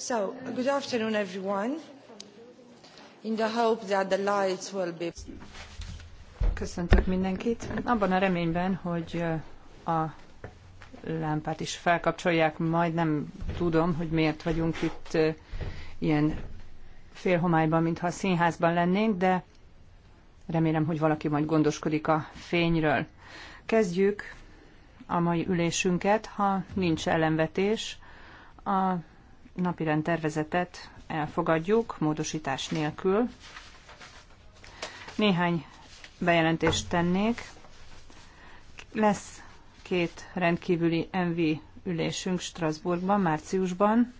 So, good afternoon, everyone. In the hope that the lights will be... Köszöntök mindenkit. Abban a reményben, hogy uh, a lámpát is felkapcsolják, majd nem tudom, hogy miért vagyunk itt uh, ilyen félhomályban, mintha a színházban lennénk, de remélem, hogy valaki majd gondoskodik a fényről. Kezdjük a mai ülésünket, ha nincs ellenvetés. A napirend tervezetet elfogadjuk, módosítás nélkül. Néhány bejelentést tennék. Lesz két rendkívüli MV ülésünk Strasbourgban, márciusban.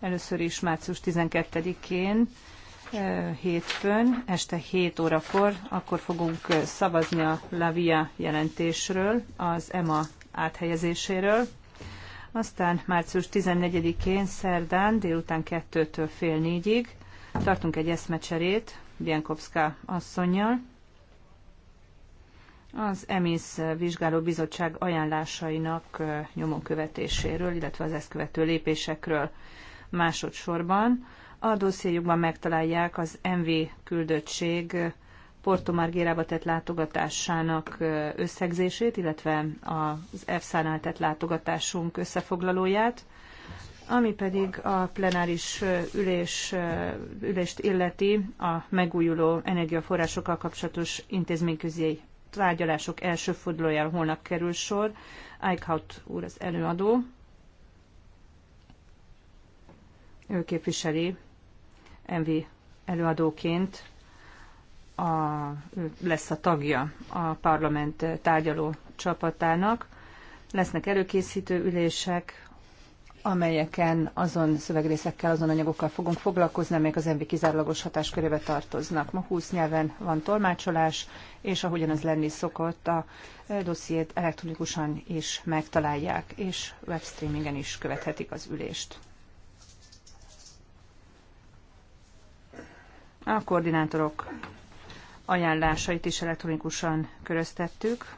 Először is március 12-én, hétfőn, este 7 órakor, akkor fogunk szavazni a Lavia jelentésről, az EMA áthelyezéséről aztán március 14-én, szerdán, délután 2-től fél 4-ig tartunk egy eszmecserét Bienkowska asszonynal. Az EMISZ vizsgáló bizottság ajánlásainak nyomon követéséről, illetve az ezt követő lépésekről másodszorban. A dossziéjukban megtalálják az MV küldöttség Porto Margérába tett látogatásának összegzését, illetve az EFSA-nál tett látogatásunk összefoglalóját, ami pedig a plenáris ülés, ülést illeti a megújuló energiaforrásokkal kapcsolatos intézményközi tárgyalások első fordulójára holnap kerül sor. Eichhout úr az előadó. Ő képviseli MV előadóként a, lesz a tagja a parlament tárgyaló csapatának. Lesznek előkészítő ülések, amelyeken azon szövegrészekkel, azon anyagokkal fogunk foglalkozni, amelyek az MB kizárólagos hatáskörébe tartoznak. Ma 20 nyelven van tolmácsolás, és ahogyan az lenni szokott, a e, dossziét elektronikusan is megtalálják, és webstreamingen is követhetik az ülést. A koordinátorok ajánlásait is elektronikusan köröztettük.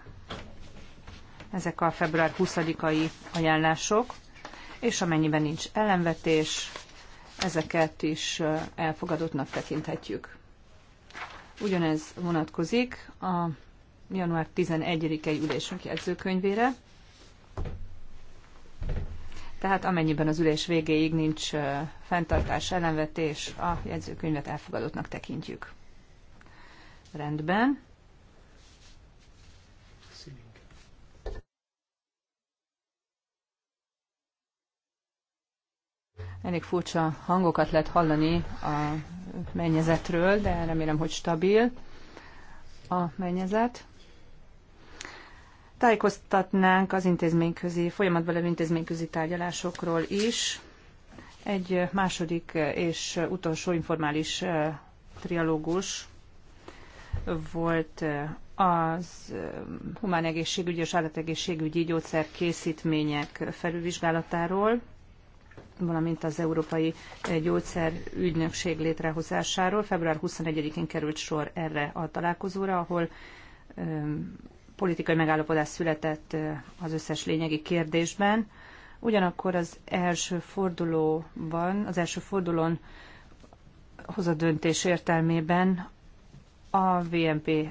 Ezek a február 20-ai ajánlások, és amennyiben nincs ellenvetés, ezeket is elfogadottnak tekinthetjük. Ugyanez vonatkozik a január 11-i ülésünk jegyzőkönyvére. Tehát amennyiben az ülés végéig nincs fenntartás, ellenvetés, a jegyzőkönyvet elfogadottnak tekintjük. Rendben. Elég furcsa hangokat lehet hallani a mennyezetről, de remélem, hogy stabil a mennyezet. Tájékoztatnánk az intézményközi, folyamatban levő intézményközi tárgyalásokról is. Egy második és utolsó informális eh, trialógus volt az humán egészségügyi és állategészségügyi gyógyszer készítmények felülvizsgálatáról, valamint az Európai Gyógyszerügynökség létrehozásáról. Február 21-én került sor erre a találkozóra, ahol politikai megállapodás született az összes lényegi kérdésben. Ugyanakkor az első fordulóban, az első fordulón hozott döntés értelmében a VMP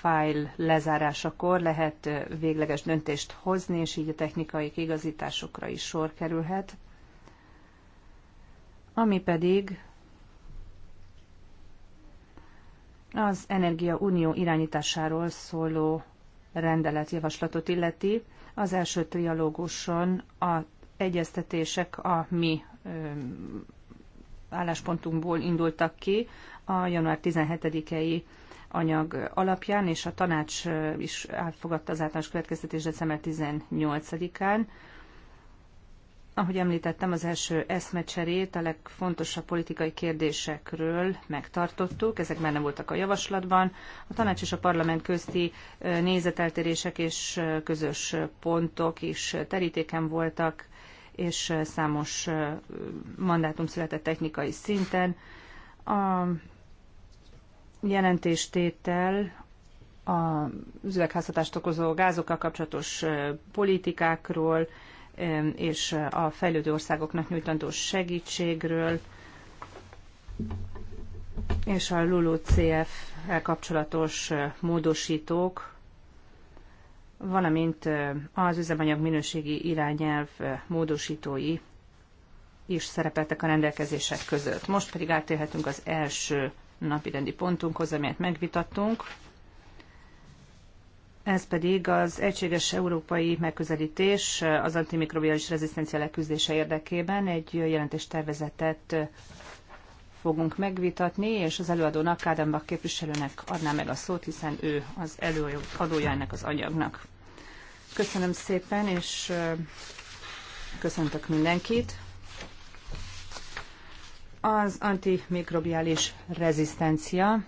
fájl lezárásakor lehet végleges döntést hozni, és így a technikai kigazításokra is sor kerülhet. Ami pedig az Energia Unió irányításáról szóló rendeletjavaslatot illeti. Az első trialóguson a egyeztetések a mi álláspontunkból indultak ki a január 17-i anyag alapján, és a tanács is elfogadta az általános következtetés december 18-án. Ahogy említettem, az első eszmecserét a legfontosabb politikai kérdésekről megtartottuk, ezek már nem voltak a javaslatban. A tanács és a parlament közti nézeteltérések és közös pontok is terítéken voltak, és számos mandátum született technikai szinten. A jelentéstétel a üvegházhatást okozó gázokkal kapcsolatos politikákról és a fejlődő országoknak nyújtandó segítségről és a LULUCF-el kapcsolatos módosítók, valamint az üzemanyag minőségi irányelv módosítói is szerepeltek a rendelkezések között. Most pedig átérhetünk az első napirendi pontunkhoz, amelyet megvitattunk. Ez pedig az egységes európai megközelítés az antimikrobiális rezisztencia leküzdése érdekében egy tervezetet fogunk megvitatni, és az előadónak, Ádám képviselőnek adná meg a szót, hiszen ő az előadója ennek az anyagnak. Köszönöm szépen, és köszöntök mindenkit az antimikrobiális rezisztencia.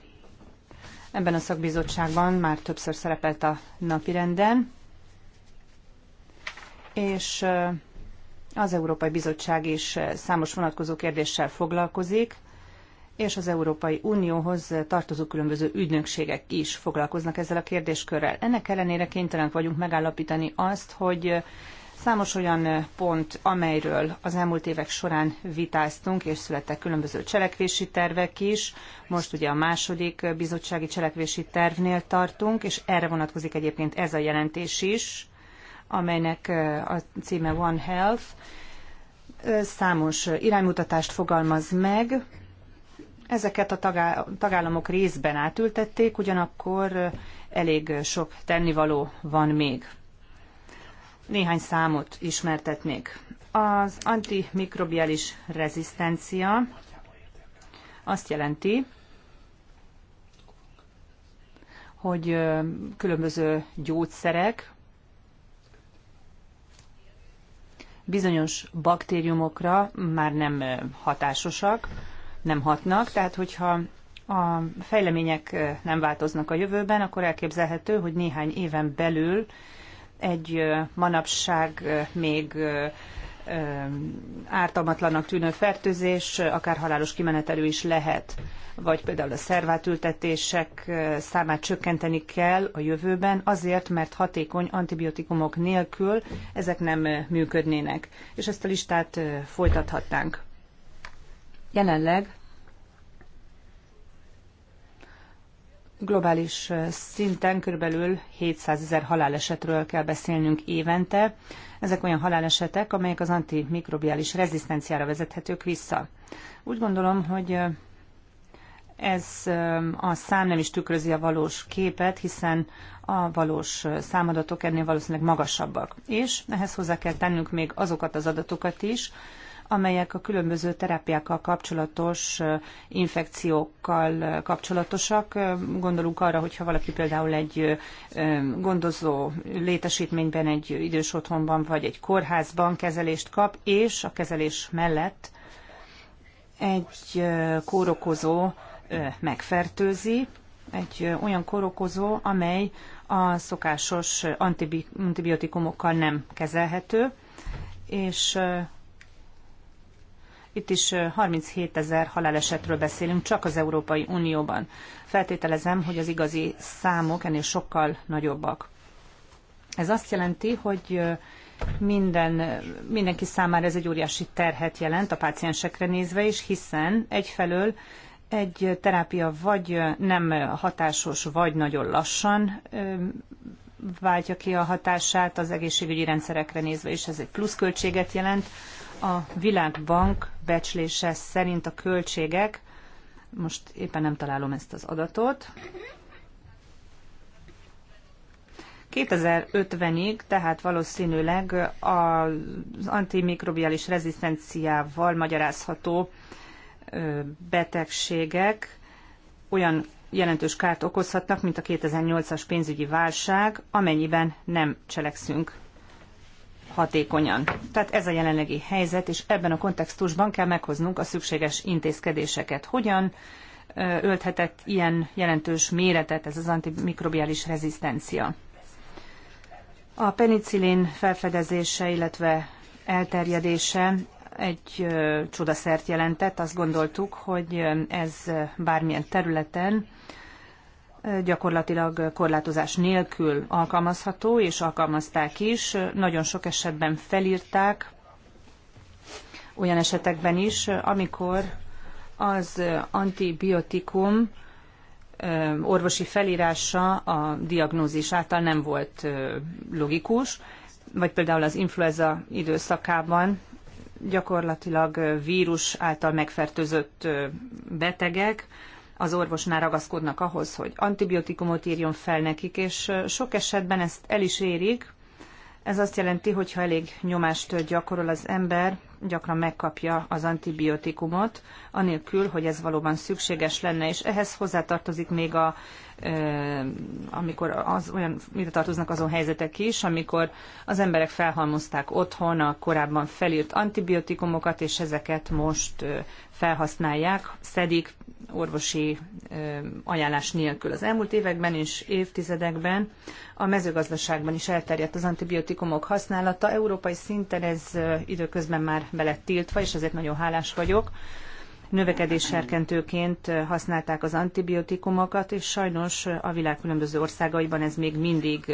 Ebben a szakbizottságban már többször szerepelt a napirenden, és az Európai Bizottság is számos vonatkozó kérdéssel foglalkozik, és az Európai Unióhoz tartozó különböző ügynökségek is foglalkoznak ezzel a kérdéskörrel. Ennek ellenére kénytelenek vagyunk megállapítani azt, hogy Számos olyan pont, amelyről az elmúlt évek során vitáztunk, és születtek különböző cselekvési tervek is. Most ugye a második bizottsági cselekvési tervnél tartunk, és erre vonatkozik egyébként ez a jelentés is, amelynek a címe One Health. Számos iránymutatást fogalmaz meg, Ezeket a tagállamok részben átültették, ugyanakkor elég sok tennivaló van még. Néhány számot ismertetnék. Az antimikrobiális rezisztencia azt jelenti, hogy különböző gyógyszerek bizonyos baktériumokra már nem hatásosak, nem hatnak, tehát hogyha a fejlemények nem változnak a jövőben, akkor elképzelhető, hogy néhány éven belül egy manapság még ártalmatlannak tűnő fertőzés akár halálos kimenetelő is lehet, vagy például a szervátültetések számát csökkenteni kell a jövőben, azért, mert hatékony antibiotikumok nélkül ezek nem működnének. És ezt a listát folytathatnánk. Jelenleg globális szinten körülbelül 700 ezer halálesetről kell beszélnünk évente. Ezek olyan halálesetek, amelyek az antimikrobiális rezisztenciára vezethetők vissza. Úgy gondolom, hogy ez a szám nem is tükrözi a valós képet, hiszen a valós számadatok ennél valószínűleg magasabbak. És ehhez hozzá kell tennünk még azokat az adatokat is, amelyek a különböző terápiákkal kapcsolatos infekciókkal kapcsolatosak. Gondolunk arra, hogyha valaki például egy gondozó létesítményben, egy idős otthonban vagy egy kórházban kezelést kap, és a kezelés mellett egy kórokozó megfertőzi, egy olyan kórokozó, amely a szokásos antibiotikumokkal nem kezelhető, és itt is 37 ezer halálesetről beszélünk, csak az Európai Unióban. Feltételezem, hogy az igazi számok ennél sokkal nagyobbak. Ez azt jelenti, hogy minden, mindenki számára ez egy óriási terhet jelent a páciensekre nézve is, hiszen egyfelől egy terápia vagy nem hatásos, vagy nagyon lassan váltja ki a hatását az egészségügyi rendszerekre nézve és ez egy pluszköltséget jelent. A Világbank becslése szerint a költségek, most éppen nem találom ezt az adatot, 2050-ig, tehát valószínűleg az antimikrobiális rezisztenciával magyarázható betegségek olyan jelentős kárt okozhatnak, mint a 2008-as pénzügyi válság, amennyiben nem cselekszünk hatékonyan. Tehát ez a jelenlegi helyzet, és ebben a kontextusban kell meghoznunk a szükséges intézkedéseket. Hogyan ölthetett ilyen jelentős méretet ez az antimikrobiális rezisztencia? A penicillin felfedezése, illetve elterjedése egy csodaszert jelentett. Azt gondoltuk, hogy ez bármilyen területen gyakorlatilag korlátozás nélkül alkalmazható, és alkalmazták is. Nagyon sok esetben felírták, olyan esetekben is, amikor az antibiotikum orvosi felírása a diagnózis által nem volt logikus, vagy például az influenza időszakában gyakorlatilag vírus által megfertőzött betegek az orvosnál ragaszkodnak ahhoz, hogy antibiotikumot írjon fel nekik, és sok esetben ezt el is érik. Ez azt jelenti, hogy ha elég nyomást gyakorol az ember, gyakran megkapja az antibiotikumot, anélkül, hogy ez valóban szükséges lenne, és ehhez hozzátartozik még a amikor az olyan, mire tartoznak azon helyzetek is, amikor az emberek felhalmozták otthon a korábban felírt antibiotikumokat, és ezeket most felhasználják, szedik orvosi ajánlás nélkül. Az elmúlt években és évtizedekben a mezőgazdaságban is elterjedt az antibiotikumok használata. Európai szinten ez időközben már belett tiltva, és ezért nagyon hálás vagyok, növekedésserkentőként használták az antibiotikumokat, és sajnos a világ különböző országaiban ez még mindig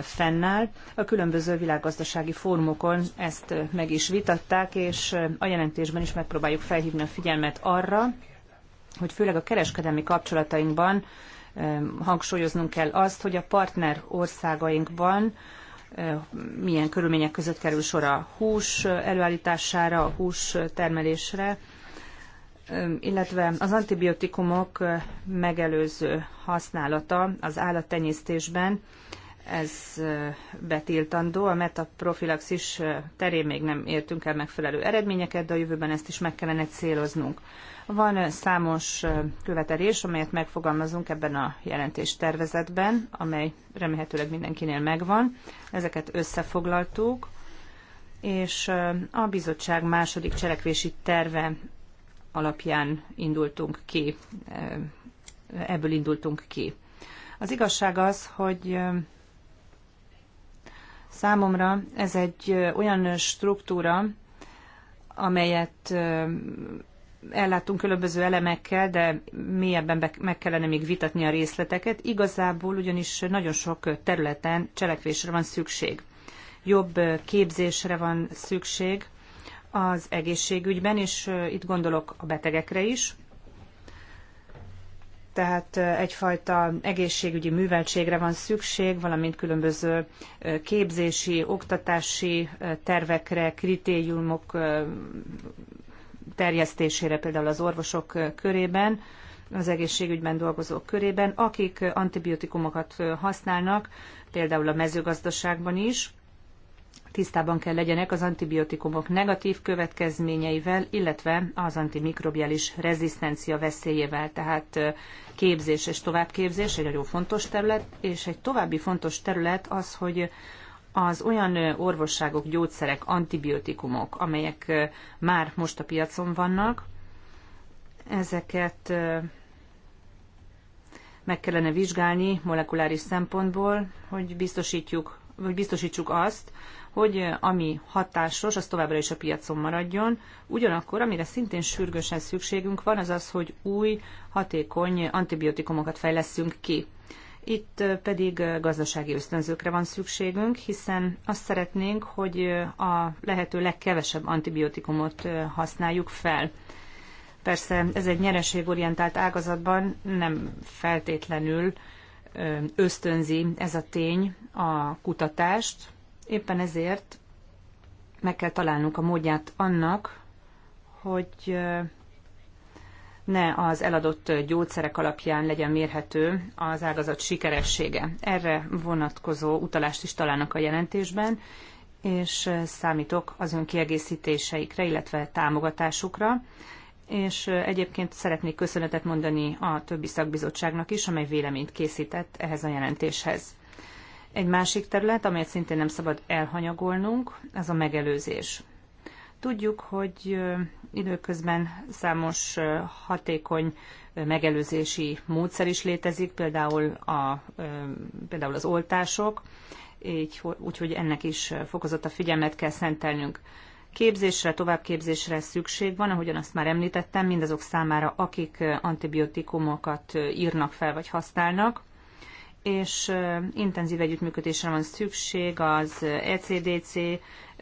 fennáll. A különböző világgazdasági fórumokon ezt meg is vitatták, és a jelentésben is megpróbáljuk felhívni a figyelmet arra, hogy főleg a kereskedelmi kapcsolatainkban hangsúlyoznunk kell azt, hogy a partner országainkban milyen körülmények között kerül sor a hús előállítására, a hús termelésre, illetve az antibiotikumok megelőző használata az állattenyésztésben, ez betiltandó. A metaprofilaxis terén még nem értünk el megfelelő eredményeket, de a jövőben ezt is meg kellene céloznunk. Van számos követelés, amelyet megfogalmazunk ebben a jelentés tervezetben, amely remélhetőleg mindenkinél megvan. Ezeket összefoglaltuk, és a bizottság második cselekvési terve alapján indultunk ki, eh, ebből indultunk ki. Az igazság az, hogy eh, számomra ez egy eh, olyan struktúra, amelyet ellátunk különböző elemekkel, de mélyebben meg kellene még vitatni a részleteket. Igazából ugyanis nagyon sok területen cselekvésre van szükség. Jobb képzésre van szükség, az egészségügyben, és itt gondolok a betegekre is. Tehát egyfajta egészségügyi műveltségre van szükség, valamint különböző képzési, oktatási tervekre, kritériumok terjesztésére például az orvosok körében, az egészségügyben dolgozók körében, akik antibiotikumokat használnak, például a mezőgazdaságban is, tisztában kell legyenek az antibiotikumok negatív következményeivel, illetve az antimikrobiális rezisztencia veszélyével. Tehát képzés és továbbképzés egy nagyon fontos terület, és egy további fontos terület az, hogy az olyan orvosságok, gyógyszerek, antibiotikumok, amelyek már most a piacon vannak, ezeket meg kellene vizsgálni molekuláris szempontból, hogy biztosítjuk, vagy biztosítsuk azt, hogy ami hatásos, az továbbra is a piacon maradjon. Ugyanakkor, amire szintén sürgősen szükségünk van, az az, hogy új, hatékony antibiotikumokat fejleszünk ki. Itt pedig gazdasági ösztönzőkre van szükségünk, hiszen azt szeretnénk, hogy a lehető legkevesebb antibiotikumot használjuk fel. Persze ez egy nyereségorientált ágazatban nem feltétlenül ösztönzi ez a tény a kutatást, Éppen ezért meg kell találnunk a módját annak, hogy ne az eladott gyógyszerek alapján legyen mérhető az ágazat sikeressége. Erre vonatkozó utalást is találnak a jelentésben, és számítok az ön kiegészítéseikre, illetve támogatásukra. És egyébként szeretnék köszönetet mondani a többi szakbizottságnak is, amely véleményt készített ehhez a jelentéshez. Egy másik terület, amelyet szintén nem szabad elhanyagolnunk, az a megelőzés. Tudjuk, hogy időközben számos hatékony megelőzési módszer is létezik, például, a, például az oltások, így, úgyhogy ennek is fokozott a figyelmet kell szentelnünk. Képzésre, továbbképzésre szükség van, ahogyan azt már említettem, mindazok számára, akik antibiotikumokat írnak fel vagy használnak és intenzív együttműködésre van szükség az ECDC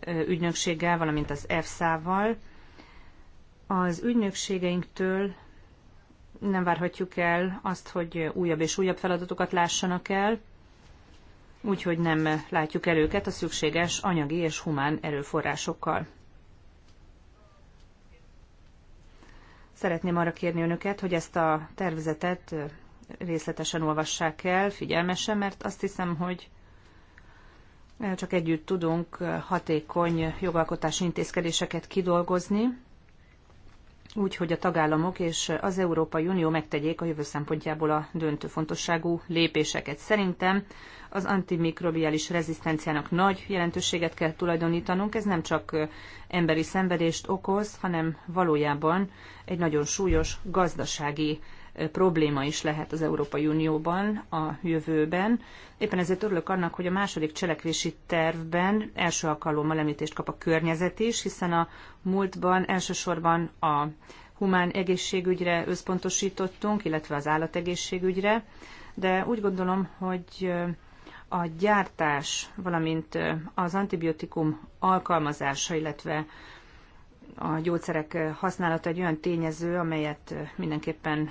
ügynökséggel, valamint az EFSA-val. Az ügynökségeinktől nem várhatjuk el azt, hogy újabb és újabb feladatokat lássanak el, úgyhogy nem látjuk el őket a szükséges anyagi és humán erőforrásokkal. Szeretném arra kérni önöket, hogy ezt a tervezetet részletesen olvassák el, figyelmesen, mert azt hiszem, hogy csak együtt tudunk hatékony jogalkotási intézkedéseket kidolgozni, úgy, hogy a tagállamok és az Európai Unió megtegyék a jövő szempontjából a döntő fontosságú lépéseket. Szerintem az antimikrobiális rezisztenciának nagy jelentőséget kell tulajdonítanunk. Ez nem csak emberi szenvedést okoz, hanem valójában egy nagyon súlyos gazdasági probléma is lehet az Európai Unióban a jövőben. Éppen ezért örülök annak, hogy a második cselekvési tervben első alkalommal említést kap a környezet is, hiszen a múltban elsősorban a humán egészségügyre összpontosítottunk, illetve az állategészségügyre, de úgy gondolom, hogy a gyártás, valamint az antibiotikum alkalmazása, illetve a gyógyszerek használata egy olyan tényező, amelyet mindenképpen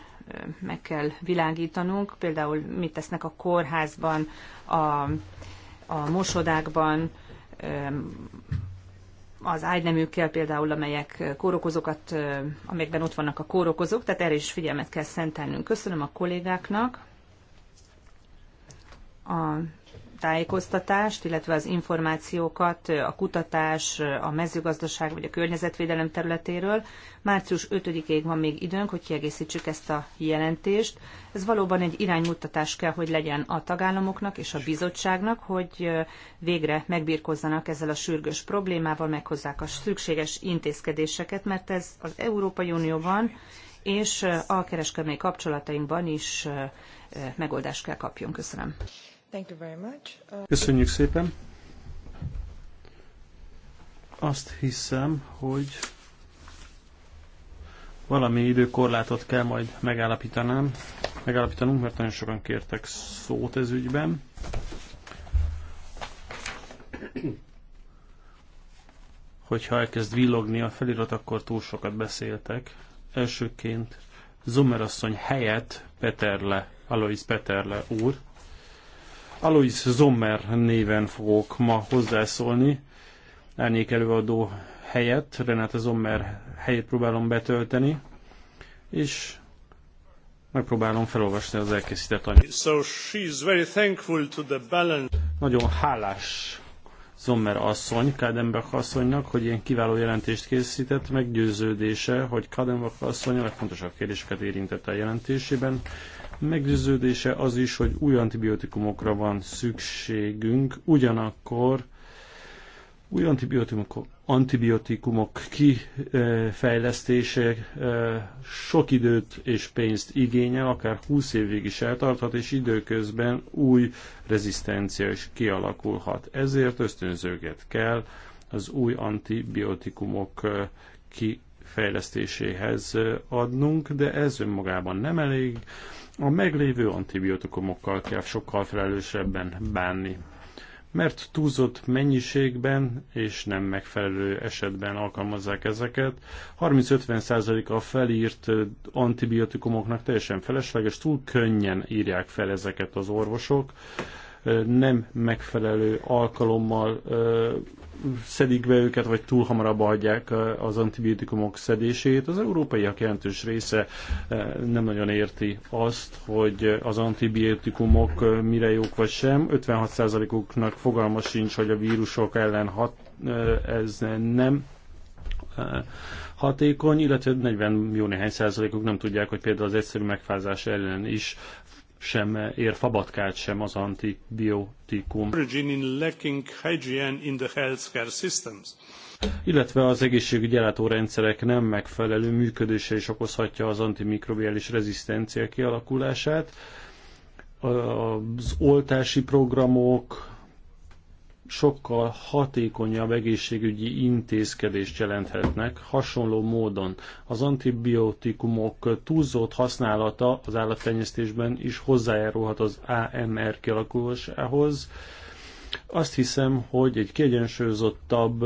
meg kell világítanunk, például mit tesznek a kórházban, a, a mosodákban, az ágyneműkkel például, amelyek kórokozókat, amelyekben ott vannak a kórokozók, tehát erre is figyelmet kell szentelnünk. Köszönöm a kollégáknak a tájékoztatást, illetve az információkat a kutatás, a mezőgazdaság vagy a környezetvédelem területéről. Március 5-ig van még időnk, hogy kiegészítsük ezt a jelentést. Ez valóban egy iránymutatás kell, hogy legyen a tagállamoknak és a bizottságnak, hogy végre megbírkozzanak ezzel a sürgős problémával, meghozzák a szükséges intézkedéseket, mert ez az Európai Unióban és a kereskedelmi kapcsolatainkban is eh, megoldást kell kapjon. Köszönöm. Thank you very much. Uh, Köszönjük szépen. Azt hiszem, hogy valami időkorlátot kell majd megállapítanám, megállapítanunk, mert nagyon sokan kértek szót ez ügyben. Hogyha elkezd villogni a felirat, akkor túl sokat beszéltek. Elsőként Zomer asszony helyett Peterle, Alois Peterle úr, Alois Zommer néven fogok ma hozzászólni, Elnék előadó helyett, Renate Zommer helyét próbálom betölteni, és megpróbálom felolvasni az elkészített anyagot. So Nagyon hálás Zommer asszony, Kadenbach asszonynak, hogy ilyen kiváló jelentést készített, meggyőződése, hogy Kadenbach asszony a legfontosabb kérdéseket érintette a jelentésében, Meggyőződése az is, hogy új antibiotikumokra van szükségünk, ugyanakkor új antibiotikumok, antibiotikumok kifejlesztése eh, sok időt és pénzt igényel, akár 20 évig is eltarthat, és időközben új rezisztencia is kialakulhat. Ezért ösztönzőket kell az új antibiotikumok eh, kifejlesztéséhez eh, adnunk, de ez önmagában nem elég. A meglévő antibiotikumokkal kell sokkal felelősebben bánni, mert túlzott mennyiségben és nem megfelelő esetben alkalmazzák ezeket. 30-50%-a felírt antibiotikumoknak teljesen felesleges, túl könnyen írják fel ezeket az orvosok, nem megfelelő alkalommal szedik be őket, vagy túl hamarabb adják az antibiotikumok szedését. Az európaiak jelentős része nem nagyon érti azt, hogy az antibiotikumok mire jók vagy sem. 56%-uknak fogalma sincs, hogy a vírusok ellen hat, ez nem hatékony, illetve 40 jó néhány százalékok nem tudják, hogy például az egyszerű megfázás ellen is sem ér fabatkát sem az antibiotikum. Illetve az egészségügyi ellátórendszerek nem megfelelő működése is okozhatja az antimikrobiális rezisztencia kialakulását. Az oltási programok, sokkal hatékonyabb egészségügyi intézkedést jelenthetnek. Hasonló módon az antibiotikumok túlzott használata az állattenyésztésben is hozzájárulhat az AMR kialakulásához, azt hiszem, hogy egy kiegyensúlyozottabb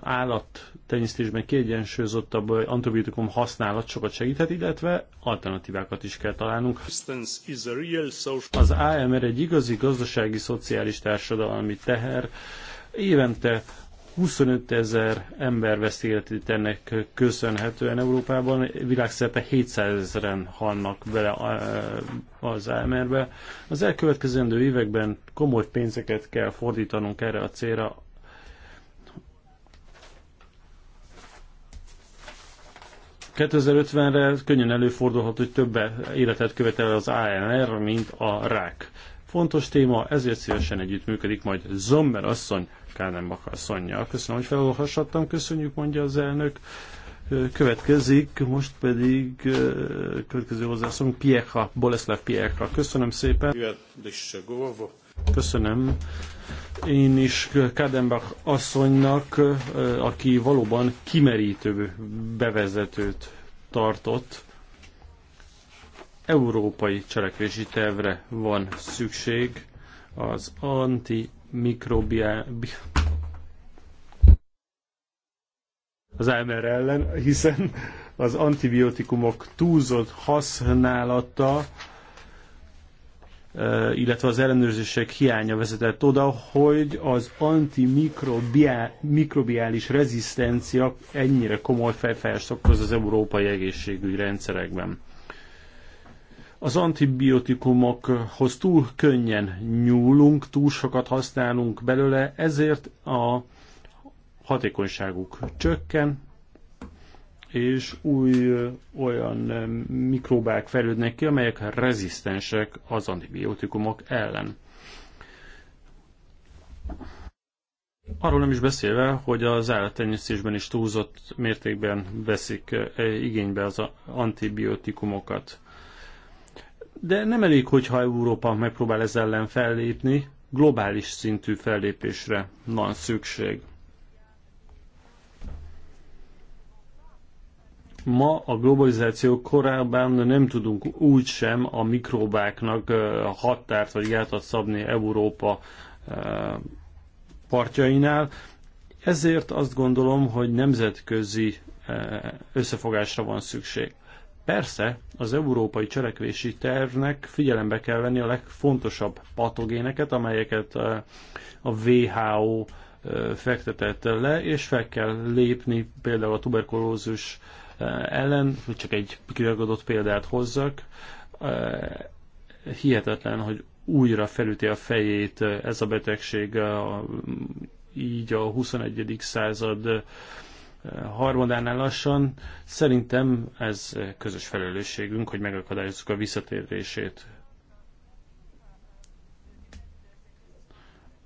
állattenyésztésben kiegyensúlyozottabb antibiotikum használat sokat segíthet, illetve alternatívákat is kell találnunk. Az AMR egy igazi gazdasági, szociális, társadalmi teher, évente 25 ezer ember veszti életét ennek köszönhetően Európában, világszerte 700 ezeren halnak bele az AMR-be. Az elkövetkezendő években komoly pénzeket kell fordítanunk erre a célra, ...2050-re könnyen előfordulhat, hogy több életet követel az AMR, mint a rák. Fontos téma, ezért szívesen együttműködik majd Sommer asszony Kálnem Bakasszonynal. Köszönöm, hogy felolvashattam, köszönjük, mondja az elnök. Következik, most pedig következő hozzászólunk Piecha, Boleslav Piecha. Köszönöm szépen. Köszönöm. Én is Kádenbach asszonynak, aki valóban kimerítő bevezetőt tartott, európai cselekvési tervre van szükség az anti antimikrobiál... az AMR ellen, hiszen az antibiotikumok túlzott használata illetve az ellenőrzések hiánya vezetett oda, hogy az antimikrobiális rezisztencia ennyire komoly fejfájást okoz az európai egészségügy rendszerekben az antibiotikumokhoz túl könnyen nyúlunk, túl sokat használunk belőle, ezért a hatékonyságuk csökken, és új olyan mikróbák fejlődnek ki, amelyek rezisztensek az antibiotikumok ellen. Arról nem is beszélve, hogy az állattenyésztésben is túlzott mértékben veszik igénybe az antibiotikumokat. De nem elég, hogyha Európa megpróbál ezzel ellen fellépni, globális szintű fellépésre van szükség. Ma a globalizáció korában nem tudunk úgysem a mikrobáknak határt vagy gátat szabni Európa partjainál, ezért azt gondolom, hogy nemzetközi összefogásra van szükség. Persze az európai cselekvési tervnek figyelembe kell venni a legfontosabb patogéneket, amelyeket a WHO fektetett le, és fel kell lépni például a tuberkulózus ellen, hogy csak egy kiragadott példát hozzak. Hihetetlen, hogy újra felüti a fejét ez a betegség így a 21. század harmadánál lassan. Szerintem ez közös felelősségünk, hogy megakadályozzuk a visszatérését.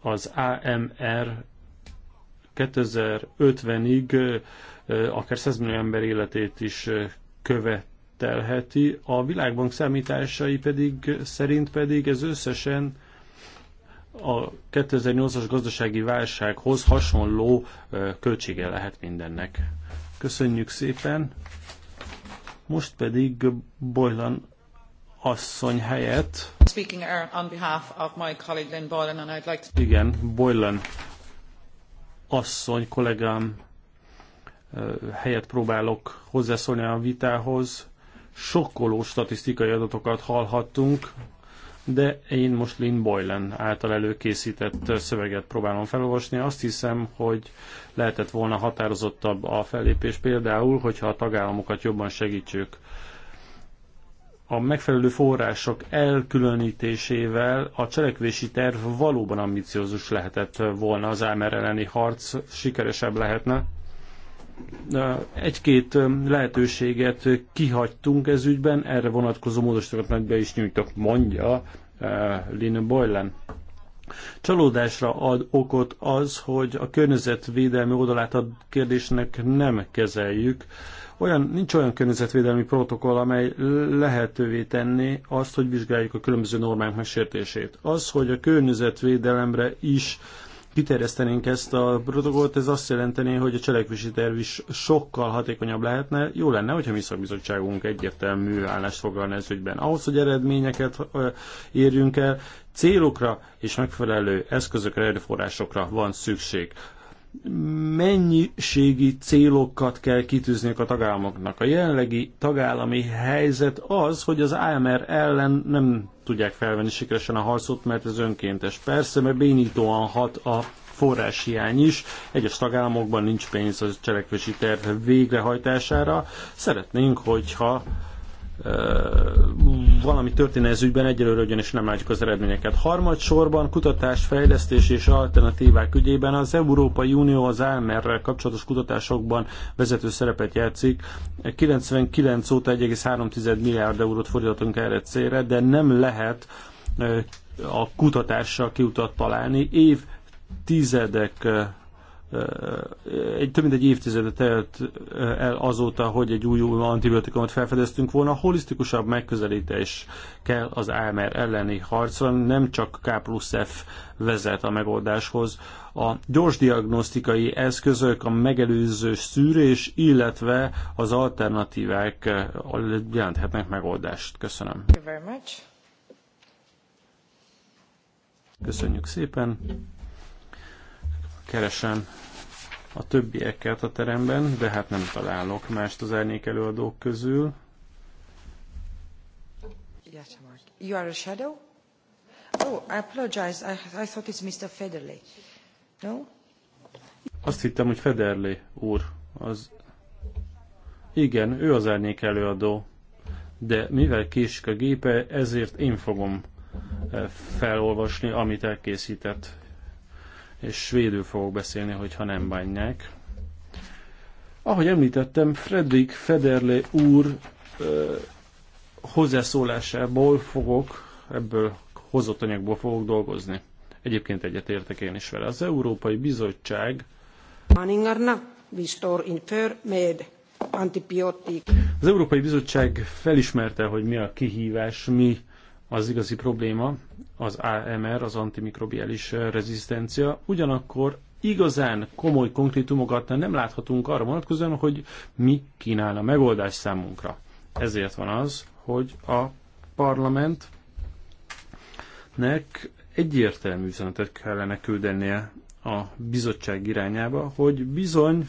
Az AMR 2050-ig akár 100 millió ember életét is követelheti, a világbank számításai pedig szerint pedig ez összesen a 2008-as gazdasági válsághoz hasonló költsége lehet mindennek. Köszönjük szépen! Most pedig Boylan asszony helyett. Speaking uh, on behalf of my colleague Lynn Boylan, and I'd like to... Igen, Boylan asszony kollégám helyett próbálok hozzászólni a vitához. Sokkoló statisztikai adatokat hallhattunk, de én most Lynn Boylan által előkészített szöveget próbálom felolvasni. Azt hiszem, hogy lehetett volna határozottabb a fellépés, például, hogyha a tagállamokat jobban segítsük a megfelelő források elkülönítésével a cselekvési terv valóban ambiciózus lehetett volna, az ámer elleni harc sikeresebb lehetne. Egy-két lehetőséget kihagytunk ez ügyben, erre vonatkozó módosítókat meg be is nyújtok, mondja Lynn Boylan. Csalódásra ad okot az, hogy a környezetvédelmi oldalát a kérdésnek nem kezeljük. Olyan, nincs olyan környezetvédelmi protokoll, amely lehetővé tenné azt, hogy vizsgáljuk a különböző normák megsértését. Az, hogy a környezetvédelemre is uh, kiterjesztenénk ezt a protokollt, ez azt jelenteni, hogy a cselekvési terv is sokkal hatékonyabb lehetne. Jó lenne, hogyha mi szakbizottságunk egyértelmű állást foglalna ez ügyben. Ahhoz, hogy eredményeket érjünk el, célokra és megfelelő eszközökre, erőforrásokra van szükség mennyiségi célokat kell kitűzniük a tagállamoknak. A jelenlegi tagállami helyzet az, hogy az AMR ellen nem tudják felvenni sikeresen a harcot, mert ez önkéntes. Persze, mert bénítóan hat a forráshiány is. Egyes tagállamokban nincs pénz a cselekvési terv végrehajtására. Szeretnénk, hogyha valami történne ez ügyben, egyelőre ugyanis nem látjuk az eredményeket. Harmadsorban kutatás, fejlesztés és alternatívák ügyében az Európai Unió az Almerrel kapcsolatos kutatásokban vezető szerepet játszik. 99 óta 1,3 milliárd eurót fordítottunk erre célra, de nem lehet a kutatással kiutat találni. Év tizedek egy, több mint egy évtizedet telt el azóta, hogy egy új antibiotikumot felfedeztünk volna, holisztikusabb megközelítés kell az AMR elleni harcon, nem csak K plusz F vezet a megoldáshoz. A gyors diagnosztikai eszközök, a megelőző szűrés, illetve az alternatívák jelenthetnek megoldást. Köszönöm. Köszönjük szépen keresem a többieket a teremben, de hát nem találok mást az árnyék előadók közül. You are a shadow? Oh, I apologize. I, I thought it's Mr. Federley. No? Azt hittem, hogy Federley úr az... Igen, ő az árnyék előadó. De mivel késik a gépe, ezért én fogom eh, felolvasni, amit elkészített és svédül fogok beszélni, hogyha nem bánják. Ahogy említettem, Fredrik Federle úr ö, hozzászólásából fogok, ebből hozott anyagból fogok dolgozni. Egyébként egyetértek én is vele. Az Európai Bizottság az Európai Bizottság felismerte, hogy mi a kihívás, mi az igazi probléma, az AMR, az antimikrobiális rezisztencia. Ugyanakkor igazán komoly konkrétumokat nem láthatunk arra vonatkozóan, hogy mi kínálna megoldás számunkra. Ezért van az, hogy a parlamentnek egyértelmű üzenetet kellene küldenie a bizottság irányába, hogy bizony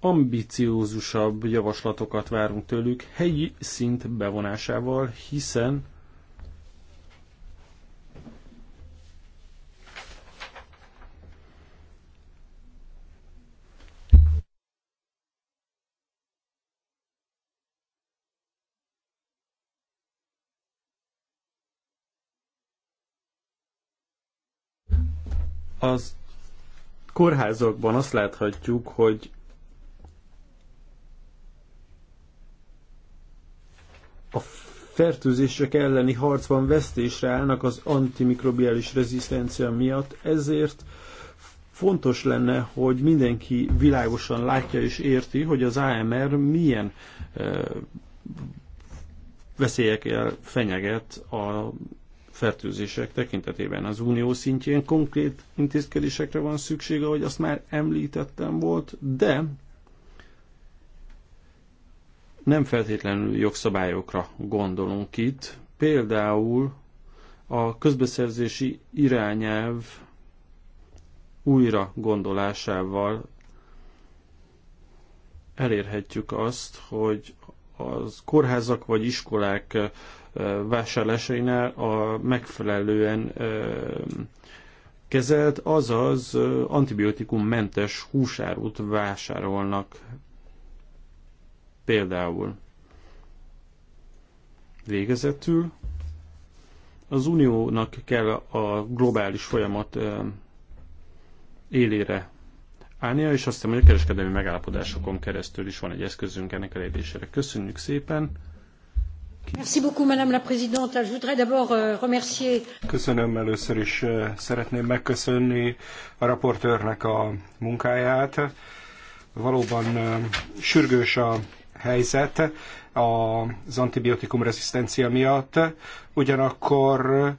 ambiciózusabb javaslatokat várunk tőlük helyi szint bevonásával, hiszen Az kórházokban azt láthatjuk, hogy a fertőzések elleni harcban vesztésre állnak az antimikrobiális rezisztencia miatt, ezért fontos lenne, hogy mindenki világosan látja és érti, hogy az AMR milyen veszélyekkel fenyeget a fertőzések tekintetében az unió szintjén konkrét intézkedésekre van szüksége, ahogy azt már említettem volt, de nem feltétlenül jogszabályokra gondolunk itt. Például a közbeszerzési irányelv újra gondolásával elérhetjük azt, hogy az kórházak vagy iskolák vásárlásainál a megfelelően kezelt, azaz antibiotikummentes húsárút vásárolnak például. Végezetül az uniónak kell a globális folyamat élére állnia, és azt hiszem, hogy a kereskedelmi megállapodásokon keresztül is van egy eszközünk ennek elérésére. Köszönjük szépen! Köszönöm először is, szeretném megköszönni a raportőrnek a munkáját. Valóban sürgős a helyzet az antibiotikum rezisztencia miatt, ugyanakkor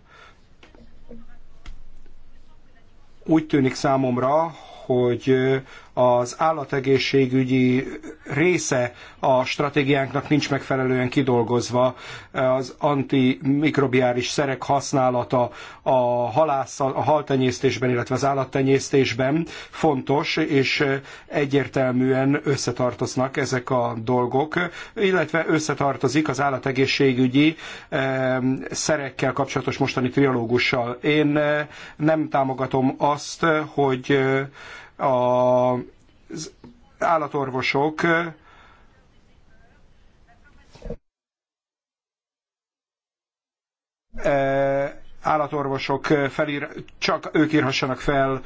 úgy tűnik számomra, hogy az állategészségügyi része a stratégiánknak nincs megfelelően kidolgozva, az antimikrobiális szerek használata a, halász, a haltenyésztésben, illetve az állattenyésztésben fontos, és egyértelműen összetartoznak ezek a dolgok, illetve összetartozik az állategészségügyi szerekkel kapcsolatos mostani trialógussal. Én nem támogatom azt, hogy az állatorvosok állatorvosok felír, csak ők írhassanak fel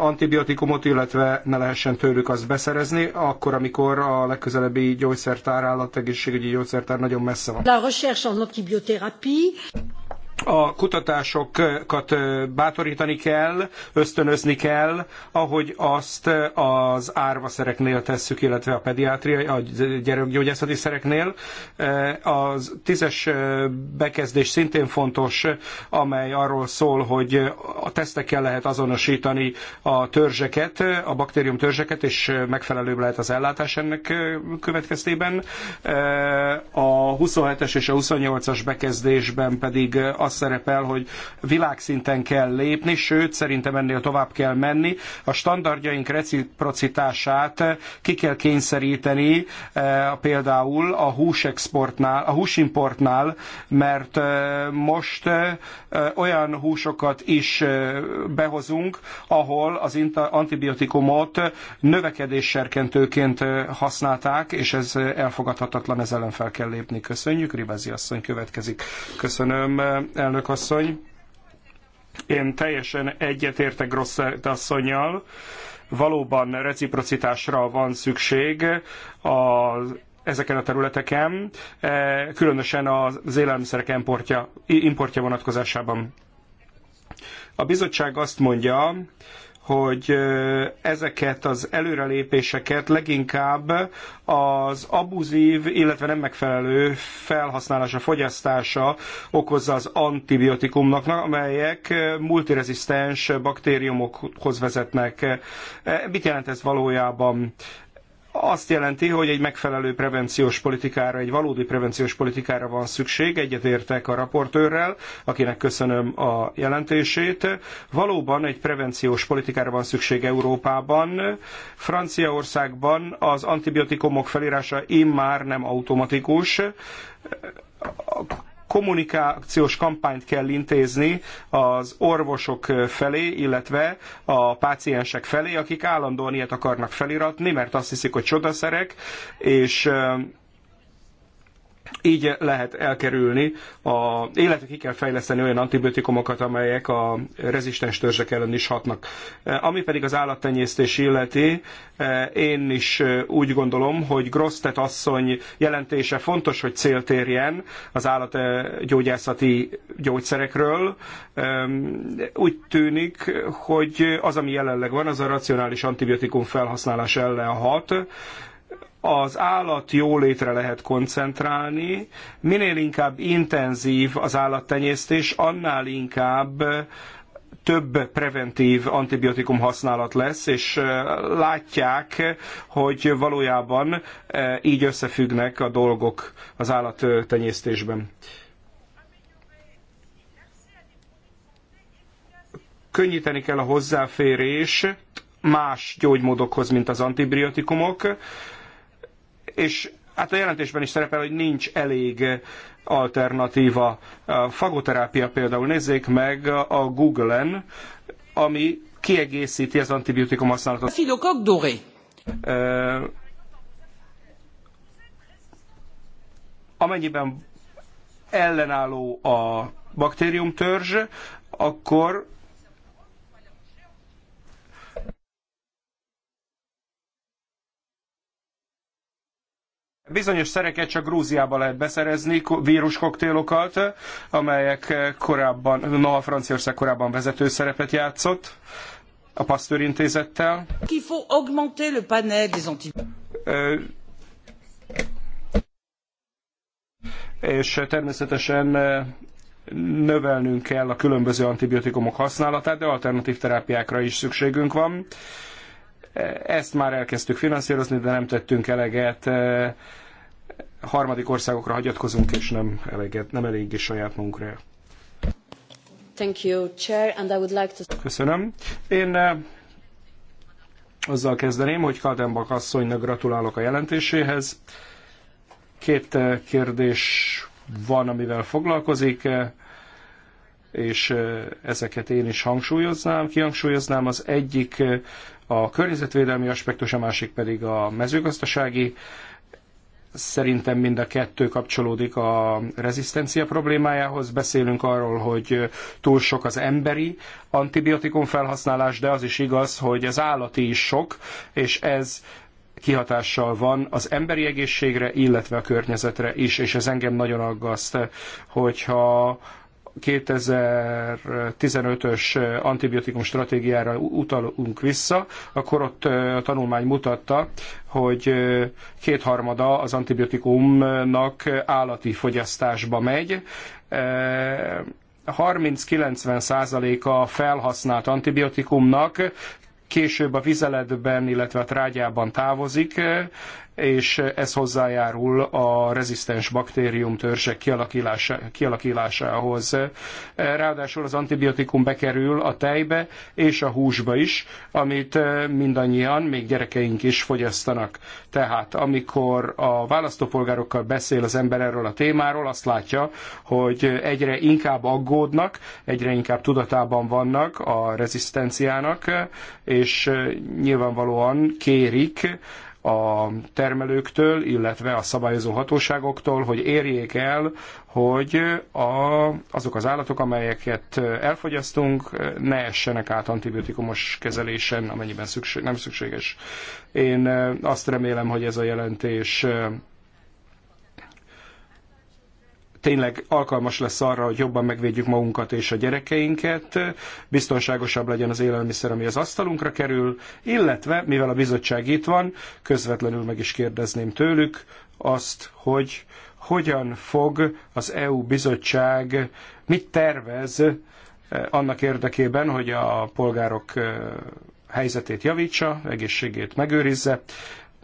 antibiotikumot, illetve ne lehessen tőlük azt beszerezni, akkor, amikor a legközelebbi gyógyszertár állat, egészségügyi gyógyszertár nagyon messze van. La recherche en antibiothérapie a kutatásokat bátorítani kell, ösztönözni kell, ahogy azt az árvaszereknél tesszük, illetve a pediátriai, a gyerekgyógyászati szereknél. Az tízes bekezdés szintén fontos, amely arról szól, hogy a tesztekkel lehet azonosítani a törzseket, a baktérium törzseket, és megfelelőbb lehet az ellátás ennek következtében. A 27-es és a 28-as bekezdésben pedig az szerepel, hogy világszinten kell lépni, sőt, szerintem ennél tovább kell menni. A standardjaink reciprocitását ki kell kényszeríteni eh, például a húsexportnál, a húsimportnál, mert eh, most eh, olyan húsokat is behozunk, ahol az antibiotikumot növekedésserkentőként használták, és ez elfogadhatatlan, ez ellen fel kell lépni. Köszönjük, Ribezi asszony következik. Köszönöm, elnök asszony. Én teljesen egyetértek Grossz asszonyjal. Valóban reciprocitásra van szükség a ezeken a területeken, e, különösen az élelmiszerek importja, importja vonatkozásában. A bizottság azt mondja, hogy ezeket az előrelépéseket leginkább az abuzív, illetve nem megfelelő felhasználása, fogyasztása okozza az antibiotikumnak, amelyek multirezisztens baktériumokhoz vezetnek. Mit jelent ez valójában? azt jelenti, hogy egy megfelelő prevenciós politikára, egy valódi prevenciós politikára van szükség, egyetértek a raportőrrel, akinek köszönöm a jelentését. Valóban egy prevenciós politikára van szükség Európában. Franciaországban az antibiotikumok felírása immár nem automatikus kommunikációs kampányt kell intézni az orvosok felé, illetve a páciensek felé, akik állandóan ilyet akarnak feliratni, mert azt hiszik, hogy csodaszerek, és így lehet elkerülni, a, illetve ki kell fejleszteni olyan antibiotikumokat, amelyek a rezisztens törzsek ellen is hatnak. E, ami pedig az állattenyésztés illeti, e, én is e, úgy gondolom, hogy Grosztet asszony jelentése fontos, hogy célt érjen az állatgyógyászati gyógyszerekről. Úgy tűnik, hogy az, ami jelenleg van, az a racionális antibiotikum felhasználás ellen hat az állat jólétre lehet koncentrálni, minél inkább intenzív az állattenyésztés, annál inkább több preventív antibiotikum használat lesz, és látják, hogy valójában így összefüggnek a dolgok az állattenyésztésben. Könnyíteni kell a hozzáférés más gyógymódokhoz, mint az antibiotikumok és hát a jelentésben is szerepel, hogy nincs elég alternatíva. A fagoterápia például, nézzék meg a Google-en, ami kiegészíti az antibiotikum használatot. Fidokok Amennyiben ellenálló a baktériumtörzs, akkor Bizonyos szereket csak Grúziában lehet beszerezni, víruskoktélokat, amelyek korábban, noha Franciaország korábban vezető szerepet játszott a Pasteur intézettel. Qu'il faut augmenter le panel des és természetesen növelnünk kell a különböző antibiotikumok használatát, de alternatív terápiákra is szükségünk van. Ezt már elkezdtük finanszírozni, de nem tettünk eleget. Harmadik országokra hagyatkozunk, és nem, eleget, nem eléggé saját munkra. Thank you, Chair, and I would like to... Köszönöm. Én azzal kezdeném, hogy Kaldenbach asszonynak gratulálok a jelentéséhez. Két kérdés van, amivel foglalkozik, és ezeket én is hangsúlyoznám. Kihangsúlyoznám az egyik a környezetvédelmi aspektus, a másik pedig a mezőgazdasági. Szerintem mind a kettő kapcsolódik a rezisztencia problémájához. Beszélünk arról, hogy túl sok az emberi antibiotikum felhasználás, de az is igaz, hogy az állati is sok, és ez kihatással van az emberi egészségre, illetve a környezetre is, és ez engem nagyon aggaszt, hogyha 2015-ös antibiotikum stratégiára utalunk vissza, akkor ott a tanulmány mutatta, hogy kétharmada az antibiotikumnak állati fogyasztásba megy, 30-90 százaléka felhasznált antibiotikumnak később a vizeletben, illetve a trágyában távozik, és ez hozzájárul a rezisztens baktérium törzsek kialakulásához. Ráadásul az antibiotikum bekerül a tejbe és a húsba is, amit mindannyian, még gyerekeink is fogyasztanak. Tehát amikor a választópolgárokkal beszél az ember erről a témáról, azt látja, hogy egyre inkább aggódnak, egyre inkább tudatában vannak a rezisztenciának, és nyilvánvalóan kérik a termelőktől, illetve a szabályozó hatóságoktól, hogy érjék el, hogy a, azok az állatok, amelyeket elfogyasztunk, ne essenek át antibiotikumos kezelésen, amennyiben szükség, nem szükséges. Én azt remélem, hogy ez a jelentés tényleg alkalmas lesz arra, hogy jobban megvédjük magunkat és a gyerekeinket, biztonságosabb legyen az élelmiszer, ami az asztalunkra kerül, illetve, mivel a bizottság itt van, közvetlenül meg is kérdezném tőlük azt, hogy hogyan fog az EU bizottság, mit tervez eh, annak érdekében, hogy a polgárok eh, helyzetét javítsa, egészségét megőrizze,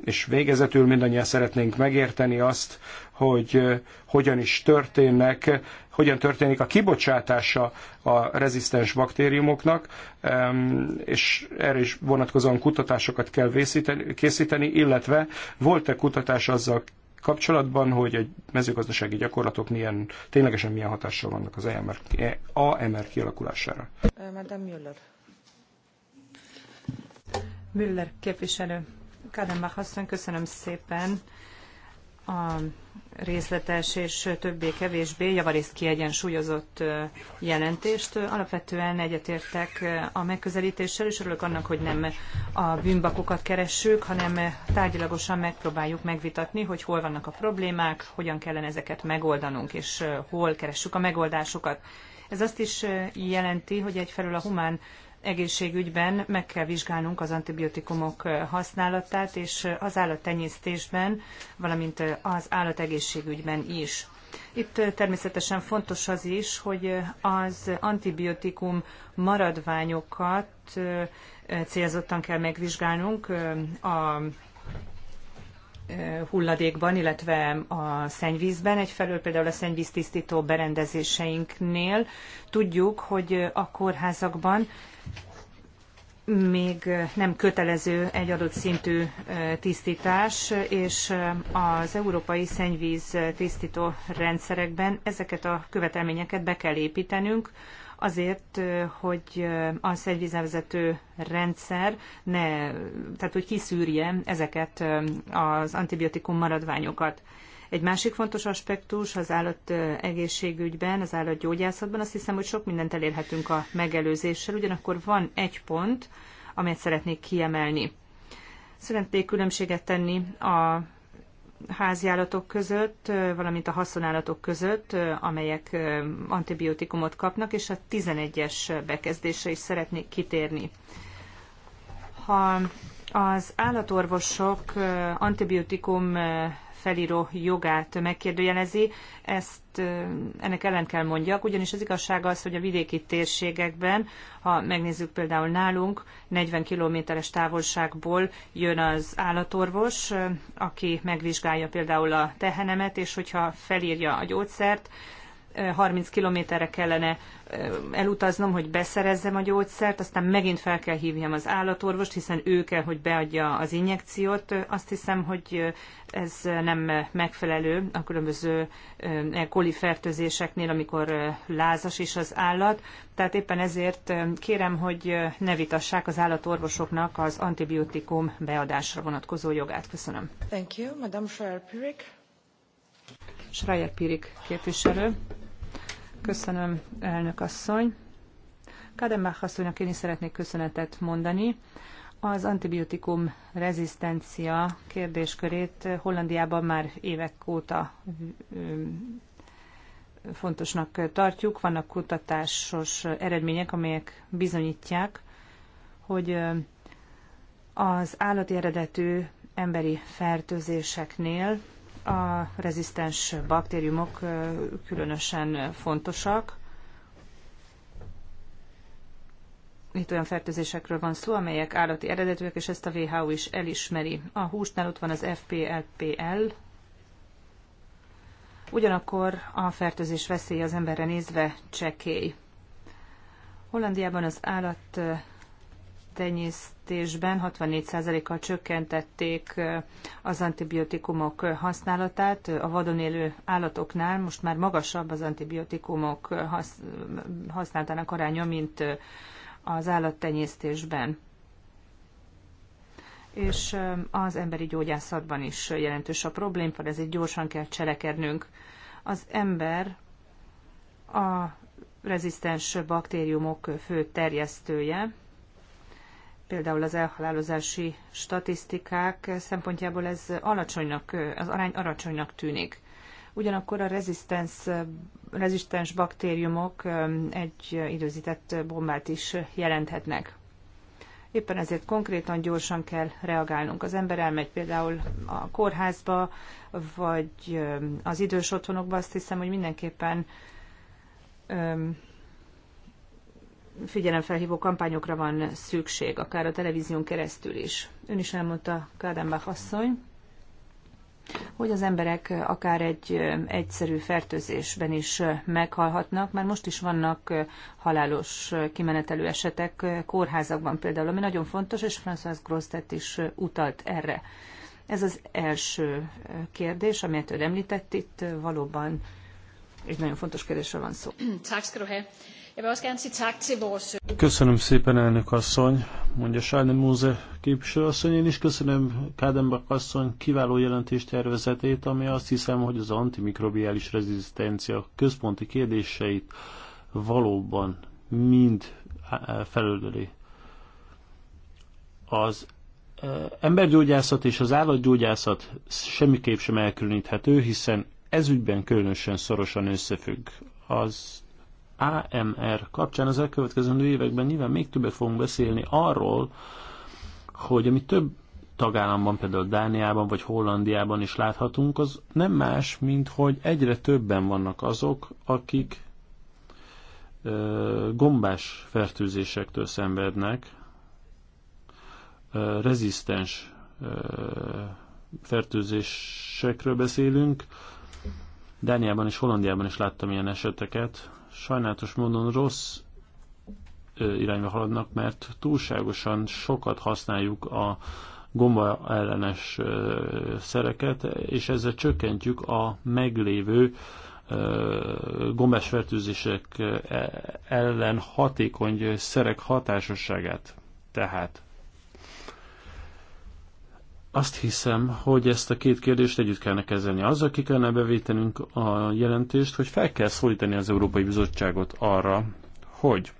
és végezetül mindannyian szeretnénk megérteni azt, hogy hogyan is történnek, hogyan történik a kibocsátása a rezisztens baktériumoknak, és erre is vonatkozóan kutatásokat kell készíteni, illetve volt-e kutatás azzal kapcsolatban, hogy egy mezőgazdasági gyakorlatok milyen, ténylegesen milyen hatással vannak az AMR, AMR kialakulására. Madame Müller. Müller képviselő. Kádemach asszony, köszönöm szépen a részletes és többé-kevésbé javarészt kiegyensúlyozott jelentést. Alapvetően egyetértek a megközelítéssel, és örülök annak, hogy nem a bűnbakokat keressük, hanem tárgyilagosan megpróbáljuk megvitatni, hogy hol vannak a problémák, hogyan kellene ezeket megoldanunk, és hol keressük a megoldásokat. Ez azt is jelenti, hogy egyfelől a humán egészségügyben meg kell vizsgálnunk az antibiotikumok használatát, és az állattenyésztésben, valamint az állategészségügyben is. Itt természetesen fontos az is, hogy az antibiotikum maradványokat célzottan kell megvizsgálnunk a hulladékban, illetve a szennyvízben, egyfelől például a szennyvíztisztító berendezéseinknél. Tudjuk, hogy a kórházakban még nem kötelező egy adott szintű tisztítás, és az európai szennyvíz tisztító rendszerekben ezeket a követelményeket be kell építenünk, azért, hogy a szennyvízelvezető rendszer ne, tehát hogy kiszűrje ezeket az antibiotikum maradványokat. Egy másik fontos aspektus az állat egészségügyben, az állatgyógyászatban, azt hiszem, hogy sok mindent elérhetünk a megelőzéssel, ugyanakkor van egy pont, amelyet szeretnék kiemelni. Szeretnék különbséget tenni a háziállatok között, valamint a haszonállatok között, amelyek antibiotikumot kapnak, és a 11-es bekezdésre is szeretnék kitérni. Ha az állatorvosok antibiotikum Feliró jogát megkérdőjelezi. Ezt ennek ellen kell mondjak, ugyanis az igazság az, hogy a vidéki térségekben, ha megnézzük például nálunk, 40 kilométeres távolságból jön az állatorvos, aki megvizsgálja például a tehenemet, és hogyha felírja a gyógyszert, 30 kilométerre kellene elutaznom, hogy beszerezzem a gyógyszert, aztán megint fel kell hívjam az állatorvost, hiszen ő kell, hogy beadja az injekciót. Azt hiszem, hogy ez nem megfelelő a különböző eh, koli fertőzéseknél, amikor eh, lázas is az állat. Tehát éppen ezért eh, kérem, hogy ne vitassák az állatorvosoknak az antibiotikum beadásra vonatkozó jogát. Köszönöm. Thank you, Madame Schreier-Pirik. Schreier-Pirik képviselő. Köszönöm, elnök asszony. Kadembach asszonynak én is szeretnék köszönetet mondani. Az antibiotikum rezisztencia kérdéskörét Hollandiában már évek óta fontosnak tartjuk. Vannak kutatásos eredmények, amelyek bizonyítják, hogy az állati eredetű emberi fertőzéseknél a rezisztens baktériumok különösen fontosak. Itt olyan fertőzésekről van szó, amelyek állati eredetűek, és ezt a WHO is elismeri. A húsnál ott van az FPLPL, ugyanakkor a fertőzés veszélye az emberre nézve csekély. Hollandiában az állat tenyészt jelentésben 64%-kal csökkentették az antibiotikumok használatát. A vadon élő állatoknál most már magasabb az antibiotikumok használatának aránya, mint az állattenyésztésben. És az emberi gyógyászatban is jelentős a probléma, ezért gyorsan kell cselekednünk. Az ember a rezisztens baktériumok fő terjesztője, például az elhalálozási statisztikák szempontjából ez alacsonynak, az arány alacsonynak tűnik. Ugyanakkor a rezisztens baktériumok um, egy időzített bombát is jelenthetnek. Éppen ezért konkrétan gyorsan kell reagálnunk. Az ember elmegy például a kórházba, vagy um, az idős otthonokba, azt hiszem, hogy mindenképpen um, figyelemfelhívó kampányokra van szükség, akár a televízión keresztül is. Ön is elmondta, Kádenbach asszony, hogy az emberek akár egy egyszerű fertőzésben is meghalhatnak. mert most is vannak halálos kimenetelő esetek kórházakban például, ami nagyon fontos, és François Grosztet is utalt erre. Ez az első kérdés, amelyet ő említett itt, valóban egy nagyon fontos kérdésről van szó. Köszönöm szépen, elnök asszony, mondja Sájne Múze képviselőasszony. Én is köszönöm Kádenbach asszony kiváló jelentést tervezetét, ami azt hiszem, hogy az antimikrobiális rezisztencia központi kérdéseit valóban mind eh, felöleli. Az eh, embergyógyászat és az állatgyógyászat semmiképp sem elkülöníthető, hiszen ezügyben különösen szorosan összefügg. Az AMR kapcsán az elkövetkezendő években nyilván még többet fogunk beszélni arról, hogy ami több tagállamban, például Dániában vagy Hollandiában is láthatunk, az nem más, mint hogy egyre többen vannak azok, akik ö, gombás fertőzésektől szenvednek, ö, rezisztens ö, fertőzésekről beszélünk. Dániában és Hollandiában is láttam ilyen eseteket, sajnálatos módon rossz irányba haladnak, mert túlságosan sokat használjuk a gomba ellenes szereket, és ezzel csökkentjük a meglévő gombás fertőzések e, ellen hatékony szerek hatásosságát. Tehát azt hiszem, hogy ezt a két kérdést együtt kellene kezelni. Azzal ki kellene bevétenünk a jelentést, hogy fel kell szólítani az Európai Bizottságot arra, hogy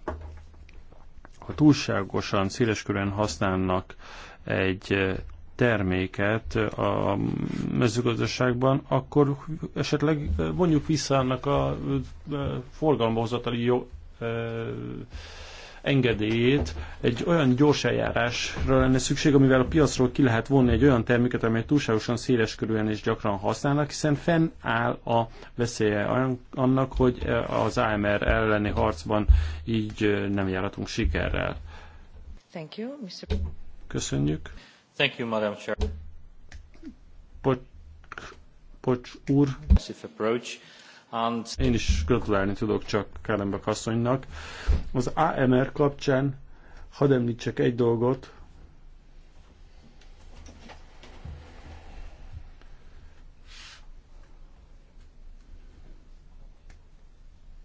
ha túlságosan széleskörűen használnak egy terméket a mezőgazdaságban, akkor esetleg vonjuk vissza annak a forgalomba hozatali engedélyét, egy olyan gyors eljárásra lenne szükség, amivel a piacról ki lehet vonni egy olyan terméket, amelyet túlságosan széleskörűen és gyakran használnak, hiszen fennáll a veszélye annak, hogy az AMR elleni harcban így nem járhatunk sikerrel. Thank you, Mr. Köszönjük. Thank you, Madam Chair. Poc, poc úr. Én is gratulálni tudok csak Kálembek asszonynak. Az AMR kapcsán hadd említsek egy dolgot,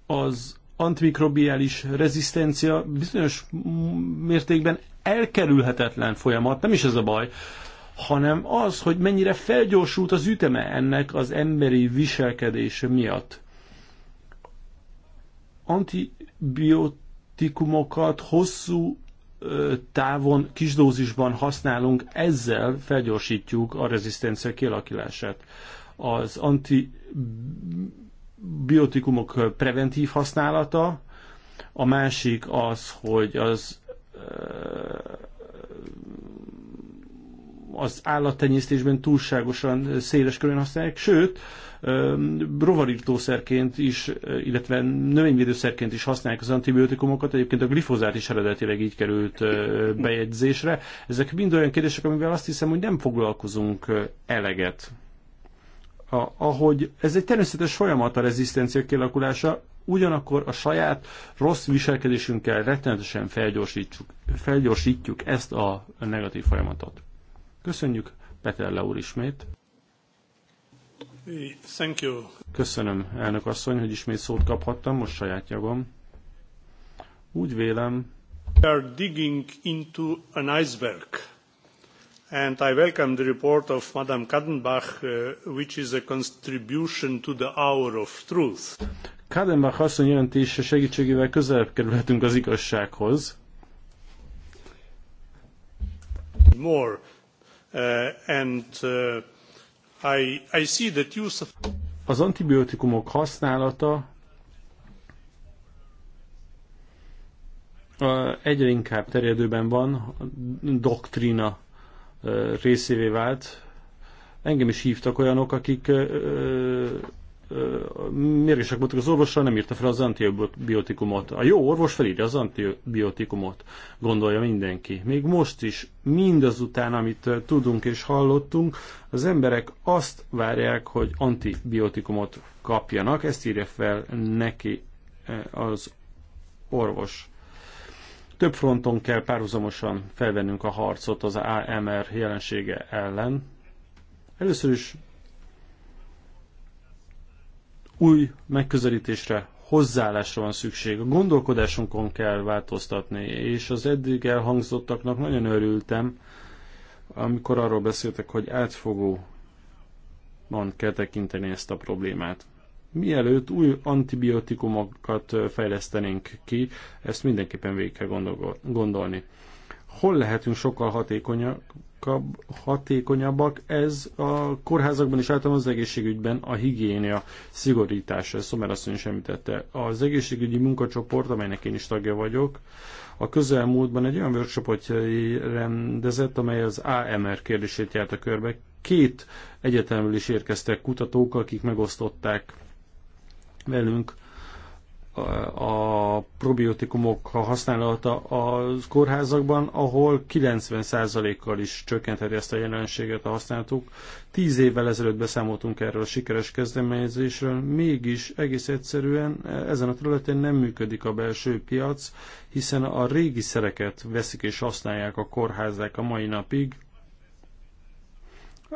az antimikrobiális rezisztencia bizonyos mértékben elkerülhetetlen folyamat, nem is ez a baj hanem az, hogy mennyire felgyorsult az üteme ennek az emberi viselkedése miatt. Antibiotikumokat hosszú távon, kisdózisban használunk, ezzel felgyorsítjuk a rezisztencia kialakulását. Az antibiotikumok preventív használata, a másik az, hogy az az állattenyésztésben túlságosan széles körön használják, sőt, rovarirtószerként is, illetve növényvédőszerként is használják az antibiotikumokat. Egyébként a glifozát is eredetileg így került bejegyzésre. Ezek mind olyan kérdések, amivel azt hiszem, hogy nem foglalkozunk eleget. A, ahogy ez egy természetes folyamat a rezisztencia kialakulása, ugyanakkor a saját rossz viselkedésünkkel rettenetesen felgyorsítjuk, felgyorsítjuk ezt a negatív folyamatot. Köszönjük, Peter Leur ismét. Thank you. Köszönöm, elnök asszony, hogy ismét szót kaphattam, most saját jogom. Úgy vélem, We are digging into an iceberg. And I welcome the report of Madame Kadenbach, uh, which is a contribution to the hour of truth. Kadenbach asszony jelentése segítségével közelebb kerülhetünk az igazsághoz. More Uh, uh, Az antibiotikumok használata uh, egyre inkább terjedőben van, doktrina részévé vált. Engem is hívtak olyanok, akik mérgesek voltak az orvossal, nem írta fel az antibiotikumot. A jó orvos felírja az antibiotikumot, gondolja mindenki. Még most is, mindazután, amit tudunk és hallottunk, az emberek azt várják, hogy antibiotikumot kapjanak, ezt írja fel neki az orvos. Több fronton kell párhuzamosan felvennünk a harcot az AMR jelensége ellen. Először is új megközelítésre, hozzáállásra van szükség. A gondolkodásunkon kell változtatni, és az eddig elhangzottaknak nagyon örültem, amikor arról beszéltek, hogy átfogó van kell tekinteni ezt a problémát. Mielőtt új antibiotikumokat fejlesztenénk ki, ezt mindenképpen végig kell gondolni. Hol lehetünk sokkal hatékonyak, hatékonyabbak, ez a kórházakban és általában az egészségügyben a higiénia szigorítása, ezt Szomer asszony is említette. Az egészségügyi munkacsoport, amelynek én is tagja vagyok, a közelmúltban egy olyan workshopot rendezett, amely az AMR kérdését járt a körbe. Két egyetemről is érkeztek kutatók, akik megosztották velünk a probiotikumok használata a kórházakban, ahol 90%-kal is csökkentheti ezt a jelenséget a használatuk. Tíz évvel ezelőtt beszámoltunk erről a sikeres kezdeményezésről, mégis egész egyszerűen e, ezen a területen nem működik a belső piac, hiszen a régi szereket veszik és használják a kórházák a mai napig,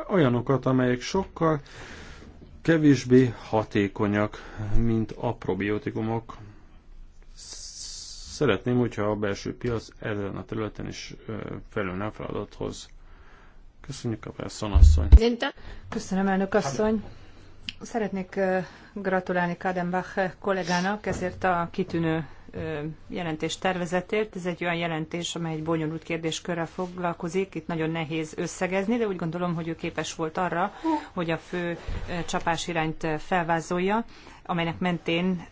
olyanokat, amelyek sokkal kevésbé hatékonyak, mint a probiotikumok. Szeretném, hogyha a belső piac ezen a területen is felülne a feladathoz. Köszönjük a Persson asszony. Köszönöm, elnök asszony. Szeretnék gratulálni Kadenbach kollégának ezért a kitűnő jelentés tervezetért. Ez egy olyan jelentés, amely egy bonyolult kérdéskörrel foglalkozik. Itt nagyon nehéz összegezni, de úgy gondolom, hogy ő képes volt arra, hogy a fő csapás irányt felvázolja amelynek mentén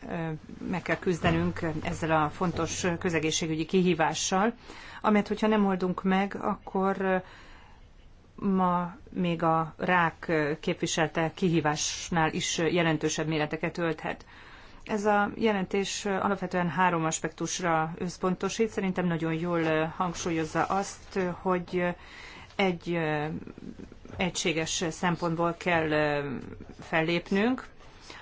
meg kell küzdenünk ezzel a fontos közegészségügyi kihívással, amelyet, hogyha nem oldunk meg, akkor ma még a rák képviselte kihívásnál is jelentősebb méreteket ölthet. Ez a jelentés alapvetően három aspektusra összpontosít. Szerintem nagyon jól hangsúlyozza azt, hogy egy egységes szempontból kell fellépnünk.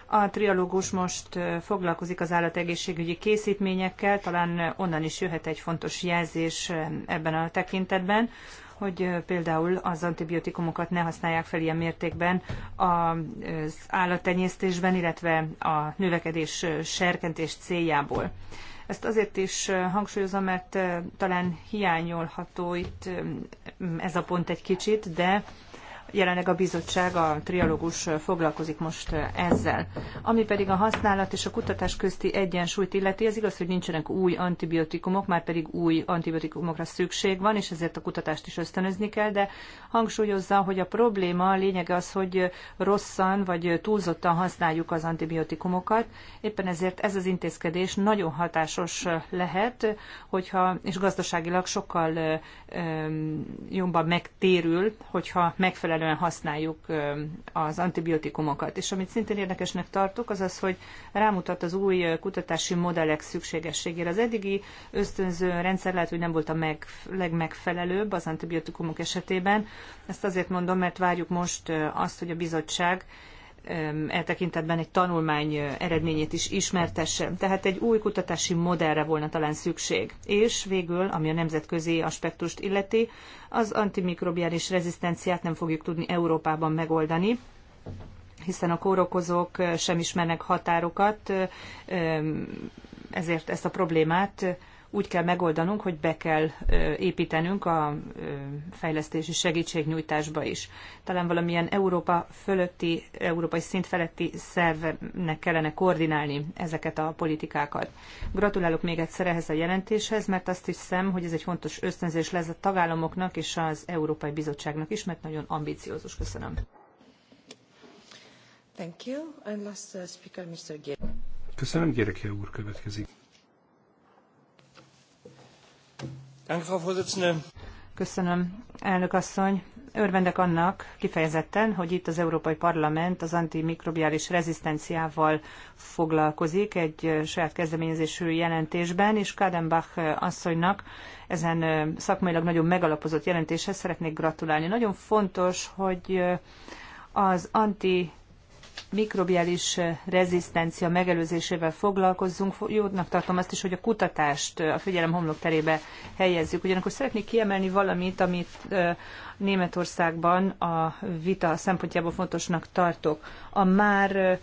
A trialógus most foglalkozik az állategészségügyi készítményekkel, talán onnan is jöhet egy fontos jelzés ebben a tekintetben hogy például az antibiotikumokat ne használják fel ilyen mértékben az állattenyésztésben, illetve a növekedés serkentés céljából. Ezt azért is hangsúlyozom, mert talán hiányolható itt ez a pont egy kicsit, de jelenleg a bizottság, a trialógus foglalkozik most ezzel. Ami pedig a használat és a kutatás közti egyensúlyt illeti, az igaz, hogy nincsenek új antibiotikumok, már pedig új antibiotikumokra szükség van, és ezért a kutatást is ösztönözni kell, de hangsúlyozza, hogy a probléma a lényege az, hogy rosszan vagy túlzottan használjuk az antibiotikumokat. Éppen ezért ez az intézkedés nagyon hatásos lehet, hogyha, és gazdaságilag sokkal jobban megtérül, hogyha megfelelő megfelelően használjuk az antibiotikumokat. És amit szintén érdekesnek tartok, az az, hogy rámutat az új kutatási modellek szükségességére. Az eddigi ösztönző rendszer lehet, hogy nem volt a meg, legmegfelelőbb az antibiotikumok esetében. Ezt azért mondom, mert várjuk most azt, hogy a bizottság e tekintetben egy tanulmány eredményét is ismertesse. Tehát egy új kutatási modellre volna talán szükség. És végül, ami a nemzetközi aspektust illeti, az antimikrobiális rezisztenciát nem fogjuk tudni Európában megoldani, hiszen a kórokozók sem ismernek határokat, ezért ezt a problémát úgy kell megoldanunk, hogy be kell építenünk a fejlesztési segítségnyújtásba is. Talán valamilyen Európa fölötti, európai szint feletti szervnek kellene koordinálni ezeket a politikákat. Gratulálok még egyszer ehhez a jelentéshez, mert azt hiszem, hogy ez egy fontos ösztönzés lesz a tagállamoknak és az Európai Bizottságnak is, mert nagyon ambiciózus. Köszönöm. Thank you. And last uh, speaker, Mr. Köszönöm, Gyereke úr következik. Köszönöm, elnök asszony. Örvendek annak kifejezetten, hogy itt az Európai Parlament az antimikrobiális rezisztenciával foglalkozik egy saját kezdeményezésű jelentésben, és Kadenbach asszonynak ezen szakmailag nagyon megalapozott jelentéshez szeretnék gratulálni. Nagyon fontos, hogy az anti mikrobiális eh, rezisztencia megelőzésével foglalkozzunk. Jónak tartom azt is, hogy a kutatást eh, a figyelem homlok terébe helyezzük. Ugyanakkor szeretnék kiemelni valamit, amit eh, Németországban a vita szempontjából fontosnak tartok. A már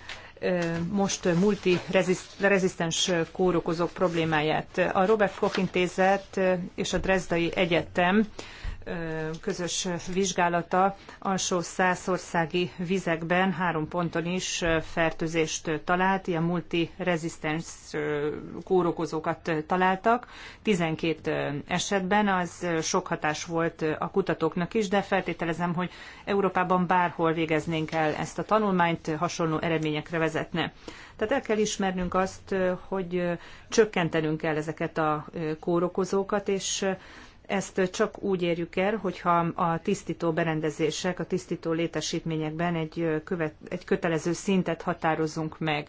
most rezisztens kórokozók problémáját. A Robert Koch intézet és a Dresdai Egyetem közös vizsgálata alsó százországi vizekben három ponton is fertőzést talált, ilyen multirezisztens kórokozókat találtak. 12 esetben az sok hatás volt a kutatóknak is, de feltételezem, hogy Európában bárhol végeznénk el ezt a tanulmányt, hasonló eredményekre vezetne. Tehát el kell ismernünk azt, hogy csökkentenünk kell ezeket a kórokozókat, és ezt csak úgy érjük el, hogyha a tisztító berendezések, a tisztító létesítményekben egy, követ, egy kötelező szintet határozunk meg.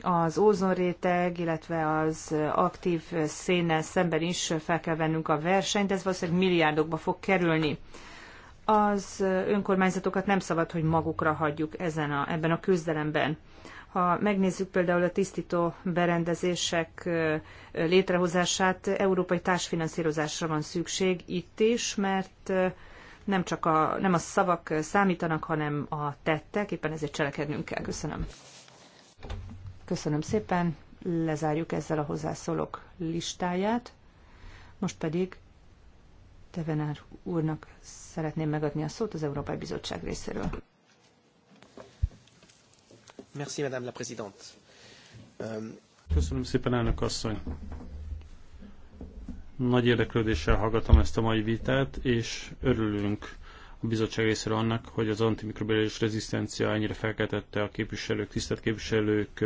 Az ózonréteg, illetve az aktív szénnel szemben is fel kell vennünk a versenyt, ez valószínűleg milliárdokba fog kerülni. Az önkormányzatokat nem szabad, hogy magukra hagyjuk ezen a, ebben a küzdelemben ha megnézzük például a tisztító berendezések létrehozását, európai társfinanszírozásra van szükség itt is, mert nem csak a, nem a szavak számítanak, hanem a tettek, éppen ezért cselekednünk kell. Köszönöm. Köszönöm szépen, lezárjuk ezzel a hozzászólók listáját. Most pedig Tevenár úrnak szeretném megadni a szót az Európai Bizottság részéről. Merci, Madame la Présidente. Euh, Köszönöm szépen, elnök asszony. Nagy érdeklődéssel hallgatom ezt a mai vitát, és örülünk a bizottság részéről annak, hogy az antimikrobiális rezisztencia ennyire felkeltette a képviselők, tisztelt képviselők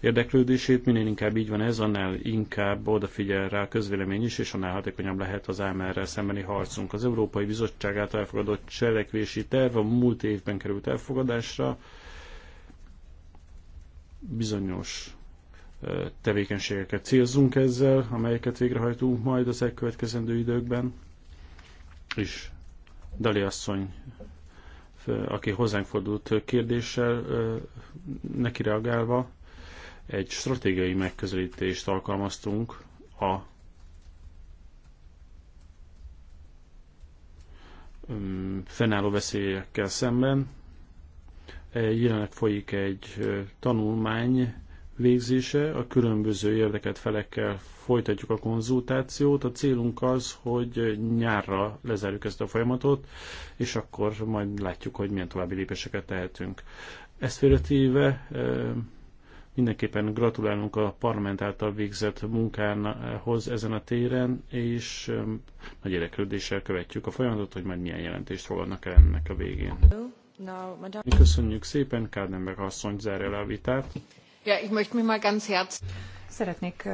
érdeklődését. Minél inkább így van ez, annál inkább odafigyel rá a közvélemény is, és annál hatékonyabb lehet az AMR-rel szembeni harcunk. Az Európai Bizottság által elfogadott cselekvési terv a múlt évben került elfogadásra bizonyos tevékenységeket célzunk ezzel, amelyeket végrehajtunk majd az elkövetkezendő időkben, és Dali asszony, aki hozzánk fordult kérdéssel, neki reagálva, egy stratégiai megközelítést alkalmaztunk a fennálló veszélyekkel szemben, jelenleg folyik egy tanulmány végzése, a különböző érdeket felekkel folytatjuk a konzultációt. A célunk az, hogy nyárra lezárjuk ezt a folyamatot, és akkor majd látjuk, hogy milyen további lépéseket tehetünk. Ezt félretéve mindenképpen gratulálunk a parlament által végzett munkához ezen a téren, és nagy érdeklődéssel követjük a folyamatot, hogy majd milyen jelentést fogadnak el ennek a végén. Köszönjük szépen, Kádember asszony zárja le a vitát. Ja, ich möchte mich mal ganz herz... Szeretnék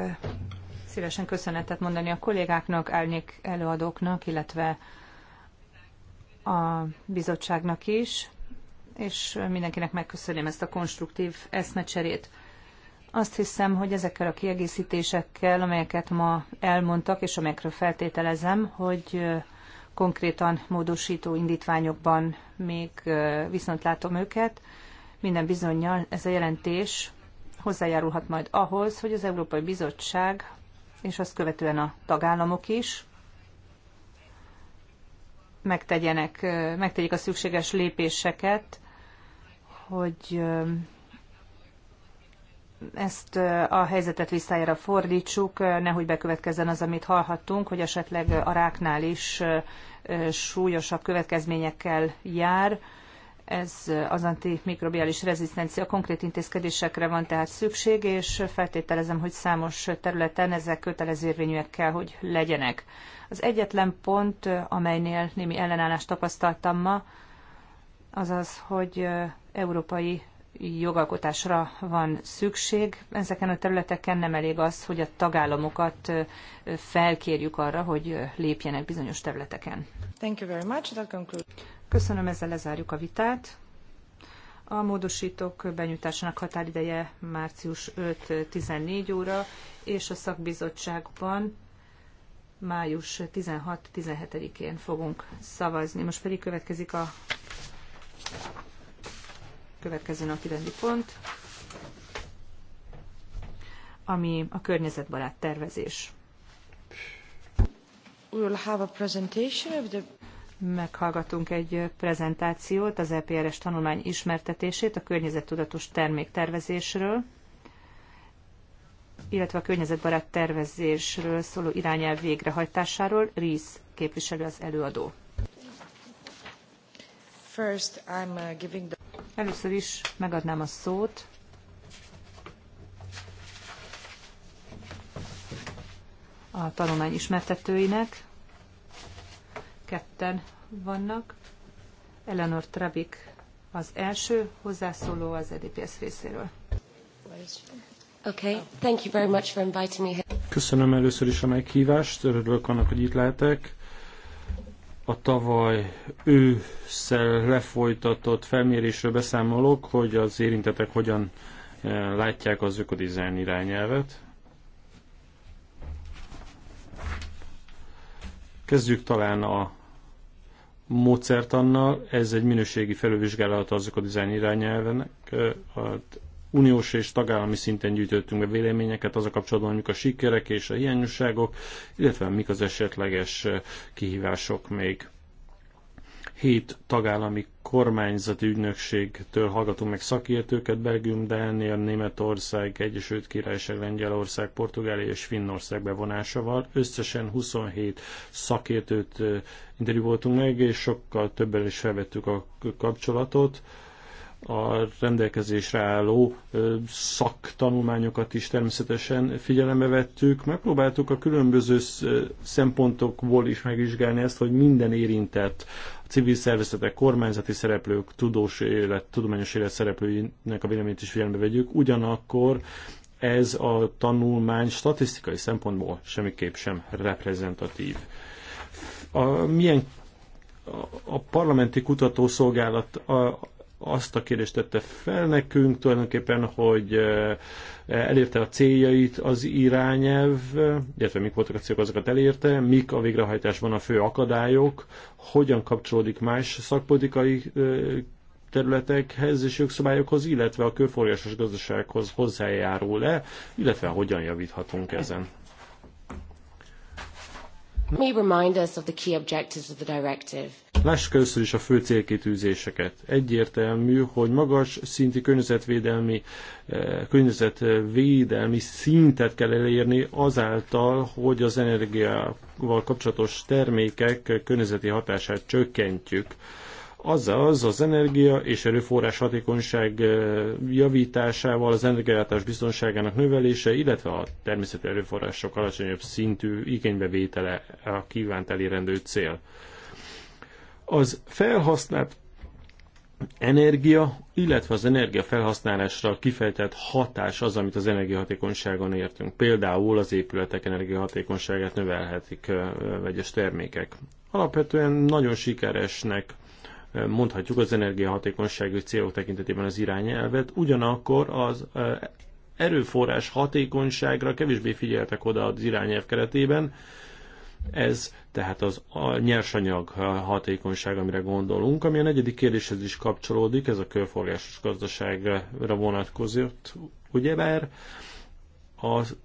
szívesen köszönetet mondani a kollégáknak, elnék előadóknak, illetve a bizottságnak is, és mindenkinek megköszönöm ezt a konstruktív eszmecserét. Azt hiszem, hogy ezekkel a kiegészítésekkel, amelyeket ma elmondtak, és amelyekről feltételezem, hogy konkrétan módosító indítványokban még viszont látom őket. Minden bizonyal ez a jelentés hozzájárulhat majd ahhoz, hogy az Európai Bizottság és azt követően a tagállamok is megtegyenek, megtegyék a szükséges lépéseket, hogy ezt a helyzetet visszájára fordítsuk, nehogy bekövetkezzen az, amit hallhattunk, hogy esetleg a ráknál is súlyosabb következményekkel jár. Ez az antimikrobiális rezisztencia konkrét intézkedésekre van tehát szükség, és feltételezem, hogy számos területen ezek kötelező érvényűek kell, hogy legyenek. Az egyetlen pont, amelynél némi ellenállást tapasztaltam ma, az az, hogy európai jogalkotásra van szükség. Ezeken a területeken nem elég az, hogy a tagállamokat felkérjük arra, hogy lépjenek bizonyos területeken. Thank you very much. That Köszönöm, ezzel lezárjuk a vitát. A módosítók benyújtásának határideje március 5-14 óra, és a szakbizottságban május 16-17-én fogunk szavazni. Most pedig következik a következő napi rendi pont, ami a környezetbarát tervezés. We'll have a presentation of the... Meghallgatunk egy prezentációt, az EPRS tanulmány ismertetését a környezettudatos terméktervezésről, illetve a környezetbarát tervezésről szóló irányelv végrehajtásáról. Rész képviselő az előadó. First, I'm uh, giving the... Először is megadnám a szót a tanulmány ismertetőinek. Ketten vannak. Eleanor Trabik az első hozzászóló az EDPS részéről. Okay, thank you very much for inviting me Köszönöm először is a meghívást, örülök annak, hogy itt lehetek a tavaly ősszel lefolytatott felmérésről beszámolok, hogy az érintetek hogyan eh, látják az ökodizájn irányelvet. Kezdjük talán a módszertannal. Ez egy minőségi felülvizsgálata az ökodizájn irányelvenek. Eh, uniós és tagállami szinten gyűjtöttünk be véleményeket az a kapcsolatban, mik a sikerek és a hiányosságok, illetve mik az esetleges kihívások még. Hét tagállami kormányzati ügynökségtől hallgatunk meg szakértőket, Belgium, Dánia, Németország, Egyesült Királyság, Lengyelország, Portugália és Finnország bevonásával. Összesen 27 szakértőt interjú voltunk meg, és sokkal többen is felvettük a kapcsolatot a rendelkezésre álló szaktanulmányokat is természetesen figyelembe vettük. Megpróbáltuk a különböző szempontokból is megvizsgálni ezt, hogy minden érintett a civil szervezetek, kormányzati szereplők, tudós élet, tudományos élet szereplőinek a véleményét is figyelembe vegyük. Ugyanakkor ez a tanulmány statisztikai szempontból semmiképp sem reprezentatív. A, milyen a parlamenti kutatószolgálat a, azt a kérdést tette fel nekünk tulajdonképpen, hogy eh, elérte a céljait az irányelv, illetve mik voltak a célok, azokat elérte, mik a végrehajtásban a fő akadályok, hogyan kapcsolódik más szakpolitikai eh, területekhez és jogszabályokhoz, illetve a körforgásos gazdasághoz hozzájárul-e, illetve hogyan javíthatunk ezen. Lássuk először is a fő célkitűzéseket. Egyértelmű, hogy magas szinti környezetvédelmi, eh, környezetvédelmi szintet kell elérni azáltal, hogy az energiával kapcsolatos termékek környezeti hatását csökkentjük azaz az energia és erőforrás hatékonyság javításával, az energiállátás biztonságának növelése, illetve a természeti erőforrások alacsonyabb szintű igénybevétele a kívánt elérendő cél. Az felhasznált energia, illetve az energia felhasználásra kifejtett hatás az, amit az energiahatékonyságon értünk. Például az épületek energiahatékonyságát növelhetik vegyes termékek. Alapvetően nagyon sikeresnek mondhatjuk az energiahatékonysági célok tekintetében az irányelvet, ugyanakkor az erőforrás hatékonyságra kevésbé figyeltek oda az irányelv keretében, ez tehát az a nyersanyag hatékonyság, amire gondolunk, ami a negyedik kérdéshez is kapcsolódik, ez a körforgásos gazdaságra vonatkozott, ugyebár az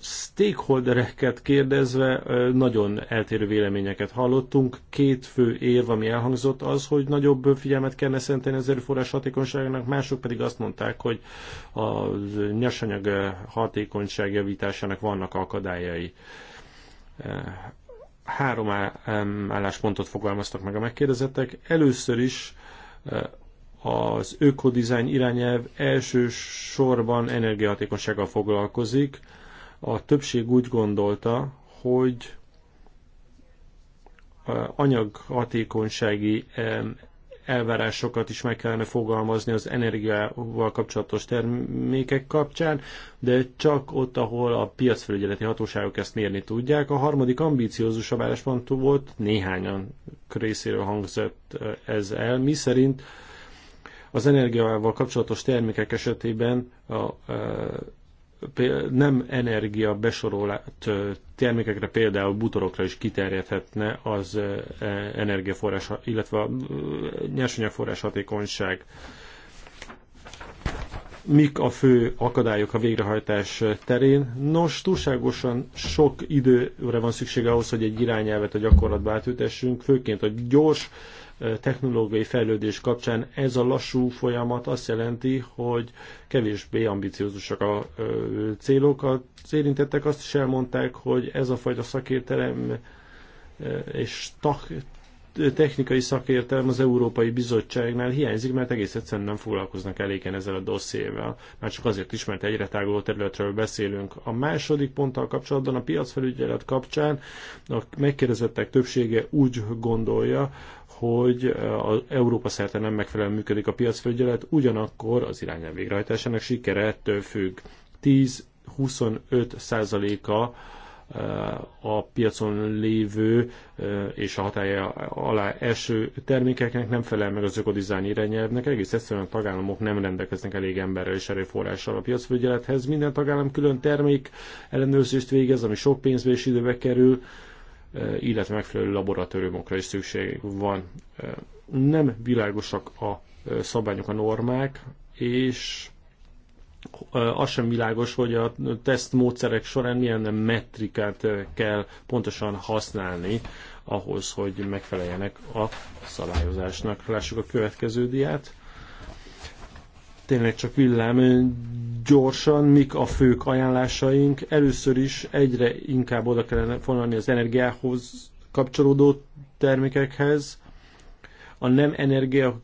stakeholdereket kérdezve nagyon eltérő véleményeket hallottunk. Két fő érv, ami elhangzott, az, hogy nagyobb figyelmet kellene szentelni az erőforrás hatékonyságnak, mások pedig azt mondták, hogy a nyersanyag hatékonyság javításának vannak akadályai. Három álláspontot fogalmaztak meg a megkérdezettek. Először is az ökodizájn irányelv elsősorban energiahatékonysággal foglalkozik, a többség úgy gondolta, hogy anyaghatékonysági elvárásokat is meg kellene fogalmazni az energiával kapcsolatos termékek kapcsán, de csak ott, ahol a piacfelügyeleti hatóságok ezt mérni tudják. A harmadik ambíciózusabb álláspont volt, néhányan részéről hangzott ez el, mi szerint az energiával kapcsolatos termékek esetében a, a nem energia besorolt termékekre, például butorokra is kiterjedhetne az e, energiaforrás, illetve a nyersanyagforrás hatékonyság. Mik a fő akadályok a végrehajtás terén? Nos, túlságosan sok időre van szüksége ahhoz, hogy egy irányelvet a gyakorlatba átültessünk, főként a gyors technológiai fejlődés kapcsán ez a lassú folyamat azt jelenti, hogy kevésbé ambiciózusak a célok. A érintettek azt is elmondták, hogy ez a fajta szakértelem és technikai szakértelem az Európai Bizottságnál hiányzik, mert egész egyszerűen nem foglalkoznak eléken ezzel a dossziével. Már csak azért is, mert egyre tágoló területről beszélünk. A második ponttal kapcsolatban, a piacfelügyelet kapcsán a megkérdezettek többsége úgy gondolja, hogy az Európa szerte nem megfelelően működik a piacfelügyelet, ugyanakkor az irányelv végrehajtásának sikere ettől függ. 10-25 százaléka eh, a piacon lévő eh, és a hatája alá eső termékeknek nem felel meg az ökodizájn irányelvnek. Egész egyszerűen a tagállamok nem rendelkeznek elég emberrel és erőforrással a piacfelügyelethez. Minden tagállam külön termék ellenőrzést végez, ami sok pénzbe és időbe kerül illetve megfelelő laboratóriumokra is szükség van. Nem világosak a szabályok, a normák, és az sem világos, hogy a tesztmódszerek során milyen metrikát kell pontosan használni ahhoz, hogy megfeleljenek a szabályozásnak. Lássuk a következő diát tényleg csak villám gyorsan, mik a fők ajánlásaink. Először is egyre inkább oda kellene fonalni az energiához kapcsolódó termékekhez, a nem energiahoz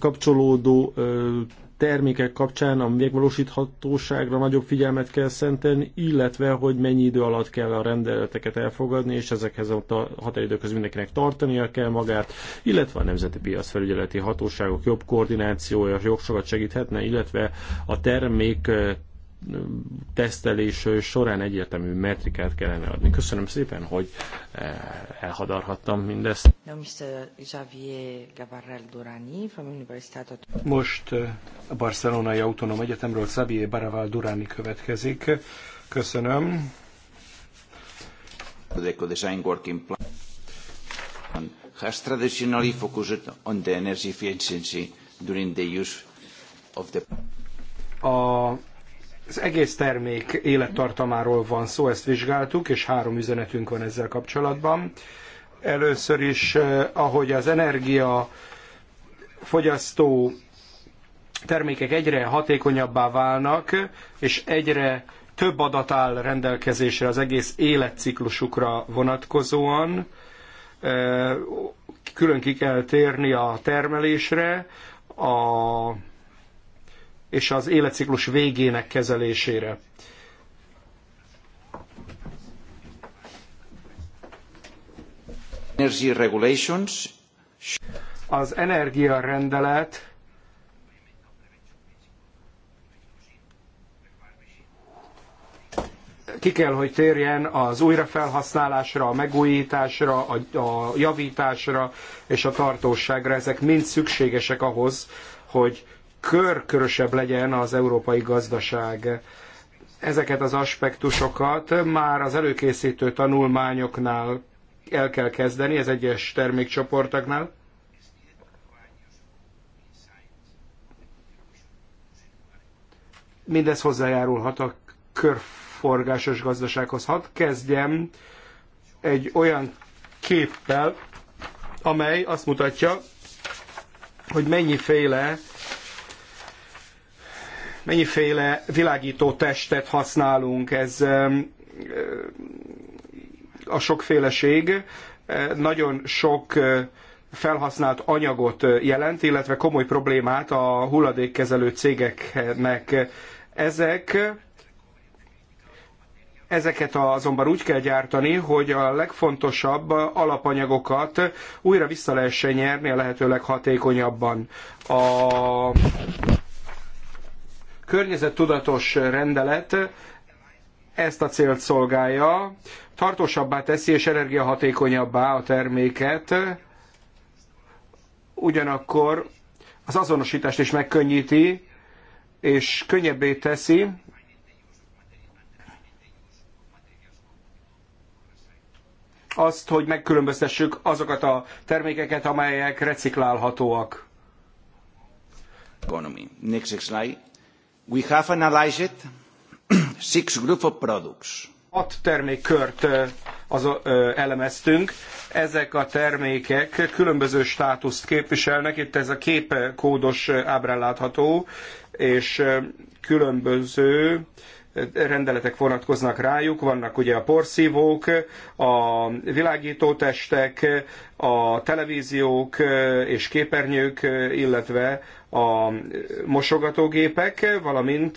kapcsolódó termékek kapcsán a megvalósíthatóságra nagyobb figyelmet kell szentelni, illetve hogy mennyi idő alatt kell a rendeleteket elfogadni, és ezekhez a határidőkhöz mindenkinek tartania kell magát, illetve a nemzeti felügyeleti hatóságok jobb koordinációja jogsokat segíthetne, illetve a termék tesztelés során egyértelmű metrikát kellene adni. Köszönöm szépen, hogy eh, elhadarhattam mindezt. Most eh, a Barcelonai Autonóm Egyetemről Xavier Baraval Durani következik. Köszönöm. Az Eco Design Working Plan has traditionally focused on the energy efficiency during the use of the... A az egész termék élettartamáról van szó, ezt vizsgáltuk, és három üzenetünk van ezzel kapcsolatban. Először is, eh, ahogy az energia fogyasztó termékek egyre hatékonyabbá válnak, és egyre több adat áll rendelkezésre az egész életciklusukra vonatkozóan, eh, külön ki kell térni a termelésre, a és az életciklus végének kezelésére. Energy regulations. Az energiarendelet ki kell, hogy térjen az újrafelhasználásra, a megújításra, a, a javításra és a tartóságra. Ezek mind szükségesek ahhoz, hogy körkörösebb legyen az európai gazdaság. Ezeket az aspektusokat már az előkészítő tanulmányoknál el kell kezdeni, ez egyes termékcsoportoknál. Mindez hozzájárulhat a körforgásos gazdasághoz. Hadd kezdjem egy olyan képpel, amely azt mutatja, hogy mennyiféle mennyiféle világító testet használunk, ez a sokféleség nagyon sok felhasznált anyagot jelent, illetve komoly problémát a hulladékkezelő cégeknek. Ezek Ezeket azonban úgy kell gyártani, hogy a legfontosabb alapanyagokat újra vissza lehessen nyerni a lehető leghatékonyabban. A környezettudatos rendelet ezt a célt szolgálja, tartósabbá teszi és energiahatékonyabbá a terméket, ugyanakkor az azonosítást is megkönnyíti, és könnyebbé teszi, azt, hogy megkülönböztessük azokat a termékeket, amelyek reciklálhatóak. Next slide. We have analyzed six group of products. Hat termékkört az, ö, elemeztünk. Ezek a termékek különböző státuszt képviselnek. Itt ez a képkódos ábrán látható, és különböző rendeletek vonatkoznak rájuk, vannak ugye a porszívók, a világítótestek, a televíziók és képernyők, illetve a mosogatógépek, valamint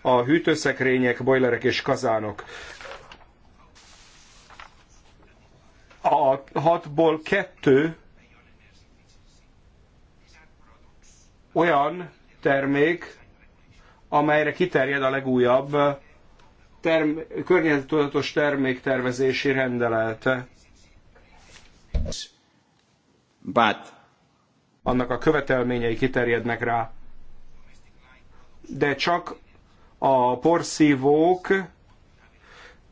a hűtőszekrények, bojlerek és kazánok. A hatból kettő olyan termék, amelyre kiterjed a legújabb term- környezetudatos terméktervezési rendelet. But. Annak a követelményei kiterjednek rá. De csak a porszívók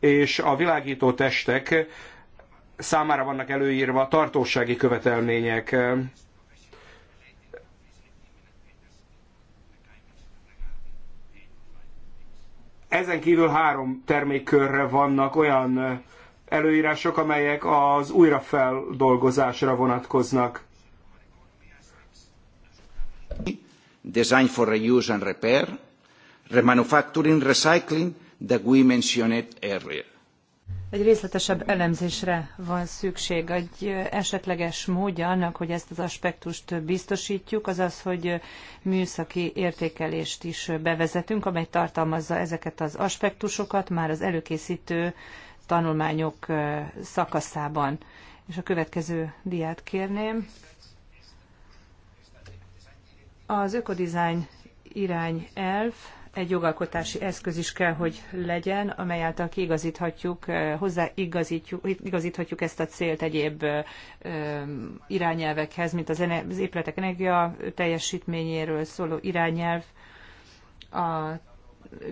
és a világító testek számára vannak előírva tartósági követelmények. Ezen kívül három termékkörre vannak olyan előírások, amelyek az újrafeldolgozásra vonatkoznak. Design for reuse and repair, remanufacturing, recycling, that we mentioned earlier egy részletesebb elemzésre van szükség. Egy esetleges módja annak, hogy ezt az aspektust biztosítjuk, az az, hogy műszaki értékelést is bevezetünk, amely tartalmazza ezeket az aspektusokat már az előkészítő tanulmányok szakaszában. És a következő diát kérném. Az ökodizájn irányelv egy jogalkotási eszköz is kell, hogy legyen, amely által kiigazíthatjuk, eh, hozzáigazítjuk igazíthatjuk ezt a célt egyéb eh, irányelvekhez, mint az, az épületek energia teljesítményéről szóló irányelv, a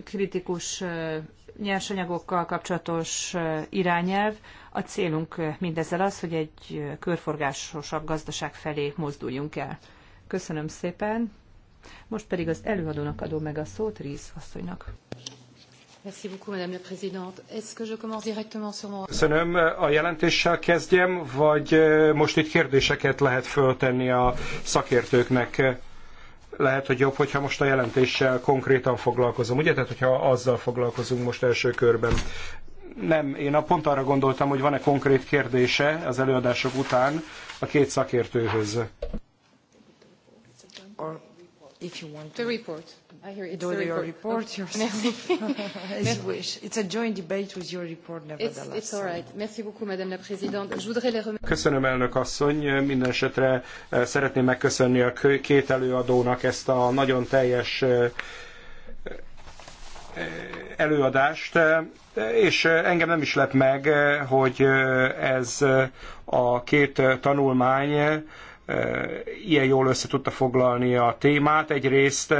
kritikus eh, nyersanyagokkal kapcsolatos irányelv. A célunk mindezzel az, hogy egy körforgásosabb gazdaság felé mozduljunk el. Köszönöm szépen! Most pedig az előadónak adom meg a szót Ríz asszonynak. Köszönöm. A jelentéssel kezdjem, vagy most itt kérdéseket lehet föltenni a szakértőknek? Lehet, hogy jobb, hogyha most a jelentéssel konkrétan foglalkozom, ugye? Tehát, hogyha azzal foglalkozunk most első körben. Nem, én a pont arra gondoltam, hogy van-e konkrét kérdése az előadások után a két szakértőhöz. A if you want to. report. I hear it's the report. your report, report yourself. as you wish. It's a joint debate with your report nevertheless. It's, it's all right. Merci beaucoup, Madame la Présidente. Je voudrais les remercier. Köszönöm, elnök asszony. Minden esetre eh, szeretném megköszönni a két előadónak ezt a nagyon teljes eh, eh, előadást, és engem nem is lep meg, hogy ez a két tanulmány ilyen jól össze tudta foglalni a témát. Egyrészt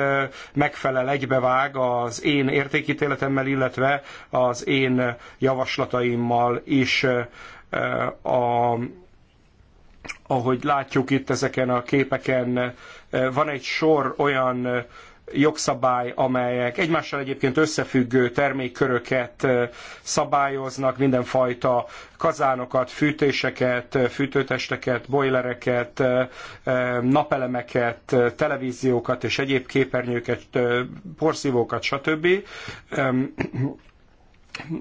megfelel, egybevág az én értékítéletemmel, illetve az én javaslataimmal is a ahogy látjuk itt ezeken a képeken, van egy sor olyan jogszabály, amelyek egymással egyébként összefüggő termékköröket szabályoznak, mindenfajta kazánokat, fűtéseket, fűtőtesteket, bojlereket, napelemeket, televíziókat és egyéb képernyőket, porszívókat, stb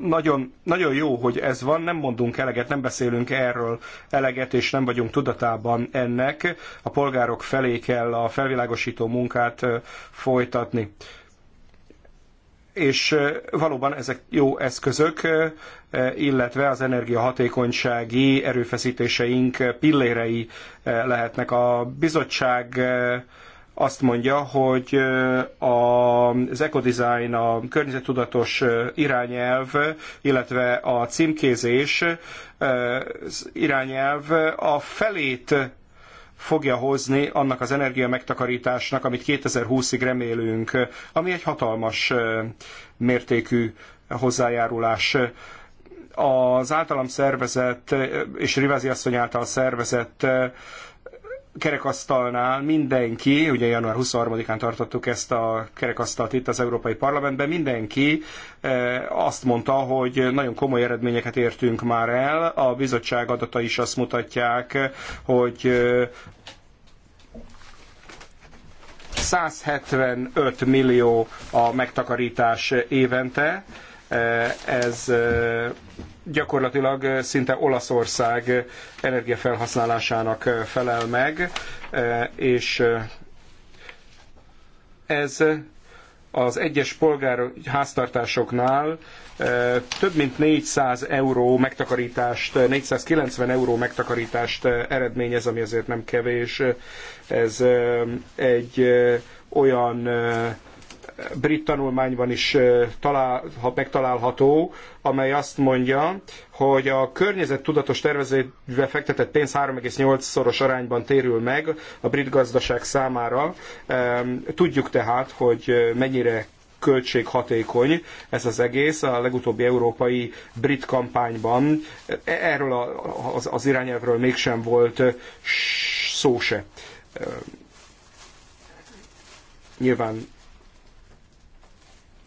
nagyon, nagyon jó, hogy ez van, nem mondunk eleget, nem beszélünk erről eleget, és nem vagyunk tudatában ennek. A polgárok felé kell a felvilágosító munkát folytatni. És valóban ezek jó eszközök, illetve az energiahatékonysági erőfeszítéseink pillérei lehetnek. A bizottság azt mondja, hogy az ecodesign, a környezettudatos irányelv, illetve a címkézés irányelv a felét fogja hozni annak az energia megtakarításnak, amit 2020-ig remélünk, ami egy hatalmas mértékű hozzájárulás az általam szervezett és Rivázi asszony által szervezett kerekasztalnál mindenki, ugye január 23-án tartottuk ezt a kerekasztalt itt az Európai Parlamentben, mindenki eh, azt mondta, hogy nagyon komoly eredményeket értünk már el, a bizottság adata is azt mutatják, hogy 175 eh, millió a megtakarítás évente, eh, ez gyakorlatilag eh, szinte Olaszország eh, energiafelhasználásának eh, felel meg, és ez az egyes polgár háztartásoknál több mint 400 euró megtakarítást, 490 euró megtakarítást eredményez, ami azért nem kevés. Ez egy olyan brit tanulmányban is talál, ha megtalálható, amely azt mondja, hogy a környezettudatos tervezésbe fektetett pénz 3,8-szoros arányban térül meg a brit gazdaság számára. Tudjuk tehát, hogy mennyire költséghatékony ez az egész. A legutóbbi európai brit kampányban e, erről az, az irányelvről mégsem volt szó se. Nyilván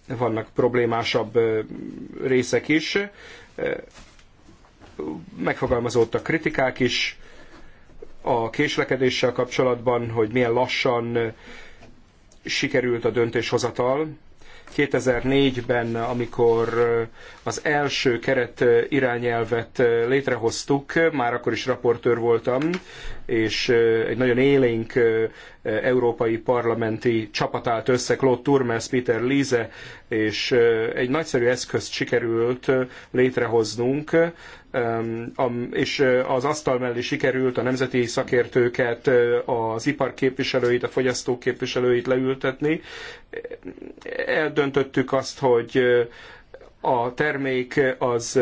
vannak problémásabb részek is. Megfogalmazódtak kritikák is a késlekedéssel kapcsolatban, hogy milyen lassan sikerült a döntéshozatal. 2004-ben, amikor az első keret irányelvet létrehoztuk, már akkor is raportőr voltam, és egy nagyon élénk európai parlamenti csapat állt össze, Claude Turmes, Peter Liese, és egy nagyszerű eszközt sikerült létrehoznunk, és az asztal mellé sikerült a nemzeti szakértőket, az ipar képviselőit, a fogyasztók képviselőit leültetni. Eldöntöttük azt, hogy a termék az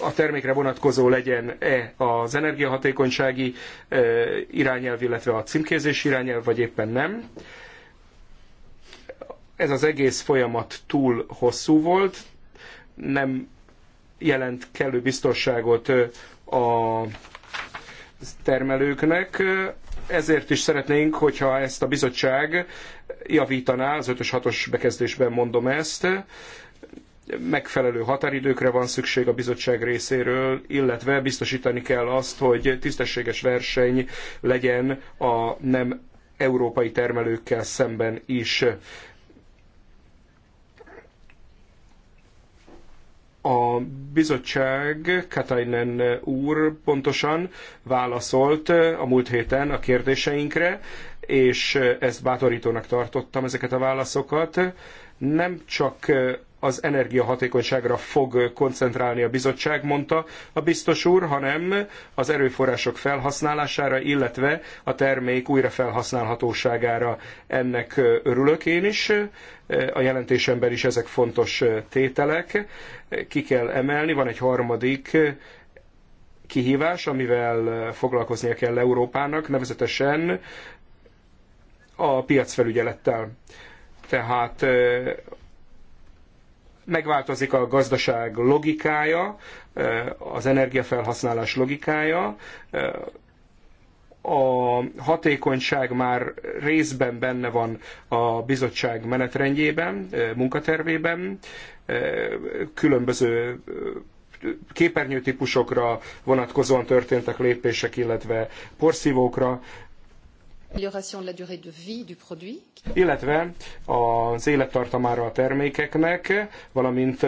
a termékre vonatkozó legyen-e az energiahatékonysági irányelv, illetve a címkézés irányelv, vagy éppen nem. Ez az egész folyamat túl hosszú volt, nem jelent kellő biztonságot a termelőknek. Ezért is szeretnénk, hogyha ezt a bizottság javítaná, az 5-ös 6-os bekezdésben mondom ezt, megfelelő határidőkre van szükség a bizottság részéről, illetve biztosítani kell azt, hogy tisztességes verseny legyen a nem európai termelőkkel szemben is. A bizottság, Katainen úr pontosan válaszolt a múlt héten a kérdéseinkre, és ezt bátorítónak tartottam ezeket a válaszokat. Nem csak az energiahatékonyságra fog koncentrálni a bizottság, mondta a biztos úr, hanem az erőforrások felhasználására, illetve a termék újrafelhasználhatóságára. Ennek örülök én is, a jelentésemben is ezek fontos tételek. Ki kell emelni, van egy harmadik kihívás, amivel foglalkoznia kell Európának, nevezetesen a piacfelügyelettel. Tehát megváltozik a gazdaság logikája, az energiafelhasználás logikája, a hatékonyság már részben benne van a bizottság menetrendjében, munkatervében, különböző képernyőtípusokra vonatkozóan történtek lépések, illetve porszívókra, illetve az élettartamára a termékeknek, valamint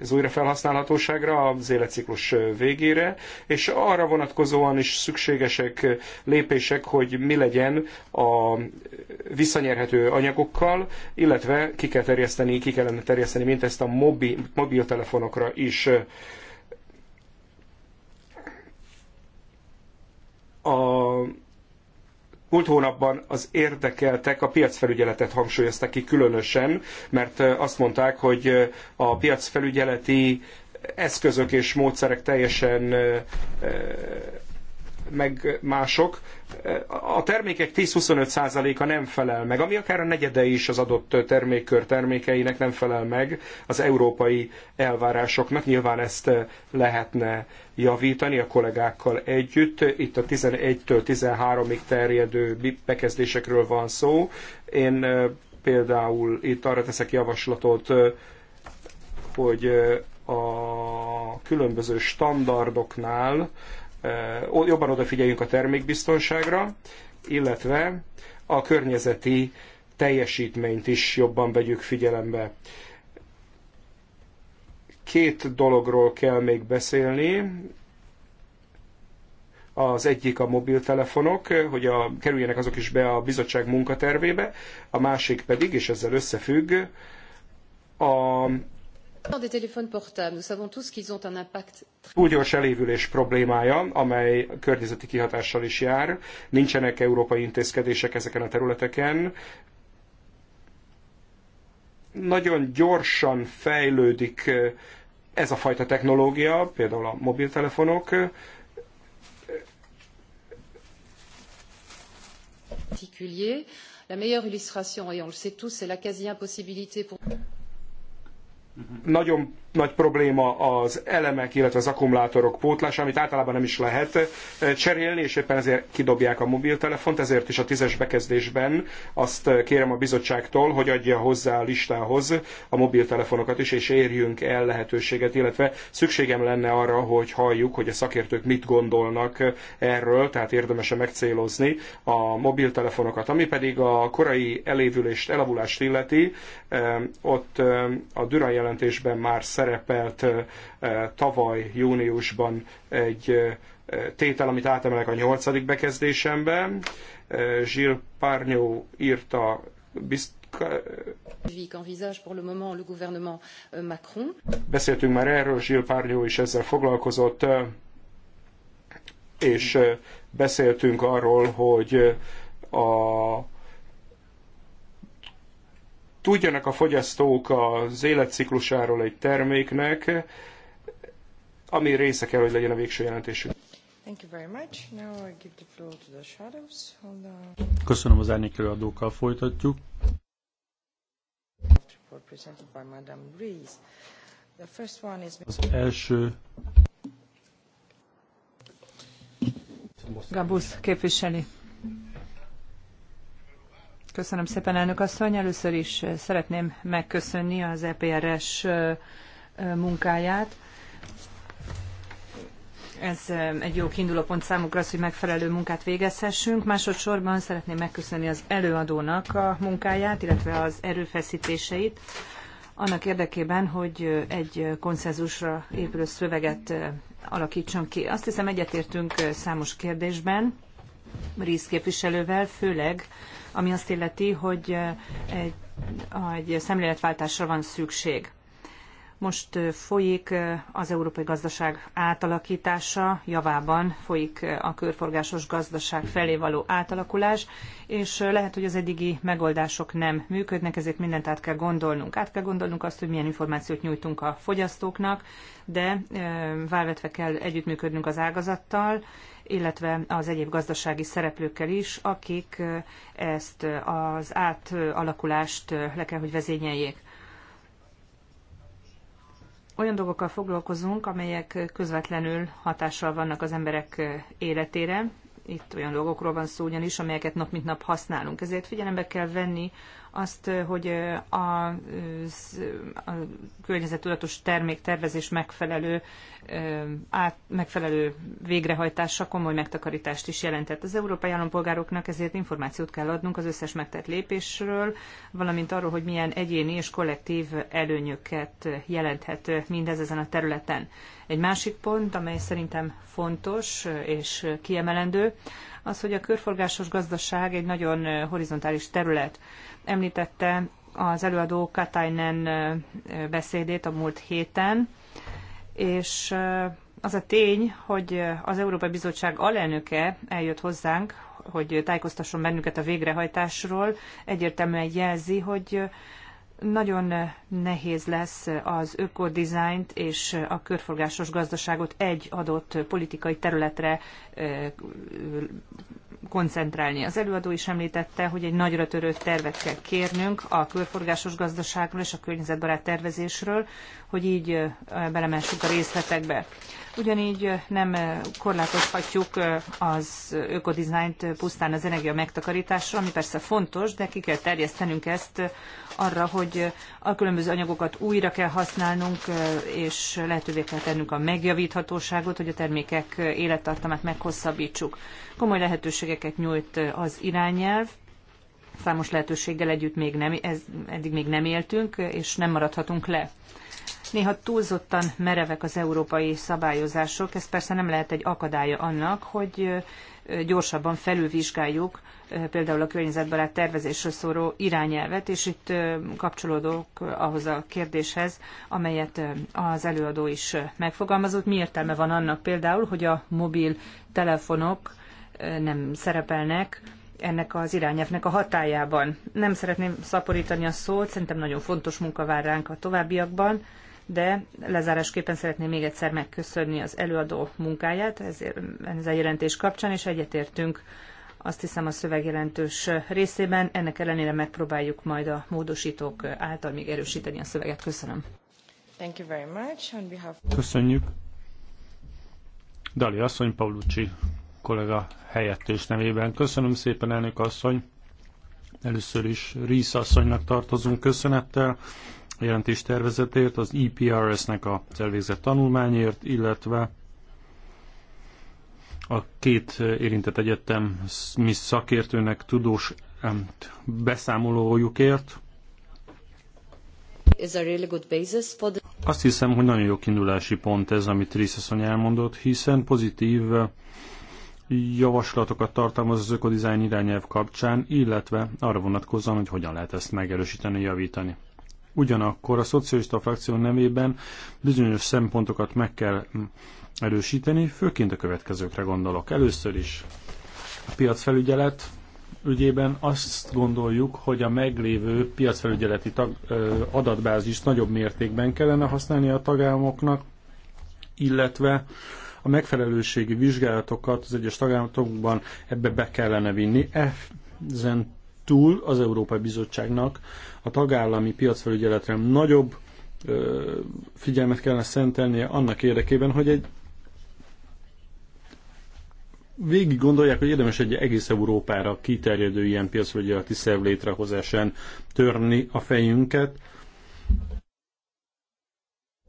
az újrafelhasználhatóságra, az életciklus végére, és arra vonatkozóan is szükségesek lépések, hogy mi legyen a visszanyerhető anyagokkal, illetve ki kell terjeszteni, ki kellene terjeszteni mindezt a mobi, mobiltelefonokra is. A Múlt hónapban az érdekeltek a piacfelügyeletet hangsúlyozták ki különösen, mert azt mondták, hogy a piacfelügyeleti eszközök és módszerek teljesen meg mások, a termékek 10-25%-a nem felel meg, ami akár a negyede is az adott termékkör termékeinek nem felel meg az európai elvárásoknak. Nyilván ezt lehetne javítani a kollégákkal együtt. Itt a 11-től 13-ig terjedő bekezdésekről van szó. Én például itt arra teszek javaslatot, hogy a különböző standardoknál jobban odafigyeljünk a termékbiztonságra, illetve a környezeti teljesítményt is jobban vegyük figyelembe. Két dologról kell még beszélni. Az egyik a mobiltelefonok, hogy a, kerüljenek azok is be a bizottság munkatervébe, a másik pedig, és ezzel összefügg, a Túlgyors elévülés problémája, amely környezeti kihatással is jár. Nincsenek európai intézkedések ezeken a területeken. Nagyon gyorsan fejlődik eh, ez a fajta technológia, például a mobiltelefonok. La meilleure illustration, et on le sait tous, c'est la quasi-impossibilité pour nagyon nagy probléma az elemek, illetve az akkumulátorok pótlása, amit általában nem is lehet eh, cserélni, és éppen ezért kidobják a mobiltelefont, ezért is a tízes bekezdésben azt eh, kérem a bizottságtól, hogy adja hozzá a listához a mobiltelefonokat is, és érjünk el lehetőséget, illetve szükségem lenne arra, hogy halljuk, hogy a szakértők mit gondolnak eh, erről, tehát érdemese megcélozni a mobiltelefonokat. Ami pedig a korai elévülést, elavulást illeti, ott a Düran jelentésben már szerepelt tavaly júniusban egy tétel, amit átemelek a nyolcadik bekezdésembe. Gilles Párnyó írta euh, Beszéltünk már erről, Gilles Párnyó is ezzel foglalkozott, és beszéltünk arról, hogy a tudjanak a fogyasztók az életciklusáról egy terméknek, ami része kell, hogy legyen a végső jelentésük. Köszönöm az árnyék előadókkal folytatjuk. Az első Gabusz képviseli. Köszönöm szépen, elnök asszony. Először is eh, szeretném megköszönni az EPRS eh, eh, munkáját. Ez egy jó kiindulópont számukra az, hogy megfelelő munkát végezhessünk. Másodszorban szeretném megköszönni az előadónak a munkáját, illetve az erőfeszítéseit annak érdekében, hogy egy konszenzusra épülő szöveget alakítson ki. Azt hiszem egyetértünk számos kérdésben, képviselővel, főleg ami azt illeti, hogy eh, egy, egy szemléletváltásra van szükség. Most eh, folyik eh, az európai gazdaság átalakítása, javában folyik a körforgásos gazdaság felé való átalakulás, és lehet, hogy az eddigi megoldások nem működnek, ezért mindent át kell gondolnunk. Át kell gondolnunk azt, hogy milyen információt nyújtunk a fogyasztóknak, de válvetve kell együttműködnünk az ágazattal, illetve az egyéb gazdasági szereplőkkel is, akik ezt az átalakulást le kell, hogy vezényeljék. Olyan dolgokkal foglalkozunk, amelyek közvetlenül hatással vannak az emberek életére, itt olyan dolgokról van szó ugyanis, amelyeket nap mint nap használunk. Ezért figyelembe kell venni azt, hogy a, a környezettudatos terméktervezés megfelelő át, megfelelő végrehajtása komoly megtakarítást is jelentett. Az európai állampolgároknak ezért információt kell adnunk az összes megtett lépésről, valamint arról, hogy milyen egyéni és kollektív előnyöket jelenthet mindez ezen a területen. Egy másik pont, amely szerintem fontos és kiemelendő, az, hogy a körforgásos gazdaság egy nagyon horizontális terület. Említette az előadó Katainen beszédét a múlt héten, és az a tény, hogy az Európai Bizottság alelnöke eljött hozzánk, hogy tájékoztasson bennünket a végrehajtásról, egyértelműen jelzi, hogy nagyon nehéz lesz az ökodizájnt és a körforgásos gazdaságot egy adott politikai területre koncentrálni. Az előadó is említette, hogy egy nagyra törő tervet kell kérnünk a körforgásos gazdaságról és a környezetbarát tervezésről, hogy így belemessük a részletekbe. Ugyanígy nem korlátozhatjuk az ökodizájnt pusztán az energia megtakarításra, ami persze fontos, de ki kell terjesztenünk ezt arra, hogy a különböző anyagokat újra kell használnunk, és lehetővé kell tennünk a megjavíthatóságot, hogy a termékek élettartamát meghosszabbítsuk. Komoly lehetőségeket nyújt az irányelv, számos lehetőséggel együtt még nem, ez, eddig még nem éltünk, és nem maradhatunk le. Néha túlzottan merevek az európai szabályozások, ez persze nem lehet egy akadálya annak, hogy gyorsabban felülvizsgáljuk például a környezetbarát tervezésről szóró irányelvet, és itt kapcsolódok ahhoz a kérdéshez, amelyet az előadó is megfogalmazott. Mi értelme van annak például, hogy a mobil telefonok nem szerepelnek ennek az irányelvnek a hatájában. Nem szeretném szaporítani a szót, szerintem nagyon fontos munka vár ránk a továbbiakban, de lezárásképpen szeretném még egyszer megköszönni az előadó munkáját ezzel ez a jelentés kapcsán, és egyetértünk azt hiszem a szöveg jelentős részében. Ennek ellenére megpróbáljuk majd a módosítók által még erősíteni a szöveget. Köszönöm. Thank you very much. On behalf... Köszönjük. Dali asszony, Paulucci kollega helyettes nevében. Köszönöm szépen, elnök asszony. Először is Rísz asszonynak tartozunk köszönettel a jelentés tervezetért, az EPRS-nek a elvégzett tanulmányért, illetve a két érintett egyetem mi szakértőnek tudós beszámolójukért. Azt hiszem, hogy nagyon jó kiindulási pont ez, amit Trissasszony elmondott, hiszen pozitív eh, javaslatokat tartalmaz az ökodizájn irányelv kapcsán, illetve arra vonatkozóan, hogy hogyan lehet ezt megerősíteni, javítani. Ugyanakkor a szocialista frakció nevében bizonyos szempontokat meg kell mm, erősíteni, főként a következőkre gondolok. Először is a piacfelügyelet ügyében azt gondoljuk, hogy a meglévő piacfelügyeleti tag, ö, adatbázis nagyobb mértékben kellene használni a tagállamoknak, illetve a megfelelőségi vizsgálatokat az egyes tagállamokban ebbe be kellene vinni. Ezen túl az Európai Bizottságnak a tagállami piacfelügyeletre nagyobb figyelmet kellene szentelnie annak érdekében, hogy egy végig gondolják, hogy érdemes egy egész Európára kiterjedő ilyen piacvegyeleti szerv létrehozásán törni a fejünket,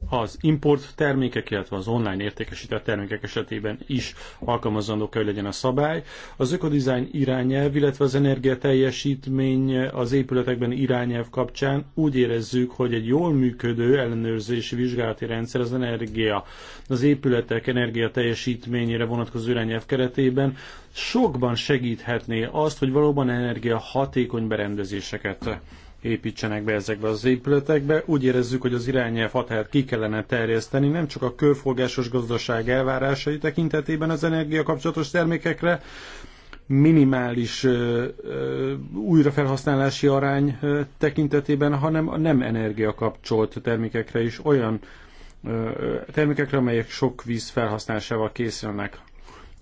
az import termékek, illetve az online értékesített termékek esetében is alkalmazandó kell, hogy legyen a szabály. Az ökodizájn irányelv, illetve az energiateljesítmény az épületekben irányelv kapcsán úgy érezzük, hogy egy jól működő ellenőrzési vizsgálati rendszer az energia, az épületek energiateljesítményére vonatkozó irányelv keretében sokban segíthetné azt, hogy valóban energia hatékony berendezéseket építsenek be ezekbe az épületekbe. Úgy érezzük, hogy az irányelv határt ki kellene terjeszteni, nem csak a körforgásos gazdaság elvárásai tekintetében az energia kapcsolatos termékekre, minimális ö, ö, újrafelhasználási arány ö, tekintetében, hanem a nem energiakapcsolt termékekre is olyan termékekre, amelyek sok víz felhasználásával készülnek.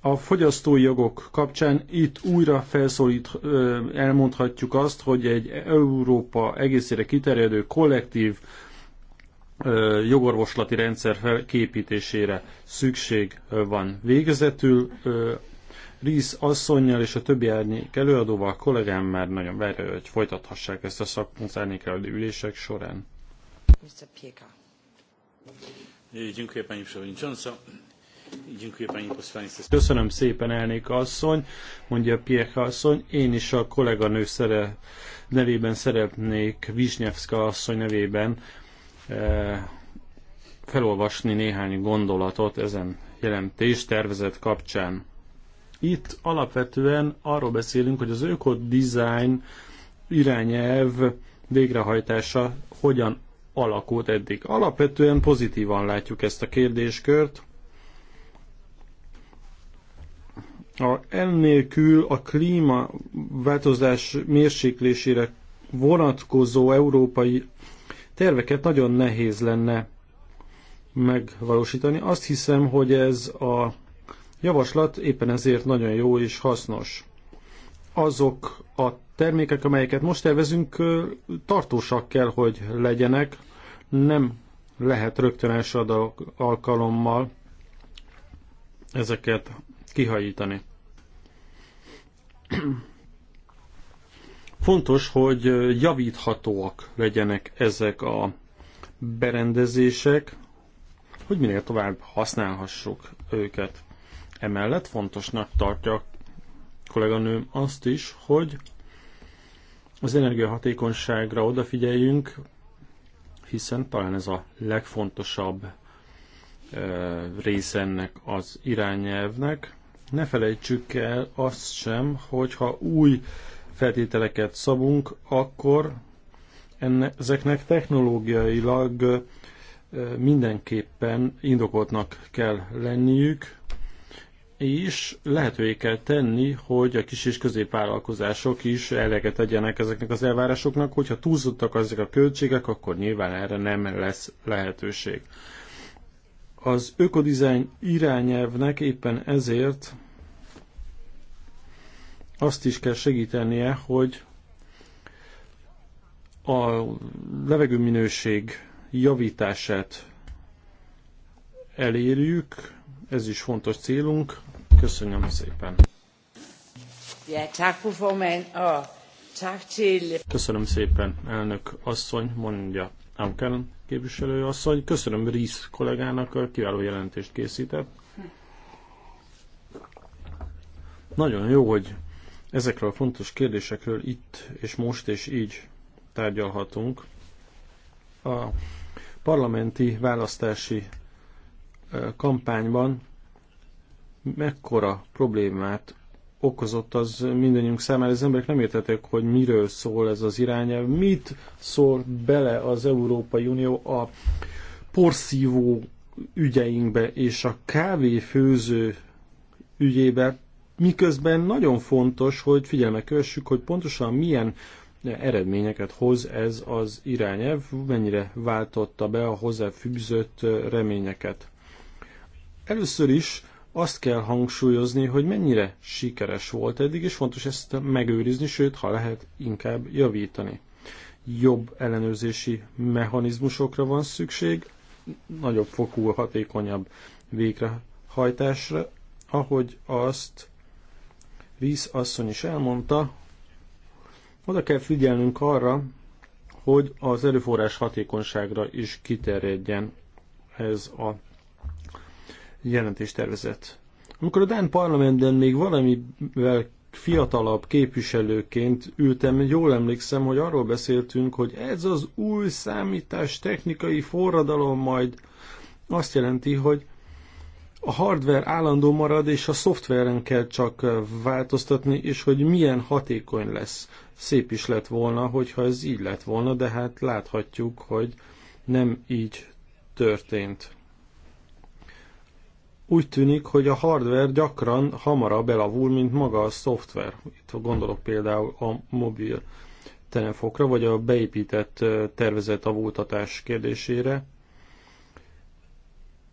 A fogyasztói jogok kapcsán itt újra felszólít, elmondhatjuk azt, hogy egy Európa egészére kiterjedő kollektív jogorvoslati rendszer képítésére szükség van. Végezetül Ríz asszonynal és a többi árnyék előadóval kollégám már nagyon várja, hogy folytathassák ezt a szakmunkát árnyék ülések során. Mr. Pieka. Dziękuję Pani Przewodnicząca. Köszönöm szépen, elnék asszony, mondja Piek asszony. Én is a kolléganő szere, nevében szeretnék Visnyevska asszony nevében e, felolvasni néhány gondolatot ezen jelentés tervezet kapcsán. Itt alapvetően arról beszélünk, hogy az ökodizájn irányelv végrehajtása hogyan alakult eddig. Alapvetően pozitívan látjuk ezt a kérdéskört, A, ennélkül a klímaváltozás mérséklésére vonatkozó európai terveket nagyon nehéz lenne megvalósítani. Azt hiszem, hogy ez a javaslat éppen ezért nagyon jó és hasznos. Azok a termékek, amelyeket most tervezünk, tartósak kell, hogy legyenek, nem lehet rögtön első alkalommal ezeket kihajítani. Fontos, hogy javíthatóak legyenek ezek a berendezések, hogy minél tovább használhassuk őket. Emellett fontosnak tartja kolléganőm azt is, hogy az energiahatékonyságra odafigyeljünk, hiszen talán ez a legfontosabb eh, része ennek az irányelvnek. Ne felejtsük el azt sem, hogyha új feltételeket szabunk, akkor enne, ezeknek technológiailag mindenképpen indokoltnak kell lenniük, és lehetővé kell tenni, hogy a kis és középvállalkozások is eleget tegyenek ezeknek az elvárásoknak, hogyha túlzottak ezek a költségek, akkor nyilván erre nem lesz lehetőség. Az ökodizájn irányelvnek éppen ezért azt is kell segítenie, hogy a levegőminőség javítását elérjük, ez is fontos célunk. Köszönöm szépen! Köszönöm szépen, elnök asszony, mondja Amkern képviselő asszony. Köszönöm Rész kollégának, a kiváló jelentést készített. Nagyon jó, hogy Ezekről a fontos kérdésekről itt és most és így tárgyalhatunk. A parlamenti választási kampányban mekkora problémát okozott az mindannyiunk számára. Az emberek nem értették, hogy miről szól ez az irányelv, mit szól bele az Európai Unió a porszívó ügyeinkbe és a kávéfőző ügyébe miközben nagyon fontos, hogy figyelme kövessük, hogy pontosan milyen eredményeket hoz ez az irányelv, mennyire váltotta be a hozzáfűzött reményeket. Először is azt kell hangsúlyozni, hogy mennyire sikeres volt eddig, és fontos ezt megőrizni, sőt, ha lehet, inkább javítani. Jobb ellenőrzési mechanizmusokra van szükség, nagyobb fokú, hatékonyabb végrehajtásra, ahogy azt Víz asszony is elmondta, oda kell figyelnünk arra, hogy az erőforrás hatékonyságra is kiterjedjen ez a jelentéstervezet. Amikor a Dán parlamentben még valamivel fiatalabb képviselőként ültem, jól emlékszem, hogy arról beszéltünk, hogy ez az új számítás technikai forradalom majd azt jelenti, hogy a hardware állandó marad, és a szoftveren kell csak változtatni, és hogy milyen hatékony lesz. Szép is lett volna, hogyha ez így lett volna, de hát láthatjuk, hogy nem így történt. Úgy tűnik, hogy a hardware gyakran hamarabb elavul, mint maga a szoftver. Itt gondolok például a mobil telefonokra, vagy a beépített tervezett avultatás kérdésére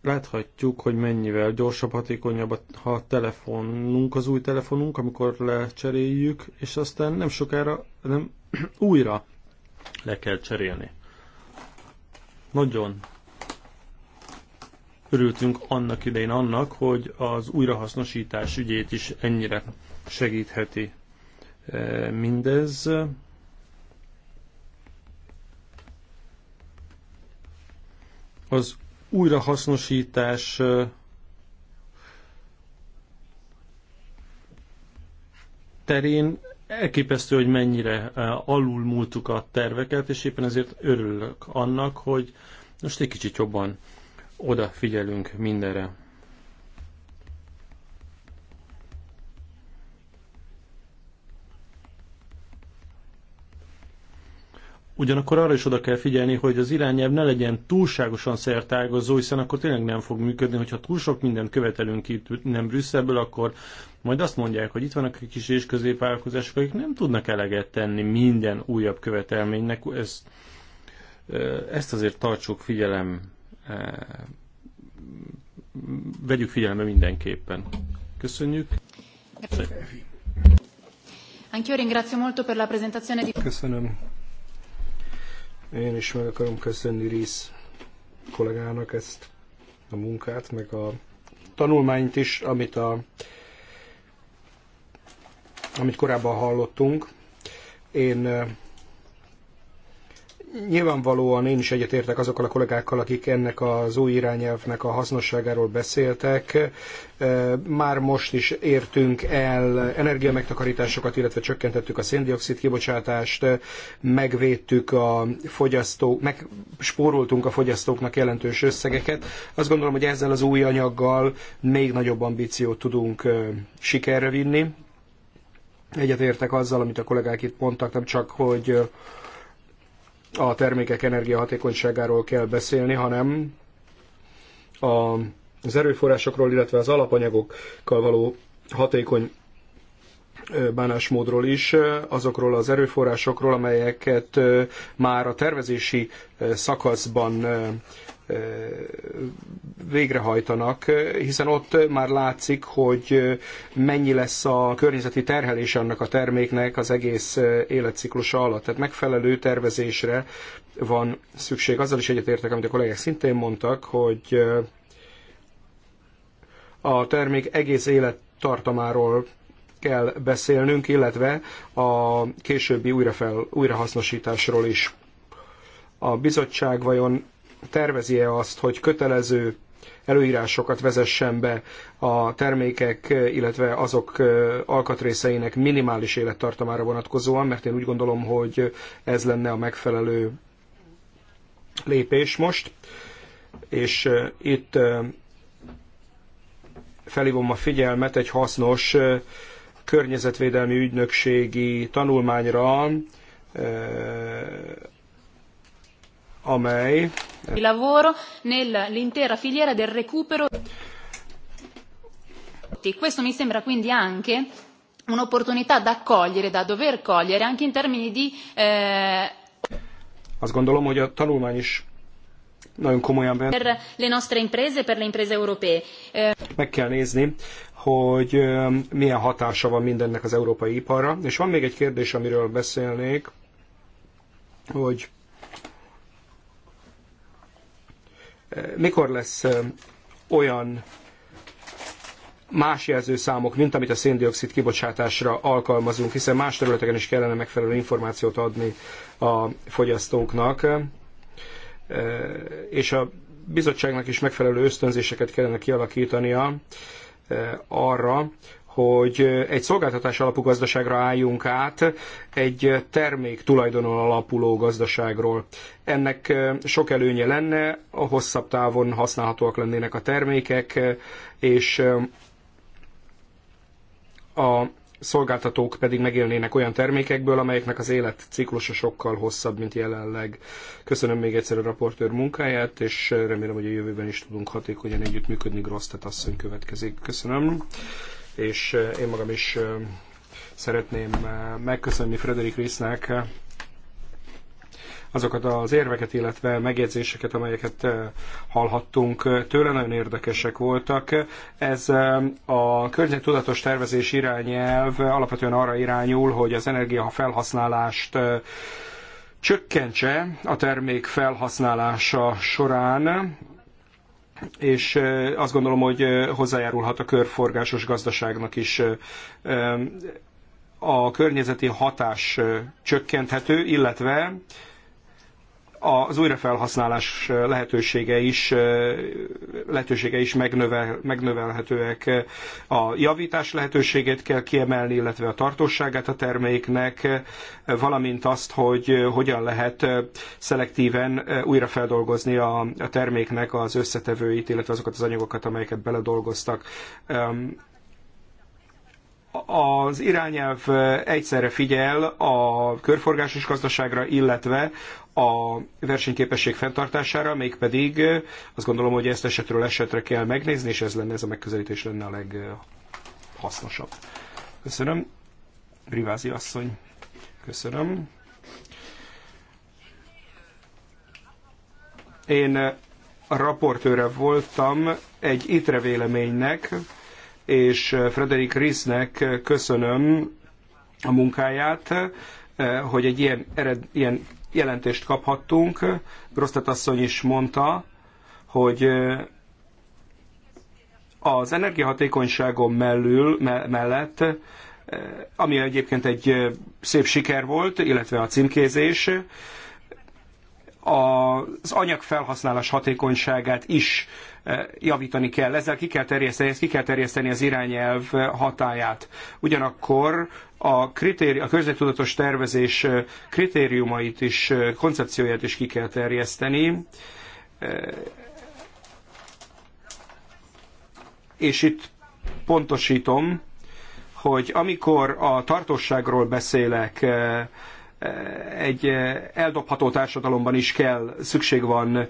láthatjuk, hogy mennyivel gyorsabb, hatékonyabb a telefonunk, az új telefonunk, amikor lecseréljük, és aztán nem sokára, nem újra le kell cserélni. Nagyon örültünk annak idején annak, hogy az újrahasznosítás ügyét is ennyire segítheti e, mindez. Az újrahasznosítás terén elképesztő, hogy mennyire múltuk a terveket, és éppen ezért örülök annak, hogy most egy kicsit jobban odafigyelünk mindenre. Ugyanakkor arra is oda kell figyelni, hogy az irányelv ne legyen túlságosan szertágazó, hiszen akkor tényleg nem fog működni, hogyha túl sok mindent követelünk itt nem Brüsszelből, akkor majd azt mondják, hogy itt vannak a kis és középvállalkozások, akik nem tudnak eleget tenni minden újabb követelménynek. Ez, ezt azért tartsuk figyelem, vegyük figyelembe mindenképpen. Köszönjük. Köszönöm. Köszönöm én is meg akarom köszönni Rész kollégának ezt a munkát, meg a tanulmányt is, amit, a, amit korábban hallottunk. Én eh, Nyilvánvalóan én is egyetértek azokkal a kollégákkal, akik ennek az új irányelvnek a hasznosságáról beszéltek. E, már most is értünk el energiamegtakarításokat, illetve csökkentettük a széndiokszid kibocsátást, megvédtük a fogyasztók, megspóroltunk a fogyasztóknak jelentős összegeket. Azt gondolom, hogy ezzel az új anyaggal még nagyobb ambíciót tudunk e, sikerre vinni. Egyetértek azzal, amit a kollégák itt mondtak, nem csak, hogy a termékek energiahatékonyságáról kell beszélni, hanem a, az erőforrásokról, illetve az alapanyagokkal való hatékony bánásmódról is, azokról az erőforrásokról, amelyeket már a tervezési szakaszban végrehajtanak, hiszen ott már látszik, hogy mennyi lesz a környezeti terhelés annak a terméknek az egész életciklusa alatt. Tehát megfelelő tervezésre van szükség. Azzal is egyetértek, amit a kollégák szintén mondtak, hogy a termék egész élettartamáról kell beszélnünk, illetve a későbbi újrafel, újrahasznosításról is. A bizottság vajon tervezi-e azt, hogy kötelező előírásokat vezessen be a termékek, illetve azok alkatrészeinek minimális élettartamára vonatkozóan, mert én úgy gondolom, hogy ez lenne a megfelelő lépés most. És itt felhívom a figyelmet egy hasznos környezetvédelmi ügynökségi tanulmányra, amely lavoro nell'intera filiera del recupero. Questo mi sembra quindi anche un'opportunità da cogliere, da dover cogliere, anche in termini di... Eh... Azt gondolom, hogy a tanulmány is nagyon komolyan venni. Per le nostre imprese, per le imprese europee. Eh, Meg kell nézni, hogy eh, milyen hatása van mindennek az európai iparra. És van még egy kérdés, amiről beszélnék, hogy mikor lesz olyan más jelzőszámok, mint amit a széndiokszid kibocsátásra alkalmazunk, hiszen más területeken is kellene megfelelő információt adni a fogyasztóknak, és a bizottságnak is megfelelő ösztönzéseket kellene kialakítania arra, hogy egy szolgáltatás alapú gazdaságra álljunk át, egy termék tulajdonon alapuló gazdaságról. Ennek sok előnye lenne, a hosszabb távon használhatóak lennének a termékek, és a szolgáltatók pedig megélnének olyan termékekből, amelyeknek az életciklusa sokkal hosszabb, mint jelenleg. Köszönöm még egyszer a raportőr munkáját, és remélem, hogy a jövőben is tudunk hatékonyan együttműködni. Grosztet asszony következik. Köszönöm és én magam is szeretném megköszönni Frederik Risznek azokat az érveket, illetve megjegyzéseket, amelyeket hallhattunk tőle, nagyon érdekesek voltak. Ez a környezettudatos tervezés irányelv alapvetően arra irányul, hogy az energia felhasználást csökkentse a termék felhasználása során és azt gondolom, hogy hozzájárulhat a körforgásos gazdaságnak is. A környezeti hatás csökkenthető, illetve az újrafelhasználás lehetősége is, lehetősége is megnövel, megnövelhetőek. A javítás lehetőségét kell kiemelni, illetve a tartóságát a terméknek, valamint azt, hogy hogyan lehet szelektíven újrafeldolgozni a, a terméknek az összetevőit, illetve azokat az anyagokat, amelyeket beledolgoztak az irányelv egyszerre figyel a körforgásos gazdaságra, illetve a versenyképesség fenntartására, mégpedig azt gondolom, hogy ezt esetről esetre kell megnézni, és ez lenne, ez a megközelítés lenne a leghasznosabb. Köszönöm. Rivázi asszony. Köszönöm. Én raportőre voltam egy ITRE véleménynek, és Frederik Riesnek köszönöm a munkáját, eh, hogy egy ilyen, ered, ilyen jelentést kaphattunk. Grosztet asszony is mondta, hogy eh, az energiahatékonyságon mellül, mellett, eh, ami egyébként egy szép siker volt, illetve a címkézés, az anyag felhasználás hatékonyságát is Eh, javítani kell. Ezzel ki kell terjeszteni, ki kell terjeszteni az irányelv eh, hatáját. Ugyanakkor a, kritéri, a környezettudatos tervezés eh, kritériumait is, koncepcióját is ki kell terjeszteni. És itt pontosítom, hogy amikor a tartóságról beszélek, egy eh, eldobható társadalomban is kell, szükség van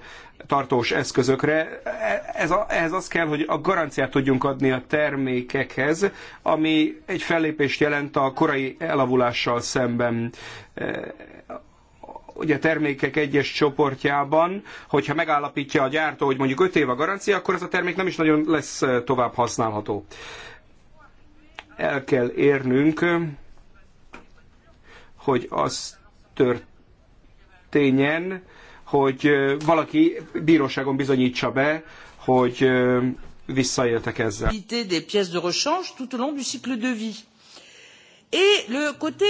tartós eszközökre. Ez, a, ez az kell, hogy a garanciát tudjunk adni a termékekhez, ami egy fellépést jelent a korai elavulással szemben eh, ugye termékek egyes csoportjában, hogyha megállapítja a gyártó, hogy mondjuk 5 év a garancia, akkor ez a termék nem is nagyon lesz eh, tovább használható. El kell érnünk hogy az történjen, hogy valaki bíróságon bizonyítsa be, hogy visszaéltek ezzel. des pièces de rechange tout au long du cycle de vie. Et le côté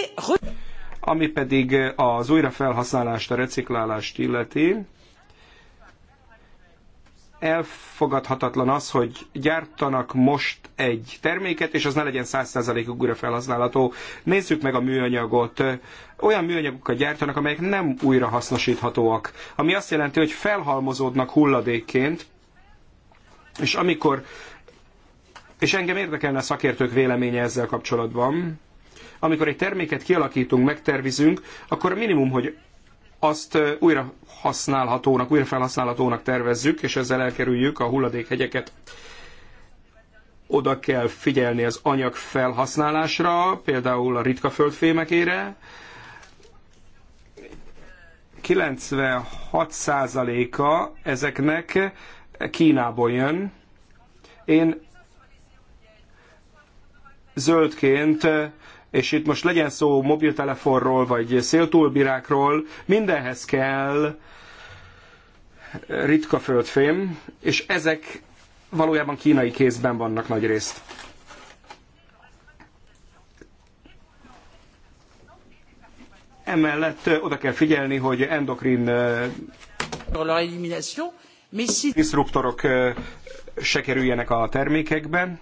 ami pedig az újrafelhasználást, a reciklálást illeti, elfogadhatatlan az, hogy gyártanak most egy terméket, és az ne legyen 100%-ig újra felhasználható. Nézzük meg a műanyagot. Olyan műanyagokat gyártanak, amelyek nem újra hasznosíthatóak. Ami azt jelenti, hogy felhalmozódnak hulladékként, és amikor és engem érdekelne a szakértők véleménye ezzel kapcsolatban, amikor egy terméket kialakítunk, megtervizünk, akkor minimum, hogy azt újra használhatónak, újra felhasználhatónak tervezzük, és ezzel elkerüljük a hulladékhegyeket. Oda kell figyelni az anyag felhasználásra, például a ritka földfémekére, 96%-a ezeknek Kínából jön. Én zöldként és itt most legyen szó mobiltelefonról, vagy széltúlbirákról, mindenhez kell ritka földfém, és ezek valójában kínai kézben vannak nagy részt. Emellett oda kell figyelni, hogy endokrin disruptorok se kerüljenek a termékekbe,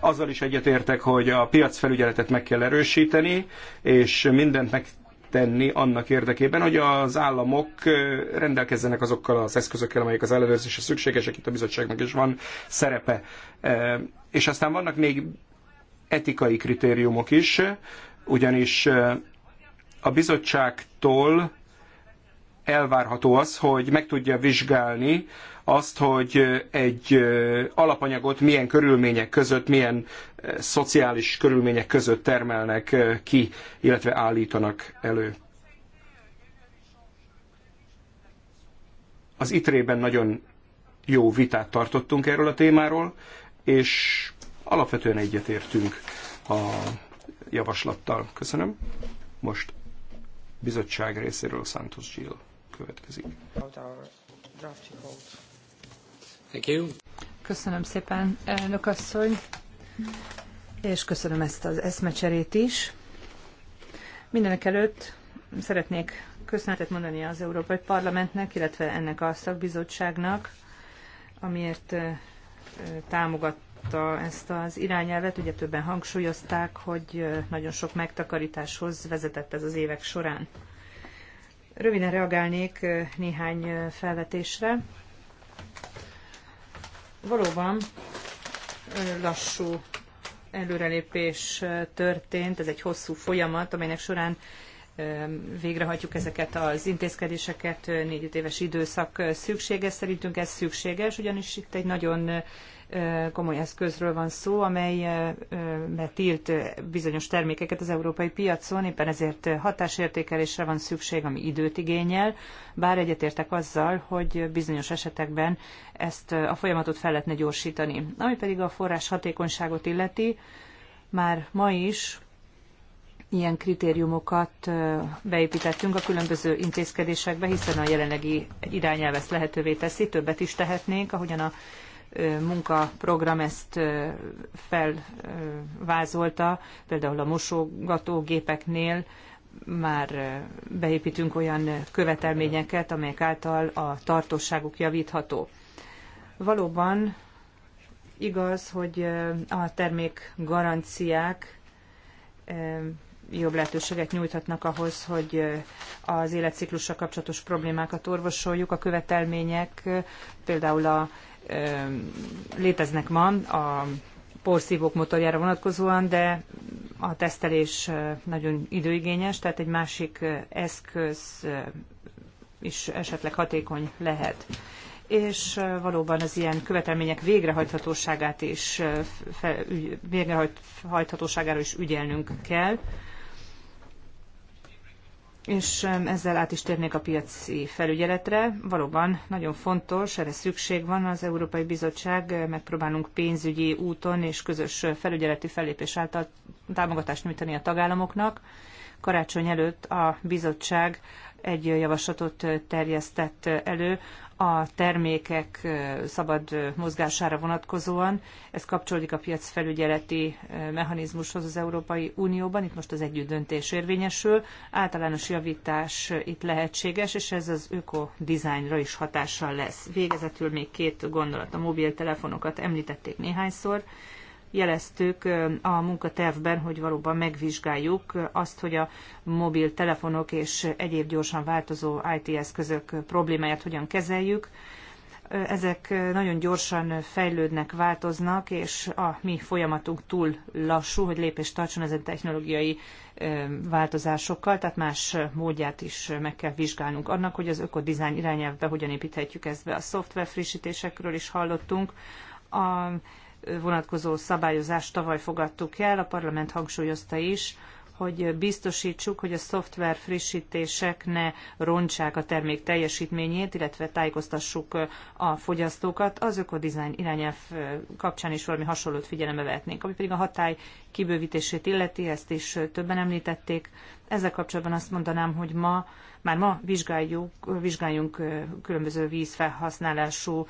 azzal is egyetértek, hogy a piacfelügyeletet meg kell erősíteni, és mindent meg tenni annak érdekében, hogy az államok rendelkezzenek azokkal az eszközökkel, amelyek az ellenőrzésre szükségesek, itt a bizottságnak is van szerepe. És aztán vannak még etikai kritériumok is, ugyanis a bizottságtól elvárható az, hogy meg tudja vizsgálni azt, hogy egy alapanyagot milyen körülmények között, milyen szociális körülmények között termelnek ki, illetve állítanak elő. Az ITRE-ben nagyon jó vitát tartottunk erről a témáról, és alapvetően egyetértünk a javaslattal. Köszönöm. Most bizottság részéről Santos Gil következik. Thank you. Köszönöm szépen, elnök asszony, és köszönöm ezt az eszmecserét is. Mindenek előtt szeretnék köszönetet mondani az Európai Parlamentnek, illetve ennek a szakbizottságnak, amiért támogatta ezt az irányelvet. Ugye többen hangsúlyozták, hogy nagyon sok megtakarításhoz vezetett ez az évek során. Röviden reagálnék néhány felvetésre. Valóban lassú előrelépés történt, ez egy hosszú folyamat, amelynek során végrehajtjuk ezeket az intézkedéseket, négy éves időszak szükséges, szerintünk ez szükséges, ugyanis itt egy nagyon komoly eszközről van szó, amely tilt bizonyos termékeket az európai piacon, éppen ezért hatásértékelésre van szükség, ami időt igényel, bár egyetértek azzal, hogy bizonyos esetekben ezt a folyamatot fel lehetne gyorsítani. Ami pedig a forrás hatékonyságot illeti, már ma is ilyen kritériumokat beépítettünk a különböző intézkedésekbe, hiszen a jelenlegi irányelv ezt lehetővé teszi, többet is tehetnénk, ahogyan a munkaprogram ezt felvázolta, például a mosogatógépeknél már beépítünk olyan követelményeket, amelyek által a tartóságuk javítható. Valóban igaz, hogy a termék garanciák jobb lehetőséget nyújthatnak ahhoz, hogy az életciklussal kapcsolatos problémákat orvosoljuk. A követelmények például a, léteznek ma a porszívók motorjára vonatkozóan, de a tesztelés nagyon időigényes, tehát egy másik eszköz is esetleg hatékony lehet és valóban az ilyen követelmények végrehajthatóságát is, végrehajthatóságára is ügyelnünk kell és ezzel át is térnék a piaci felügyeletre. Valóban nagyon fontos, erre szükség van az Európai Bizottság, megpróbálunk pénzügyi úton és közös felügyeleti fellépés által támogatást nyújtani a tagállamoknak. Karácsony előtt a bizottság egy javaslatot terjesztett elő a termékek szabad mozgására vonatkozóan. Ez kapcsolódik a piacfelügyeleti mechanizmushoz az Európai Unióban, itt most az együtt döntés érvényesül. Általános javítás itt lehetséges, és ez az ökodizájnra is hatással lesz. Végezetül még két gondolat, a mobiltelefonokat említették néhányszor jeleztük a munkatervben, hogy valóban megvizsgáljuk azt, hogy a mobiltelefonok és egyéb gyorsan változó IT eszközök problémáját hogyan kezeljük. Ezek nagyon gyorsan fejlődnek, változnak, és a mi folyamatunk túl lassú, hogy lépést tartson ezen technológiai változásokkal, tehát más módját is meg kell vizsgálnunk annak, hogy az ökodizájn irányelvbe hogyan építhetjük ezt be. A szoftver frissítésekről is hallottunk. A vonatkozó szabályozást tavaly fogadtuk el, a parlament hangsúlyozta is, hogy biztosítsuk, hogy a szoftver frissítések ne rontsák a termék teljesítményét, illetve tájékoztassuk a fogyasztókat. Az ökodizájn irányelv kapcsán is valami hasonlót figyelembe vehetnénk. Ami pedig a hatály kibővítését illeti, ezt is többen említették. Ezzel kapcsolatban azt mondanám, hogy ma, már ma vizsgáljuk, vizsgáljunk különböző vízfelhasználású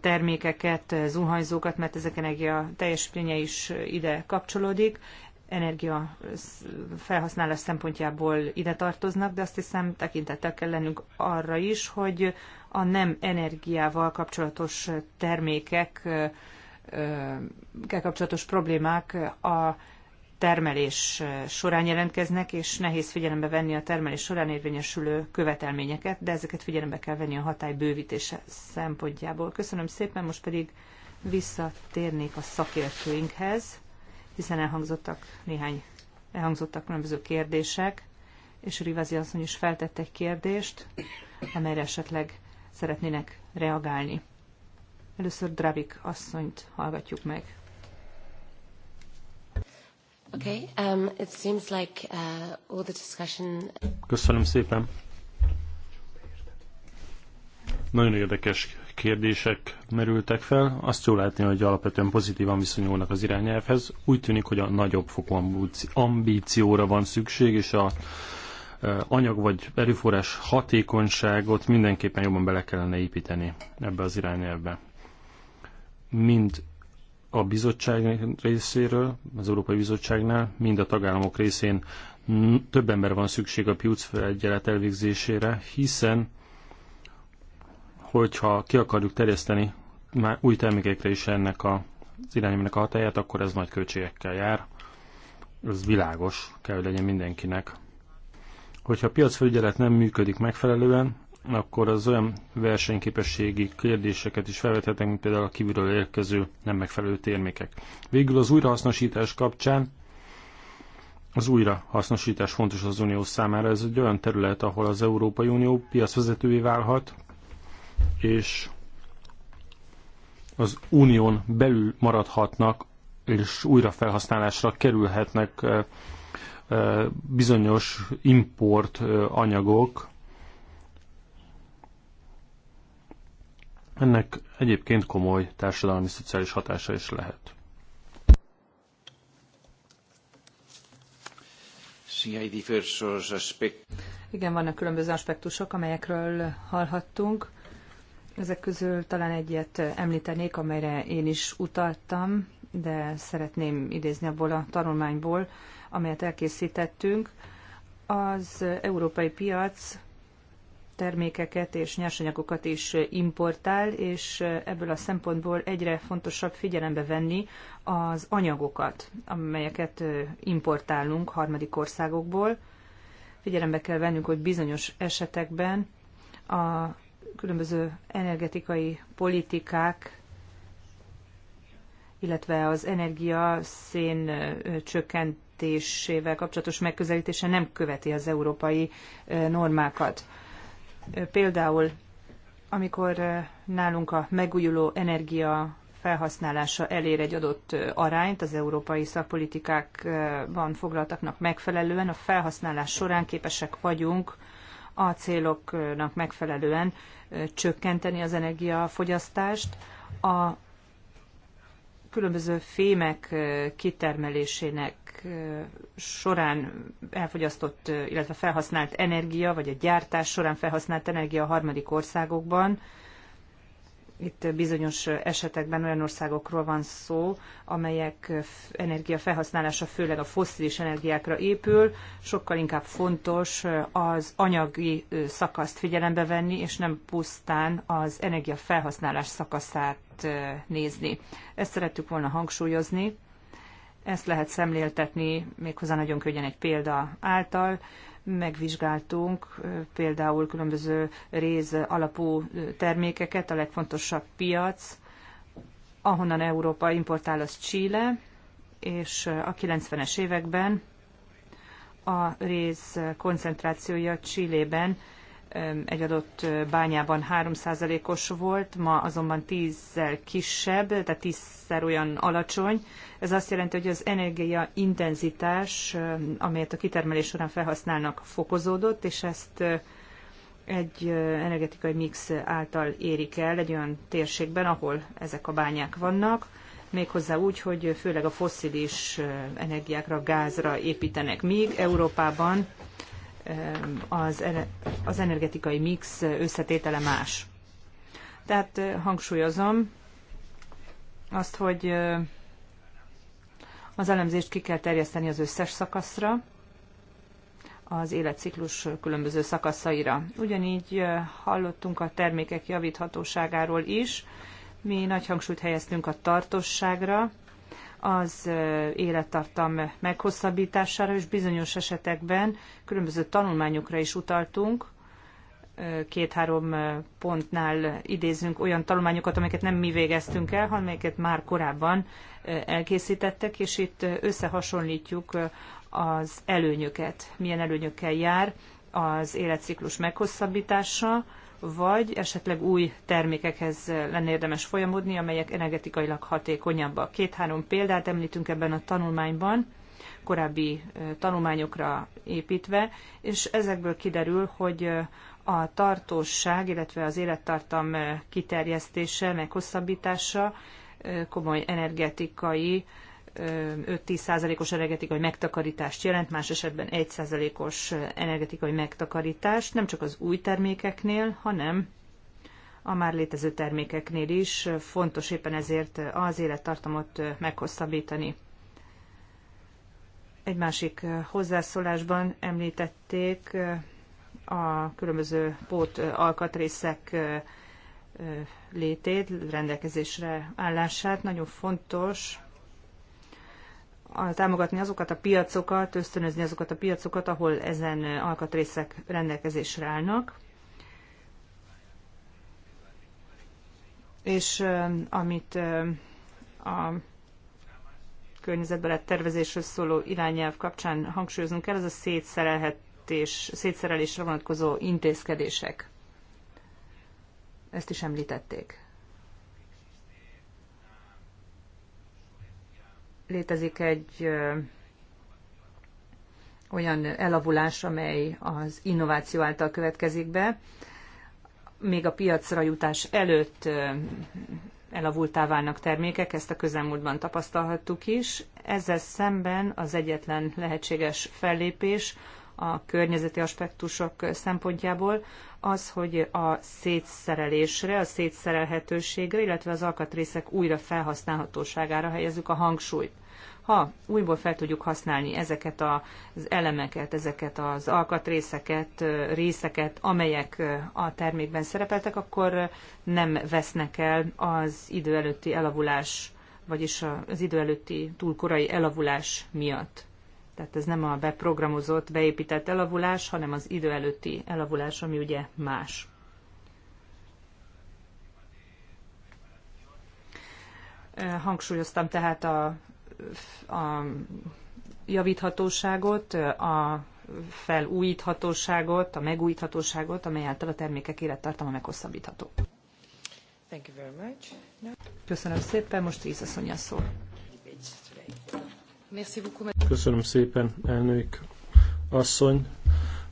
termékeket, zuhanyzókat, mert ezek energia teljesítménye is ide kapcsolódik energia felhasználás szempontjából ide tartoznak, de azt hiszem tekintettel kell lennünk arra is, hogy a nem energiával kapcsolatos termékek kapcsolatos problémák a termelés során jelentkeznek, és nehéz figyelembe venni a termelés során érvényesülő követelményeket, de ezeket figyelembe kell venni a hatály bővítése szempontjából. Köszönöm szépen, most pedig visszatérnék a szakértőinkhez hiszen elhangzottak néhány, elhangzottak különböző kérdések, és Rivazi asszony is feltett egy kérdést, amelyre esetleg szeretnének reagálni. Először Drabik asszonyt hallgatjuk meg. Okay, um, it seems like uh, all the discussion... Köszönöm szépen. Nagyon érdekes kérdések merültek fel. Azt jól látni, hogy alapvetően pozitívan viszonyulnak az irányelvhez. Úgy tűnik, hogy a nagyobb fokú ambícióra van szükség, és a anyag vagy erőforrás hatékonyságot mindenképpen jobban bele kellene építeni ebbe az irányelvbe. Mind a bizottság részéről, az Európai Bizottságnál, mind a tagállamok részén több ember van szükség a piacfelügyelet elvégzésére, hiszen hogyha ki akarjuk terjeszteni már új termékekre is ennek a, az irányomnak a hatáját, akkor ez nagy költségekkel jár. Ez világos, kell, hogy legyen mindenkinek. Hogyha a piacfelügyelet nem működik megfelelően, akkor az olyan versenyképességi kérdéseket is felvethetnek, mint például a kívülről érkező nem megfelelő termékek. Végül az újrahasznosítás kapcsán az újrahasznosítás fontos az Unió számára. Ez egy olyan terület, ahol az Európai Unió piacvezetővé válhat, és az unión belül maradhatnak, és újrafelhasználásra kerülhetnek bizonyos import anyagok. Ennek egyébként komoly társadalmi-szociális hatása is lehet. Igen, vannak különböző aspektusok, amelyekről hallhattunk. Ezek közül talán egyet említenék, amelyre én is utaltam, de szeretném idézni abból a tanulmányból, amelyet elkészítettünk. Az európai piac termékeket és nyersanyagokat is importál, és ebből a szempontból egyre fontosabb figyelembe venni az anyagokat, amelyeket importálunk harmadik országokból. Figyelembe kell vennünk, hogy bizonyos esetekben a különböző energetikai politikák, illetve az energia szén csökkentésével kapcsolatos megközelítése nem követi az európai normákat. Például, amikor nálunk a megújuló energia felhasználása elér egy adott arányt az európai szakpolitikákban foglaltaknak megfelelően, a felhasználás során képesek vagyunk a céloknak megfelelően csökkenteni az energiafogyasztást, a különböző fémek kitermelésének során elfogyasztott, illetve felhasznált energia, vagy a gyártás során felhasznált energia a harmadik országokban itt bizonyos esetekben olyan országokról van szó, amelyek energiafelhasználása főleg a fosszilis energiákra épül. Sokkal inkább fontos az anyagi szakaszt figyelembe venni, és nem pusztán az energiafelhasználás szakaszát nézni. Ezt szerettük volna hangsúlyozni. Ezt lehet szemléltetni méghozzá nagyon könnyen egy példa által megvizsgáltunk például különböző réz alapú termékeket, a legfontosabb piac, ahonnan Európa importál, az Chile, és a 90-es években a réz koncentrációja Chileben egy adott bányában 3%-os volt, ma azonban 10 kisebb, tehát 10-szer olyan alacsony. Ez azt jelenti, hogy az energia intenzitás, amelyet a kitermelés során felhasználnak, fokozódott, és ezt egy energetikai mix által érik el egy olyan térségben, ahol ezek a bányák vannak, méghozzá úgy, hogy főleg a fosszilis energiákra, gázra építenek. Míg Európában az, az energetikai mix összetétele más. Tehát hangsúlyozom azt, hogy az elemzést ki kell terjeszteni az összes szakaszra, az életciklus különböző szakaszaira. Ugyanígy hallottunk a termékek javíthatóságáról is. Mi nagy hangsúlyt helyeztünk a tartosságra, az élettartam meghosszabbítására, és bizonyos esetekben különböző tanulmányokra is utaltunk, két-három pontnál idézünk olyan tanulmányokat, amelyeket nem mi végeztünk el, hanem amelyeket már korábban elkészítettek, és itt összehasonlítjuk az előnyöket, milyen előnyökkel jár az életciklus meghosszabbítása, vagy esetleg új termékekhez lenne érdemes folyamodni, amelyek energetikailag hatékonyabbak. Két-három példát említünk ebben a tanulmányban, korábbi tanulmányokra építve, és ezekből kiderül, hogy a tartóság, illetve az élettartam kiterjesztése, meghosszabbítása komoly energetikai 5-10 százalékos energetikai megtakarítást jelent, más esetben 1 százalékos eh, energetikai megtakarítást, nem csak az új termékeknél, hanem a már létező termékeknél is. Fontos éppen ezért eh, az élettartamot eh, meghosszabbítani. Egy másik hozzászólásban említették a különböző pót alkatrészek létét, rendelkezésre állását. Nagyon fontos támogatni azokat a piacokat, ösztönözni azokat a piacokat, ahol ezen alkatrészek rendelkezésre állnak. És amit a környezetbarát tervezésről szóló irányelv kapcsán hangsúlyoznunk kell, az a szétszerelhetés, szétszerelésre vonatkozó intézkedések. Ezt is említették. létezik egy olyan elavulás, amely az innováció által következik be. Még a piacra jutás előtt elavultá válnak termékek, ezt a közelmúltban tapasztalhattuk is. Ezzel szemben az egyetlen lehetséges fellépés a környezeti aspektusok szempontjából az, hogy a szétszerelésre, a szétszerelhetőségre, illetve az alkatrészek újra felhasználhatóságára helyezzük a hangsúlyt ha újból fel tudjuk használni ezeket az elemeket, ezeket az alkatrészeket, részeket, amelyek a termékben szerepeltek, akkor nem vesznek el az idő előtti elavulás, vagyis az idő előtti túlkorai elavulás miatt. Tehát ez nem a beprogramozott, beépített elavulás, hanem az idő előtti elavulás, ami ugye más. Hangsúlyoztam tehát a a javíthatóságot, a felújíthatóságot, a megújíthatóságot, amely által a termékek élettartama meghosszabbítható. Thank you very much. No. Köszönöm szépen, most Tíz Asszonya a Köszönöm szépen, elnök asszony.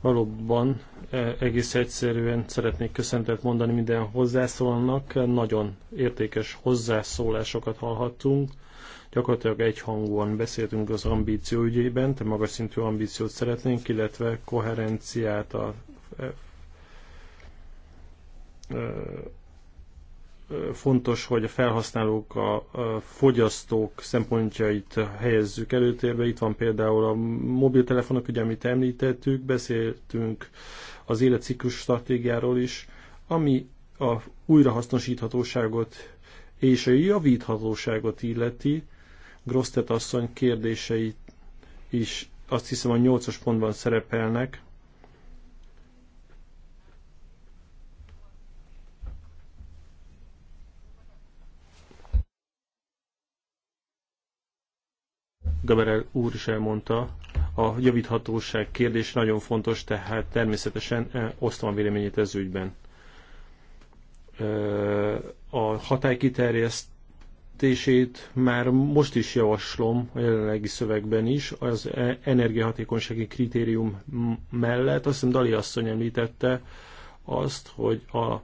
Valóban e, egész egyszerűen szeretnék köszöntet mondani minden hozzászólnak. Nagyon értékes hozzászólásokat hallhattunk. Gyakorlatilag egyhangúan beszéltünk az ambíció ügyében, te magas szintű ambíciót szeretnénk, illetve koherenciát a e, e, e, fontos, hogy a felhasználók, a fogyasztók szempontjait helyezzük előtérbe. Itt van például a mobiltelefonok, ugye, amit említettük, beszéltünk az életciklus stratégiáról is, ami a újrahasznosíthatóságot és a javíthatóságot illeti, Grosztet asszony kérdései is azt hiszem a nyolcas pontban szerepelnek. Gabriel úr is elmondta, a javíthatóság kérdés nagyon fontos, tehát természetesen eh, osztom a véleményét ez ügyben. Eh, a hatály kiterjeszt bevezetését már most is javaslom a jelenlegi szövegben is, az e- energiahatékonysági kritérium mellett, azt hiszem Dali asszony említette azt, hogy a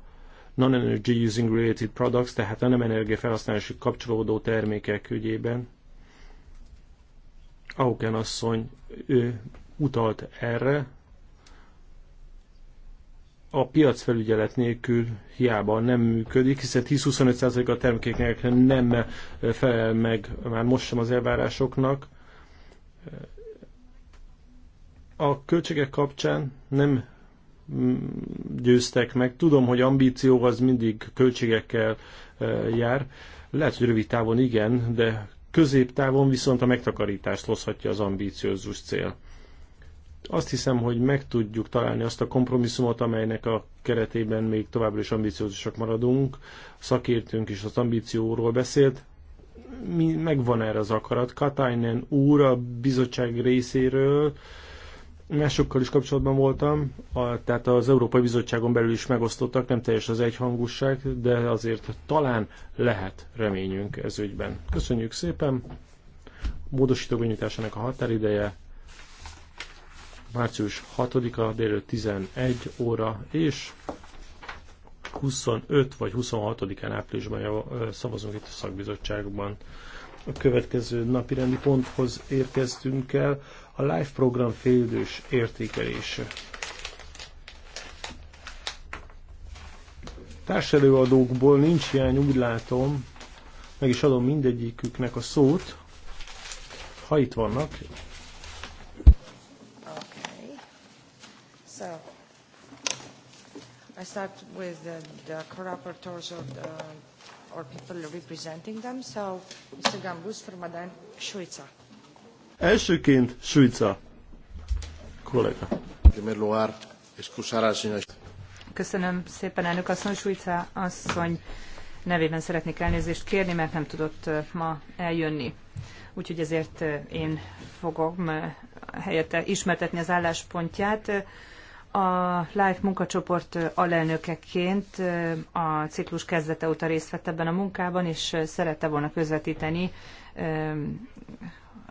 non-energy using related products, tehát a nem energiafelhasználási kapcsolódó termékek ügyében Auken asszony ő utalt erre, a piacfelügyelet nélkül hiába nem működik, hiszen 10-25% a termékeknek nem eh, felel meg már most sem az elvárásoknak. A költségek kapcsán nem mm, győztek meg. Tudom, hogy ambíció az mindig költségekkel eh, jár. Lehet, hogy rövid távon igen, de középtávon viszont a megtakarítást hozhatja az ambíciózus cél. Azt hiszem, hogy meg tudjuk találni azt a kompromisszumot, amelynek a keretében még továbbra is ambiciózusak maradunk. A szakértőnk is az ambícióról beszélt. Mi, megvan erre az akarat. Katainen úr a bizottság részéről másokkal is kapcsolatban voltam, a, tehát az Európai Bizottságon belül is megosztottak, nem teljes az egyhangúság, de azért talán lehet reményünk ez ügyben. Köszönjük szépen! Módosítók a határideje március 6-a délő 11 óra, és 25 vagy 26-án áprilisban szavazunk itt a szakbizottságban. A következő napi rendi ponthoz érkeztünk el, a live program félidős értékelése. Társelőadókból nincs hiány, úgy látom, meg is adom mindegyiküknek a szót, ha itt vannak, I start with the, the co-rapporteurs or, the, or people representing them. So, Mr. Gambus for Madame Suica. Elsőként Suica kollega. Köszönöm szépen, elnök asszony. Suica asszony nevében szeretnék elnézést kérni, mert nem tudott ma eljönni. Úgyhogy ezért én fogom helyette ismertetni az álláspontját a LIFE munkacsoport alelnökeként a ciklus kezdete óta részt vett ebben a munkában, és szerette volna közvetíteni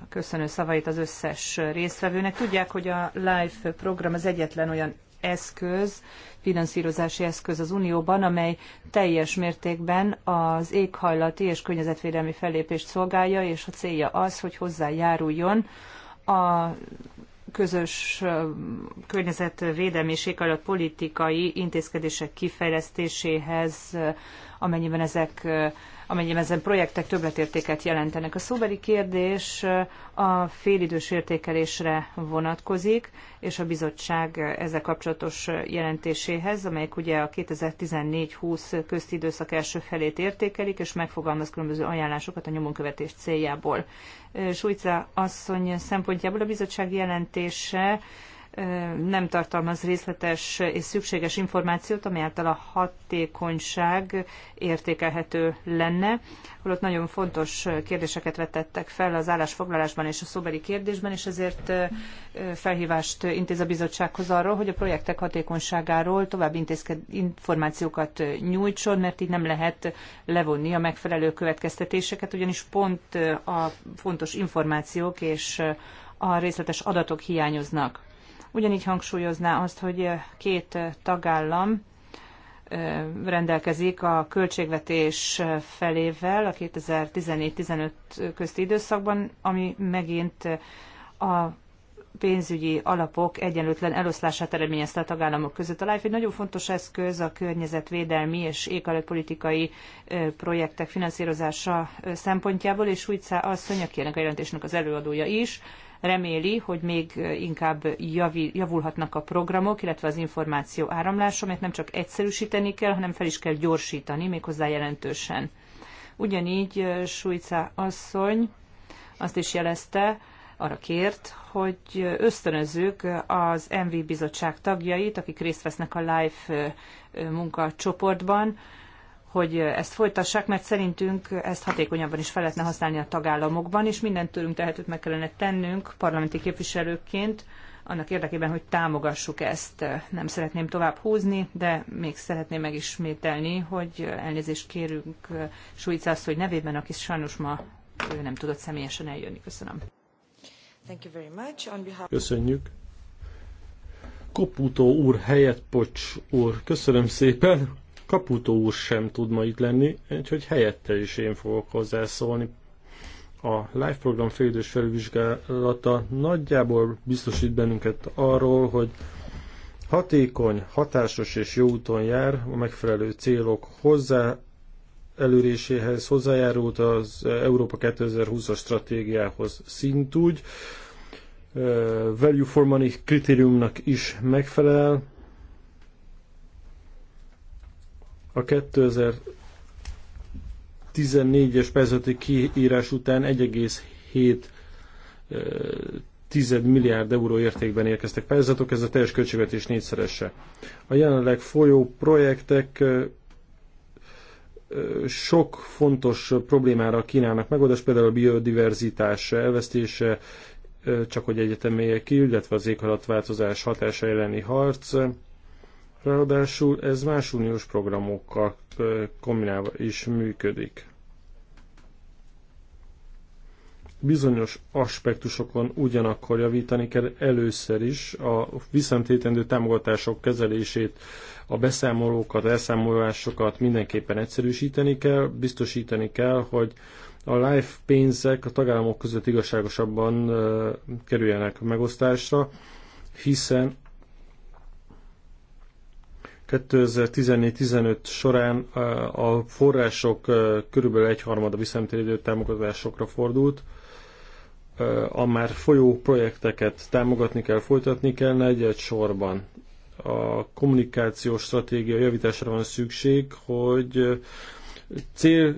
köszönő szavait az összes résztvevőnek. Tudják, hogy a LIFE program az egyetlen olyan eszköz, finanszírozási eszköz az Unióban, amely teljes mértékben az éghajlati és környezetvédelmi fellépést szolgálja, és a célja az, hogy hozzájáruljon a közös környezetvédelmi és politikai intézkedések kifejlesztéséhez, amennyiben ezek amennyiben ezen projektek többletértéket jelentenek. A szóbeli kérdés eh, a félidős értékelésre vonatkozik, és a bizottság ezzel kapcsolatos jelentéséhez, amelyek ugye a 2014-20 közti időszak első felét értékelik, és megfogalmaz különböző ajánlásokat a nyomonkövetés céljából. Eh, Sújca asszony szempontjából a bizottság jelentése nem tartalmaz részletes és szükséges információt, ami által a hatékonyság értékelhető lenne. Holott nagyon fontos kérdéseket vetettek fel az állásfoglalásban és a szóbeli kérdésben, és ezért felhívást intéz a bizottsághoz arról, hogy a projektek hatékonyságáról további információkat nyújtson, mert így nem lehet levonni a megfelelő következtetéseket, ugyanis pont a fontos információk és a részletes adatok hiányoznak. Ugyanígy hangsúlyozná azt, hogy eh, két eh, tagállam eh, rendelkezik a költségvetés felével a 2014-15 közti időszakban, ami megint a pénzügyi alapok egyenlőtlen eloszlását eredményezte a tagállamok között. A LIFE egy nagyon fontos eszköz a környezetvédelmi és éghajlatpolitikai projektek finanszírozása szempontjából, és szá a szönyökének a jelentésnek az előadója is, reméli, hogy még inkább javi, javulhatnak a programok, illetve az információ áramlása, mert nem csak egyszerűsíteni kell, hanem fel is kell gyorsítani, méghozzá jelentősen. Ugyanígy Sújca asszony azt is jelezte, arra kért, hogy ösztönözzük az MV bizottság tagjait, akik részt vesznek a LIFE munkacsoportban, hogy ezt folytassák, mert szerintünk ezt hatékonyabban is fel lehetne használni a tagállamokban, és mindent tőlünk tehetőt meg kellene tennünk parlamenti képviselőként, annak érdekében, hogy támogassuk ezt. Nem szeretném tovább húzni, de még szeretném megismételni, hogy elnézést kérünk Suica azt, hogy nevében, aki sajnos ma ő nem tudott személyesen eljönni. Köszönöm. Köszönjük. Koputó úr helyett Pocs úr. Köszönöm szépen. Kaputó úr sem tud ma itt lenni, úgyhogy helyette is én fogok hozzászólni. A live program félidős felvizsgálata nagyjából biztosít bennünket arról, hogy hatékony, hatásos és jó úton jár a megfelelő célok hozzá előréséhez, hozzájárult az Európa 2020-as stratégiához szintúgy. Value for money kritériumnak is megfelel, A 2014-es pályázati kiírás után 1,7 milliárd euró értékben érkeztek pályázatok, ez a teljes költségvetés négyszerese. A jelenleg folyó projektek sok fontos problémára kínálnak megoldást, például a biodiverzitás elvesztése, csak hogy egyeteméje ki, illetve az éghajlatváltozás hatása elleni harc, Ráadásul ez más uniós programokkal kombinálva is működik. Bizonyos aspektusokon ugyanakkor javítani kell először is a viszontétendő támogatások kezelését, a beszámolókat, elszámolásokat mindenképpen egyszerűsíteni kell, biztosítani kell, hogy a life pénzek a tagállamok között igazságosabban kerüljenek megosztásra, hiszen 2014-15 során a források körülbelül egyharmada visszanemtérítő támogatásokra fordult, a már folyó projekteket támogatni kell, folytatni kell egy-egy sorban. A kommunikációs stratégia javítására van szükség, hogy cél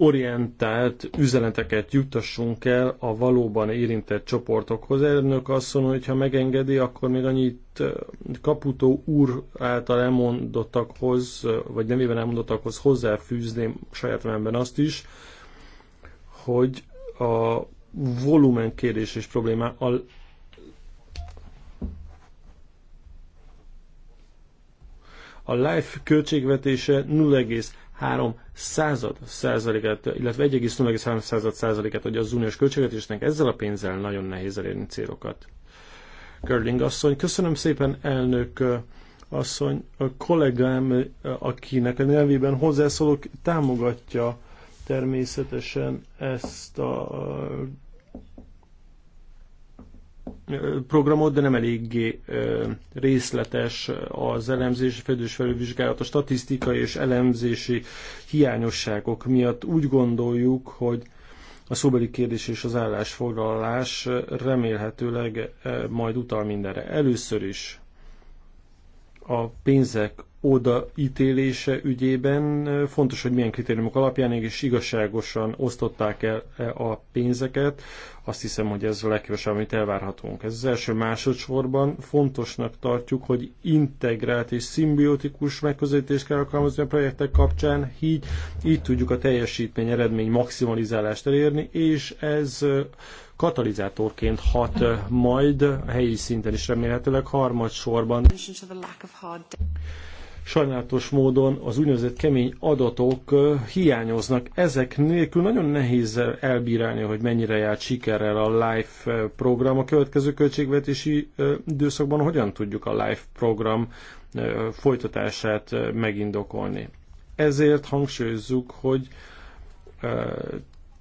orientált üzeneteket juttassunk el a valóban érintett csoportokhoz. Elnök asszony, hogyha megengedi, akkor még annyit Kaputó úr által elmondottakhoz, vagy nem éven elmondottakhoz hozzáfűzném saját memben azt is, hogy a volumen kérdés és probléma a a life költségvetése 0,3 század százalékát, illetve 1,3 század százalékát adja az uniós költségvetésnek, ezzel a pénzzel nagyon nehéz elérni célokat. Körling asszony, köszönöm szépen elnök asszony, a kollégám, akinek a nevében hozzászólok, támogatja természetesen ezt a programot, de nem eléggé részletes az elemzés, fedős felülvizsgálat, a statisztikai és elemzési hiányosságok miatt úgy gondoljuk, hogy a szóbeli kérdés és az állásfoglalás remélhetőleg majd utal mindenre. Először is a pénzek odaítélése ügyében fontos, hogy milyen kritériumok alapján és igazságosan osztották el e, a pénzeket. Azt hiszem, hogy ez a legkevesebb, amit elvárhatunk. Ez az első másodszorban fontosnak tartjuk, hogy integrált és szimbiotikus megközelítést kell alkalmazni a projektek kapcsán, így, így tudjuk a teljesítmény eredmény maximalizálást elérni, és ez katalizátorként hat majd helyi szinten is remélhetőleg harmadsorban sajnálatos módon az úgynevezett kemény adatok hiányoznak. Ezek nélkül nagyon nehéz elbírálni, hogy mennyire járt sikerrel a LIFE program. A következő költségvetési időszakban hogyan tudjuk a LIFE program folytatását megindokolni. Ezért hangsúlyozzuk, hogy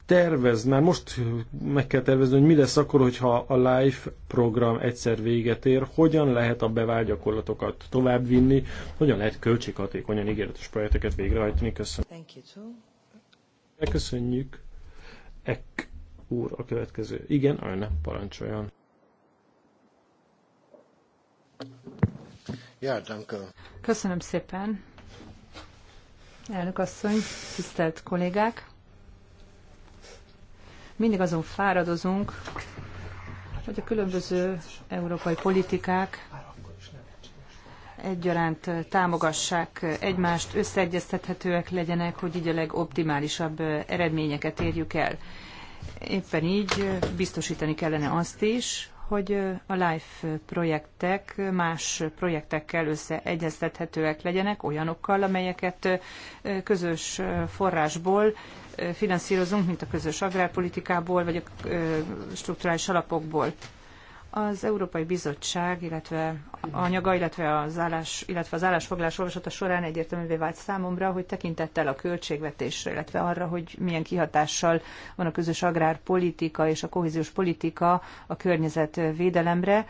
tervez, már most meg kell tervezni, hogy mi lesz akkor, hogyha a LIFE program egyszer véget ér, hogyan lehet a bevált gyakorlatokat továbbvinni, hogyan lehet költséghatékonyan ígéretes projekteket végrehajtani. Köszönöm. Thank you too. Megköszönjük. Ek úr a következő. Igen, Ajna, parancsoljon. Ja, Köszönöm szépen. Elnök asszony, tisztelt kollégák! mindig azon fáradozunk, hogy a különböző európai politikák egyaránt támogassák egymást, összeegyeztethetőek legyenek, hogy így a legoptimálisabb eredményeket érjük el. Éppen így biztosítani kellene azt is, hogy a LIFE projektek más projektekkel összeegyeztethetőek legyenek, olyanokkal, amelyeket közös forrásból finanszírozunk, mint a közös agrárpolitikából, vagy a strukturális alapokból. Az Európai Bizottság, illetve anyaga, illetve az, állás, illetve az állásfoglalás olvasata során egyértelművé vált számomra, hogy tekintettel a költségvetésre, illetve arra, hogy milyen kihatással van a közös agrárpolitika és a kohéziós politika a környezetvédelemre,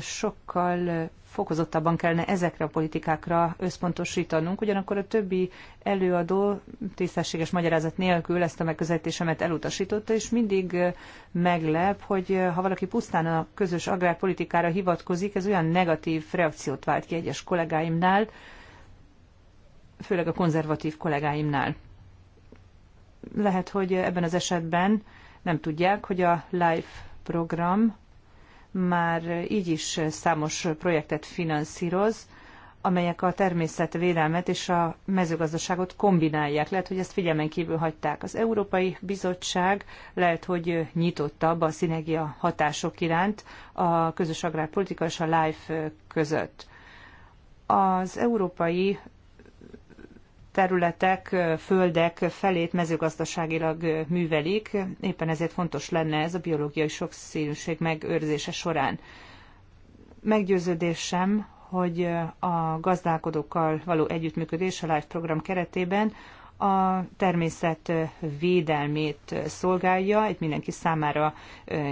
sokkal fokozottabban kellene ezekre a politikákra összpontosítanunk, ugyanakkor a többi előadó tisztességes magyarázat nélkül ezt a megközelítésemet elutasította, és mindig meglep, hogy ha valaki pusztán a közös agrárpolitikára hivatkozik, ez olyan negatív reakciót vált ki egyes kollégáimnál, főleg a konzervatív kollégáimnál. Lehet, hogy ebben az esetben nem tudják, hogy a LIFE program már így is számos projektet finanszíroz, amelyek a természetvédelmet és a mezőgazdaságot kombinálják. Lehet, hogy ezt figyelmen kívül hagyták. Az Európai Bizottság lehet, hogy nyitottabb a szinergia hatások iránt a közös agrárpolitika és a LIFE között. Az európai területek, földek felét mezőgazdaságilag művelik, éppen ezért fontos lenne ez a biológiai sokszínűség megőrzése során. Meggyőződésem, hogy a gazdálkodókkal való együttműködés a LIFE program keretében a természet védelmét szolgálja, egy mindenki számára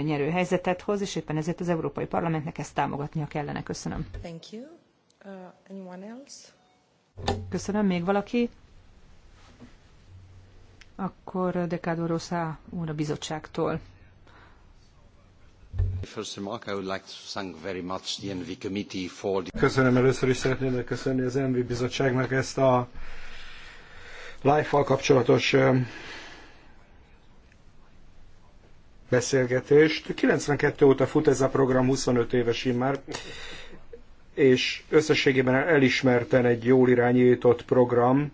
nyerő helyzetet hoz, és éppen ezért az Európai Parlamentnek ezt támogatnia kellene. Köszönöm. Thank you. Uh, anyone else? Köszönöm. Még valaki? Akkor Dekádo Rosszá úr a bizottságtól. Köszönöm először is szeretném megköszönni az ENVI bizottságnak ezt a life val kapcsolatos beszélgetést. 92 óta fut ez a program, 25 éves immár. már és összességében elismerten egy jól irányított program.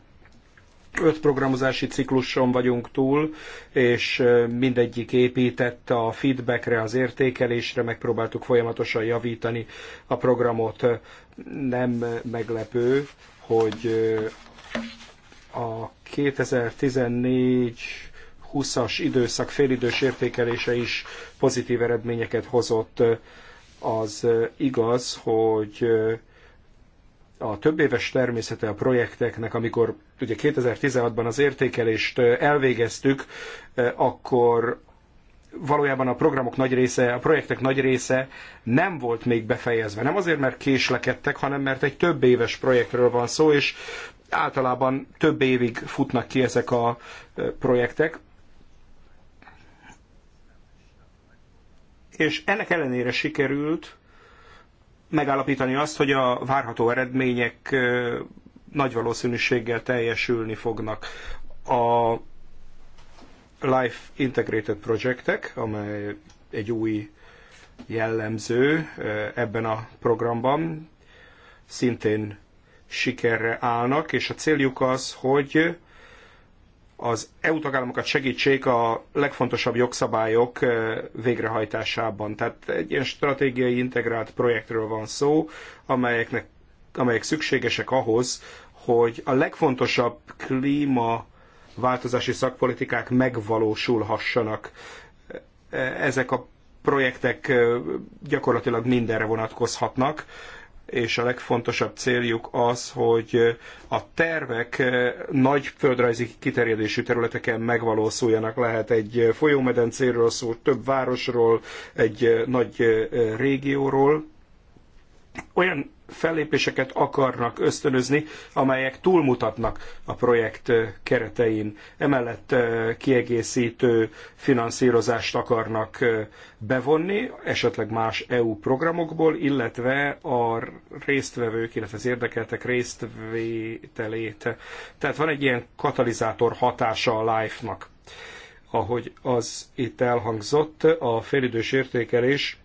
Öt programozási cikluson vagyunk túl, és mindegyik épített a feedbackre, az értékelésre, megpróbáltuk folyamatosan javítani a programot. Nem meglepő, hogy a 2014 20-as időszak félidős értékelése is pozitív eredményeket hozott az igaz, hogy a több éves természete a projekteknek, amikor ugye 2016-ban az értékelést elvégeztük, akkor valójában a programok nagy része, a projektek nagy része nem volt még befejezve. Nem azért, mert késlekedtek, hanem mert egy több éves projektről van szó, és általában több évig futnak ki ezek a projektek. és ennek ellenére sikerült megállapítani azt, hogy a várható eredmények nagy valószínűséggel teljesülni fognak. A Life Integrated Projectek, amely egy új jellemző ebben a programban, szintén sikerre állnak, és a céljuk az, hogy az EU tagállamokat segítsék a legfontosabb jogszabályok eh, végrehajtásában. Tehát egy ilyen stratégiai integrált projektről van szó, amelyeknek, amelyek szükségesek ahhoz, hogy a legfontosabb klíma változási szakpolitikák megvalósulhassanak. Eh, ezek a projektek eh, gyakorlatilag mindenre vonatkozhatnak, és a legfontosabb céljuk az, hogy a tervek nagy földrajzi kiterjedésű területeken megvalósuljanak. Lehet egy folyómedencéről szó, több városról, egy nagy régióról. Olyan fellépéseket akarnak ösztönözni, amelyek túlmutatnak a projekt keretein. Emellett kiegészítő finanszírozást akarnak bevonni, esetleg más EU programokból, illetve a résztvevők, illetve az érdekeltek résztvételét. Tehát van egy ilyen katalizátor hatása a LIFE-nak. Ahogy az itt elhangzott, a félidős értékelés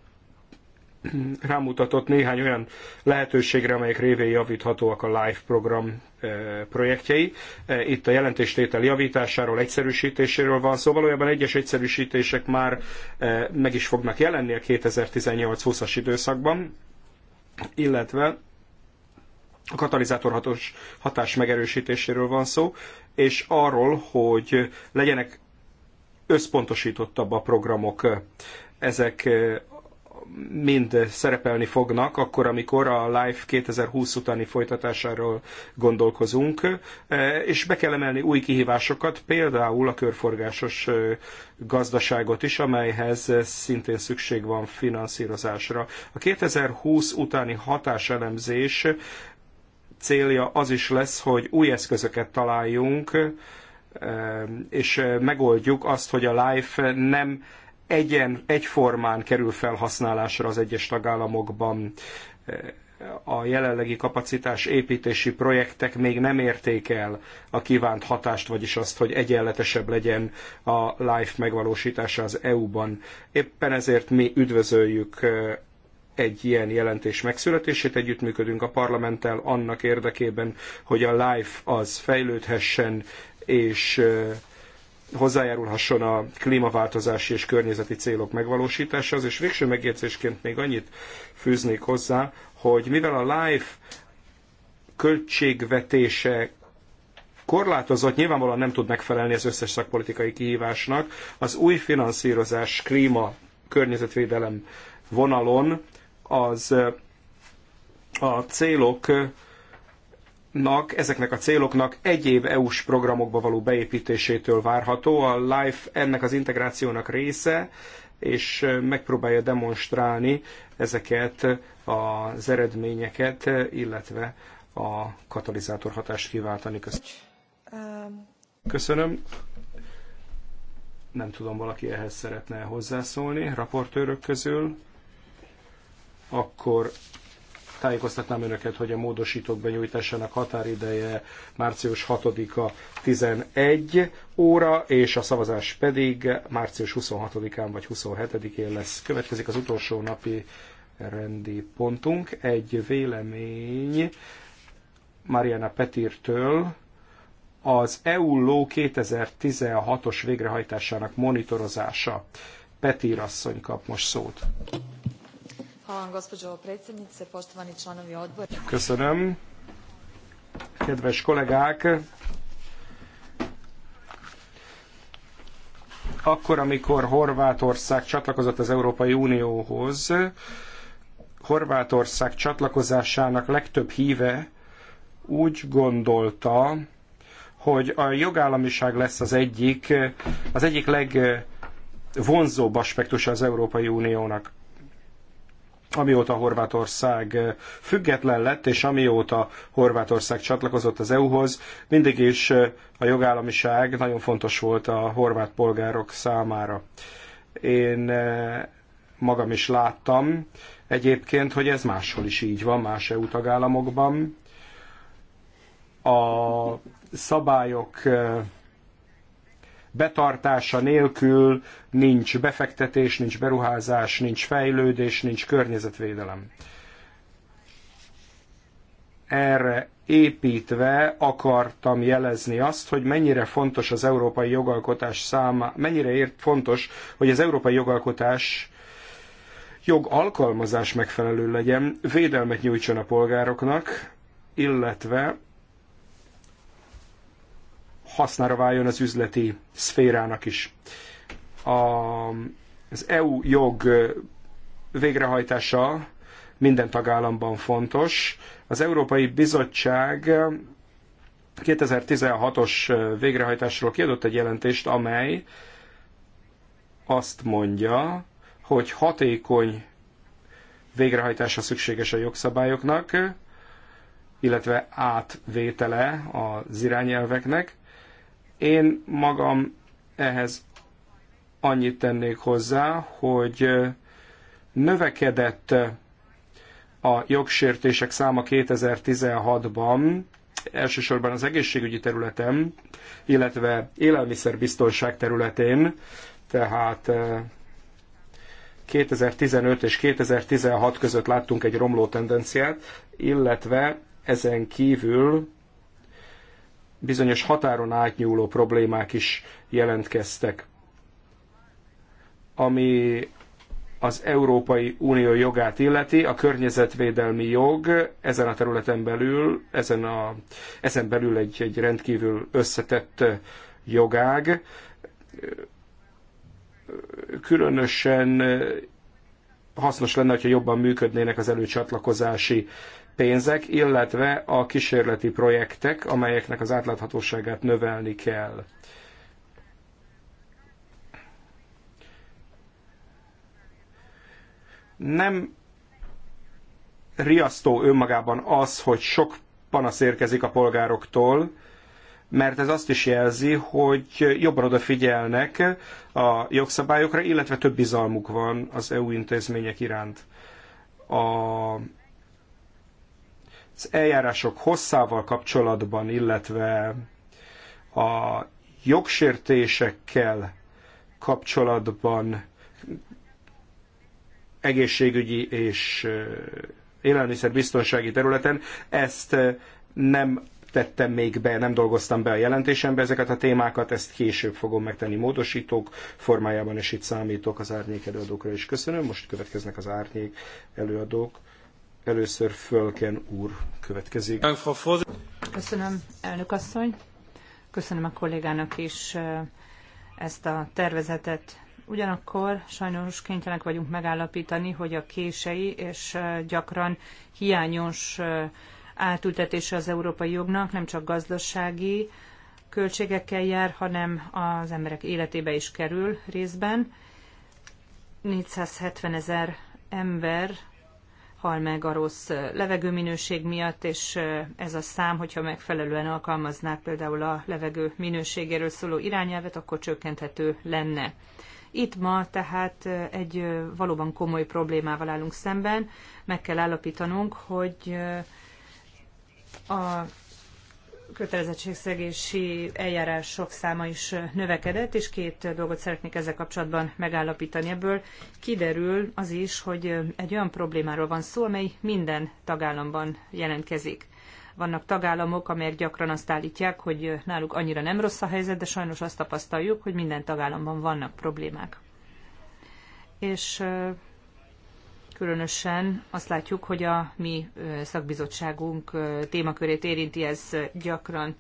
rámutatott néhány olyan lehetőségre, amelyek révén javíthatóak a Live program eh, projektjei. Eh, itt a jelentéstétel javításáról, egyszerűsítéséről van szó. Szóval valójában egyes egyszerűsítések már eh, meg is fognak jelenni a 2018-20-as időszakban, illetve a katalizátor hatás megerősítéséről van szó, és arról, hogy legyenek összpontosítottabb a programok. Ezek mind szerepelni fognak, akkor, amikor a Life 2020 utáni folytatásáról gondolkozunk, eh, és be kell emelni új kihívásokat, például a körforgásos eh, gazdaságot is, amelyhez szintén szükség van finanszírozásra. A 2020 utáni hatáselemzés célja az is lesz, hogy új eszközöket találjunk, eh, és megoldjuk azt, hogy a Life nem egyen, egyformán kerül felhasználásra az egyes tagállamokban a jelenlegi kapacitás építési projektek még nem érték el a kívánt hatást, vagyis azt, hogy egyenletesebb legyen a LIFE megvalósítása az EU-ban. Éppen ezért mi üdvözöljük egy ilyen jelentés megszületését, együttműködünk a parlamenttel annak érdekében, hogy a LIFE az fejlődhessen, és hozzájárulhasson a klímaváltozási és környezeti célok megvalósításához, és végső megjegyzésként még annyit fűznék hozzá, hogy mivel a LIFE költségvetése korlátozott, nyilvánvalóan nem tud megfelelni az összes szakpolitikai kihívásnak, az új finanszírozás klíma környezetvédelem vonalon az a célok Nak, ezeknek a céloknak egyéb EU-s programokba való beépítésétől várható. A LIFE ennek az integrációnak része, és megpróbálja demonstrálni ezeket az eredményeket, illetve a katalizátor hatást kiváltani. Köszönöm. Köszönöm. Nem tudom, valaki ehhez szeretne hozzászólni, raportőrök közül. Akkor Tájékoztatnám önöket, hogy a módosítók benyújtásának határideje március 6-a 11 óra, és a szavazás pedig március 26-án vagy 27-én lesz. Következik az utolsó napi rendi pontunk. Egy vélemény Mariana Petirtől, az EU-ló 2016-os végrehajtásának monitorozása. Petír asszony kap most szót. Hvala vam, gospođo poštovani članovi odbora. Köszönöm. Kedves kollégák, akkor, amikor Horvátország csatlakozott az Európai Unióhoz, Horvátország csatlakozásának legtöbb híve úgy gondolta, hogy a jogállamiság lesz az egyik, az egyik legvonzóbb aspektusa az Európai Uniónak amióta Horvátország eh, független lett, és amióta Horvátország csatlakozott az EU-hoz, mindig is eh, a jogállamiság nagyon fontos volt a horvát polgárok számára. Én eh, magam is láttam egyébként, hogy ez máshol is így van, más EU tagállamokban. A szabályok betartása nélkül nincs befektetés, nincs beruházás, nincs fejlődés, nincs környezetvédelem. Erre építve akartam jelezni azt, hogy mennyire fontos az európai jogalkotás száma, mennyire ért fontos, hogy az európai jogalkotás jogalkalmazás megfelelő legyen, védelmet nyújtson a polgároknak, illetve hasznára váljon az üzleti szférának is. A, az EU jog végrehajtása minden tagállamban fontos. Az Európai Bizottság 2016-os végrehajtásról kiadott egy jelentést, amely azt mondja, hogy hatékony végrehajtása szükséges a jogszabályoknak, illetve átvétele az irányelveknek. Én magam ehhez annyit tennék hozzá, hogy növekedett a jogsértések száma 2016-ban, elsősorban az egészségügyi területen, illetve élelmiszerbiztonság területén, tehát 2015 és 2016 között láttunk egy romló tendenciát, illetve ezen kívül bizonyos határon átnyúló problémák is jelentkeztek, ami az Európai Unió jogát illeti, a környezetvédelmi jog ezen a területen belül, ezen, a, ezen belül egy, egy rendkívül összetett jogág, különösen hasznos lenne, hogyha jobban működnének az előcsatlakozási pénzek, illetve a kísérleti projektek, amelyeknek az átláthatóságát növelni kell. Nem riasztó önmagában az, hogy sok panasz érkezik a polgároktól, mert ez azt is jelzi, hogy jobban odafigyelnek a jogszabályokra, illetve több bizalmuk van az EU intézmények iránt. A az eljárások hosszával kapcsolatban, illetve a jogsértésekkel kapcsolatban egészségügyi és élelmiszerbiztonsági területen. Ezt nem tettem még be, nem dolgoztam be a jelentésembe ezeket a témákat, ezt később fogom megtenni módosítók formájában, és itt számítok az árnyék előadókra is. Köszönöm, most következnek az árnyék előadók. Először Fölken úr következik. Köszönöm, elnök asszony. Köszönöm a kollégának is ezt a tervezetet. Ugyanakkor sajnos kénytelenek vagyunk megállapítani, hogy a kései és gyakran hiányos átültetése az európai jognak nem csak gazdasági költségekkel jár, hanem az emberek életébe is kerül részben. 470 ezer ember hal meg a rossz levegőminőség miatt, és ez a szám, hogyha megfelelően alkalmaznák például a levegő minőségéről szóló irányelvet, akkor csökkenthető lenne. Itt ma tehát egy valóban komoly problémával állunk szemben. Meg kell állapítanunk, hogy a kötelezettségszegési eljárások száma is növekedett, és két dolgot szeretnék ezzel kapcsolatban megállapítani. Ebből kiderül az is, hogy egy olyan problémáról van szó, amely minden tagállamban jelentkezik. Vannak tagállamok, amelyek gyakran azt állítják, hogy náluk annyira nem rossz a helyzet, de sajnos azt tapasztaljuk, hogy minden tagállamban vannak problémák. És Különösen azt látjuk, hogy a mi szakbizottságunk témakörét érinti ez gyakran.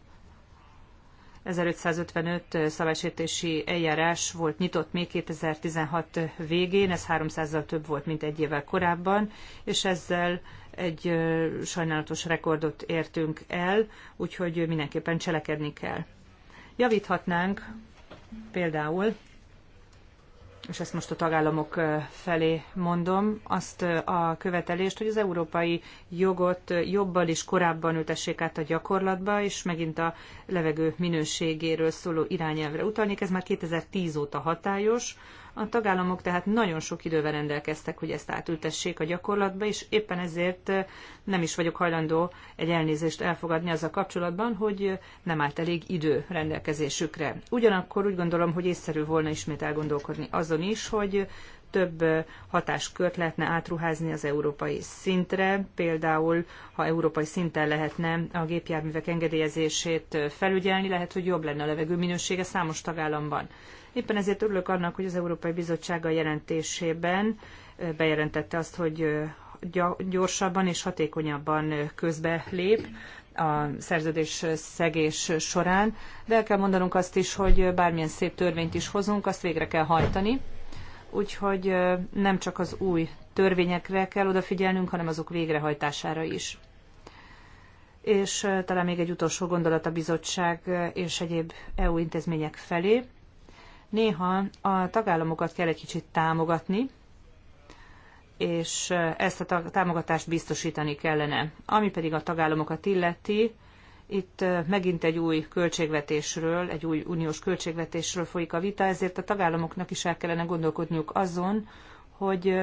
1555 szabálysértési eljárás volt nyitott még 2016 végén, ez 300-zal több volt, mint egy évvel korábban, és ezzel egy sajnálatos rekordot értünk el, úgyhogy mindenképpen cselekedni kell. Javíthatnánk például és ezt most a tagállamok felé mondom, azt a követelést, hogy az európai jogot jobban és korábban ültessék át a gyakorlatba, és megint a levegő minőségéről szóló irányelvre utalnék. Ez már 2010 óta hatályos, a tagállamok tehát nagyon sok idővel rendelkeztek, hogy ezt átültessék a gyakorlatba, és éppen ezért nem is vagyok hajlandó egy elnézést elfogadni az a kapcsolatban, hogy nem állt elég idő rendelkezésükre. Ugyanakkor úgy gondolom, hogy észszerű volna ismét elgondolkodni azon is, hogy több hatáskört lehetne átruházni az európai szintre, például ha európai szinten lehetne a gépjárművek engedélyezését felügyelni, lehet, hogy jobb lenne a levegő minősége számos tagállamban. Éppen ezért örülök annak, hogy az Európai Bizottság a jelentésében bejelentette azt, hogy gyorsabban és hatékonyabban közbe lép a szerződés szegés során, de el kell mondanunk azt is, hogy bármilyen szép törvényt is hozunk, azt végre kell hajtani. Úgyhogy nem csak az új törvényekre kell odafigyelnünk, hanem azok végrehajtására is. És talán még egy utolsó gondolat a bizottság és egyéb EU intézmények felé. Néha a tagállamokat kell egy kicsit támogatni, és ezt a támogatást biztosítani kellene. Ami pedig a tagállamokat illeti, itt megint egy új költségvetésről, egy új uniós költségvetésről folyik a vita, ezért a tagállamoknak is el kellene gondolkodniuk azon, hogy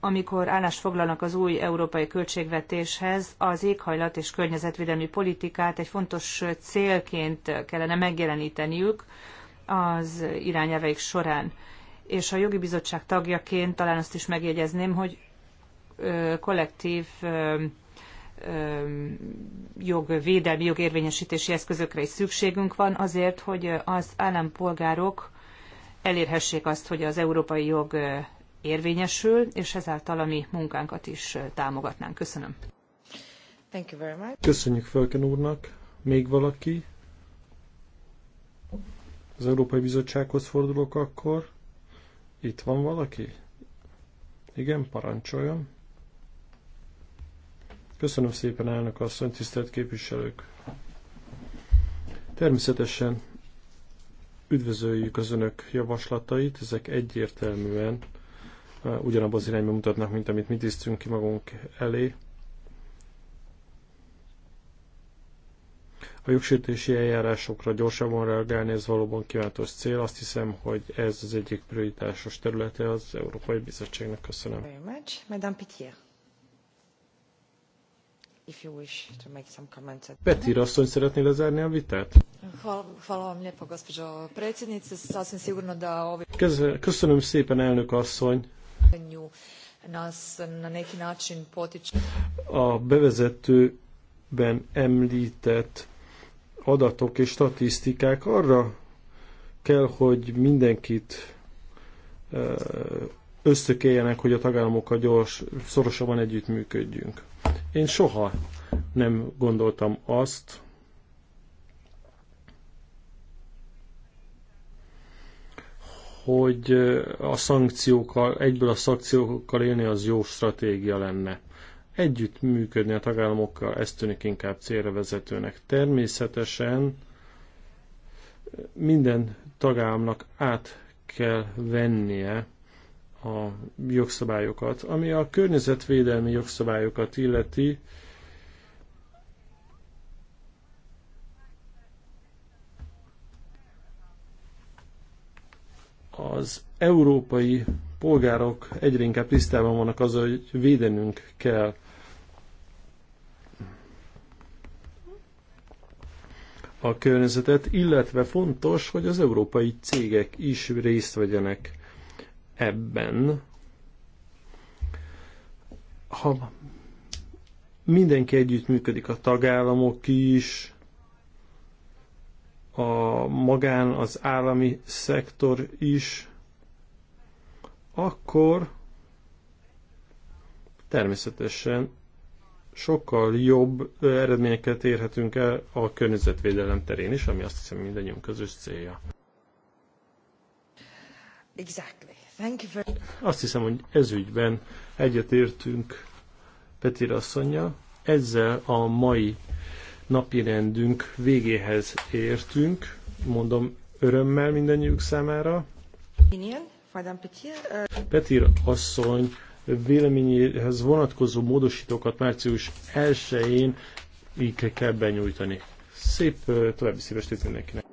amikor állást foglalnak az új európai költségvetéshez, az éghajlat és környezetvédelmi politikát egy fontos célként kellene megjeleníteniük az irányelveik során. És a jogi bizottság tagjaként talán azt is megjegyezném, hogy ö, kollektív ö, jogvédelmi, jogérvényesítési eszközökre is szükségünk van azért, hogy az állampolgárok elérhessék azt, hogy az európai jog érvényesül, és ezáltal a mi munkánkat is támogatnánk. Köszönöm. Thank you very much. Köszönjük Fölken úrnak. Még valaki? Az Európai Bizottsághoz fordulok akkor. Itt van valaki? Igen, parancsoljon. Köszönöm szépen, elnök asszony, tisztelt képviselők. Természetesen üdvözöljük az önök javaslatait, ezek egyértelműen uh, ugyanabban az irányba mutatnak, mint amit mi tisztünk ki magunk elé. a jogsértési eljárásokra gyorsabban reagálni, ez valóban kívánatos cél. Azt hiszem, hogy ez az egyik prioritásos területe az Európai Bizottságnak. Köszönöm. Very much. Madame If you wish to make some comments. Petir asszony szeretné lezárni a vitát? Köszönöm szépen, elnök asszony. A bevezetőben említett adatok és statisztikák arra kell, hogy mindenkit összökéljenek, hogy a tagállamokkal gyors, szorosabban együttműködjünk. Én soha nem gondoltam azt, hogy a szankciókkal, egyből a szankciókkal élni az jó stratégia lenne. Együtt működni a tagállamokkal, ez tűnik inkább célra vezetőnek. Természetesen minden tagállamnak át kell vennie a jogszabályokat. Ami a környezetvédelmi jogszabályokat illeti, az európai polgárok egyre inkább tisztában vannak az, hogy védenünk kell a környezetet, illetve fontos, hogy az európai cégek is részt vegyenek ebben. Ha mindenki együttműködik, a tagállamok is, a magán, az állami szektor is, akkor természetesen sokkal jobb eredményeket érhetünk el a környezetvédelem terén is, ami azt hiszem mindannyiunk közös célja. Exactly. Thank you very... Azt hiszem, hogy ezügyben egyetértünk Petir asszonya. Ezzel a mai napi rendünk végéhez értünk, mondom örömmel mindannyiuk számára. Uh, Petir asszony véleményéhez vonatkozó módosítókat március 1-én így kell benyújtani. Szép további szíves mindenkinek!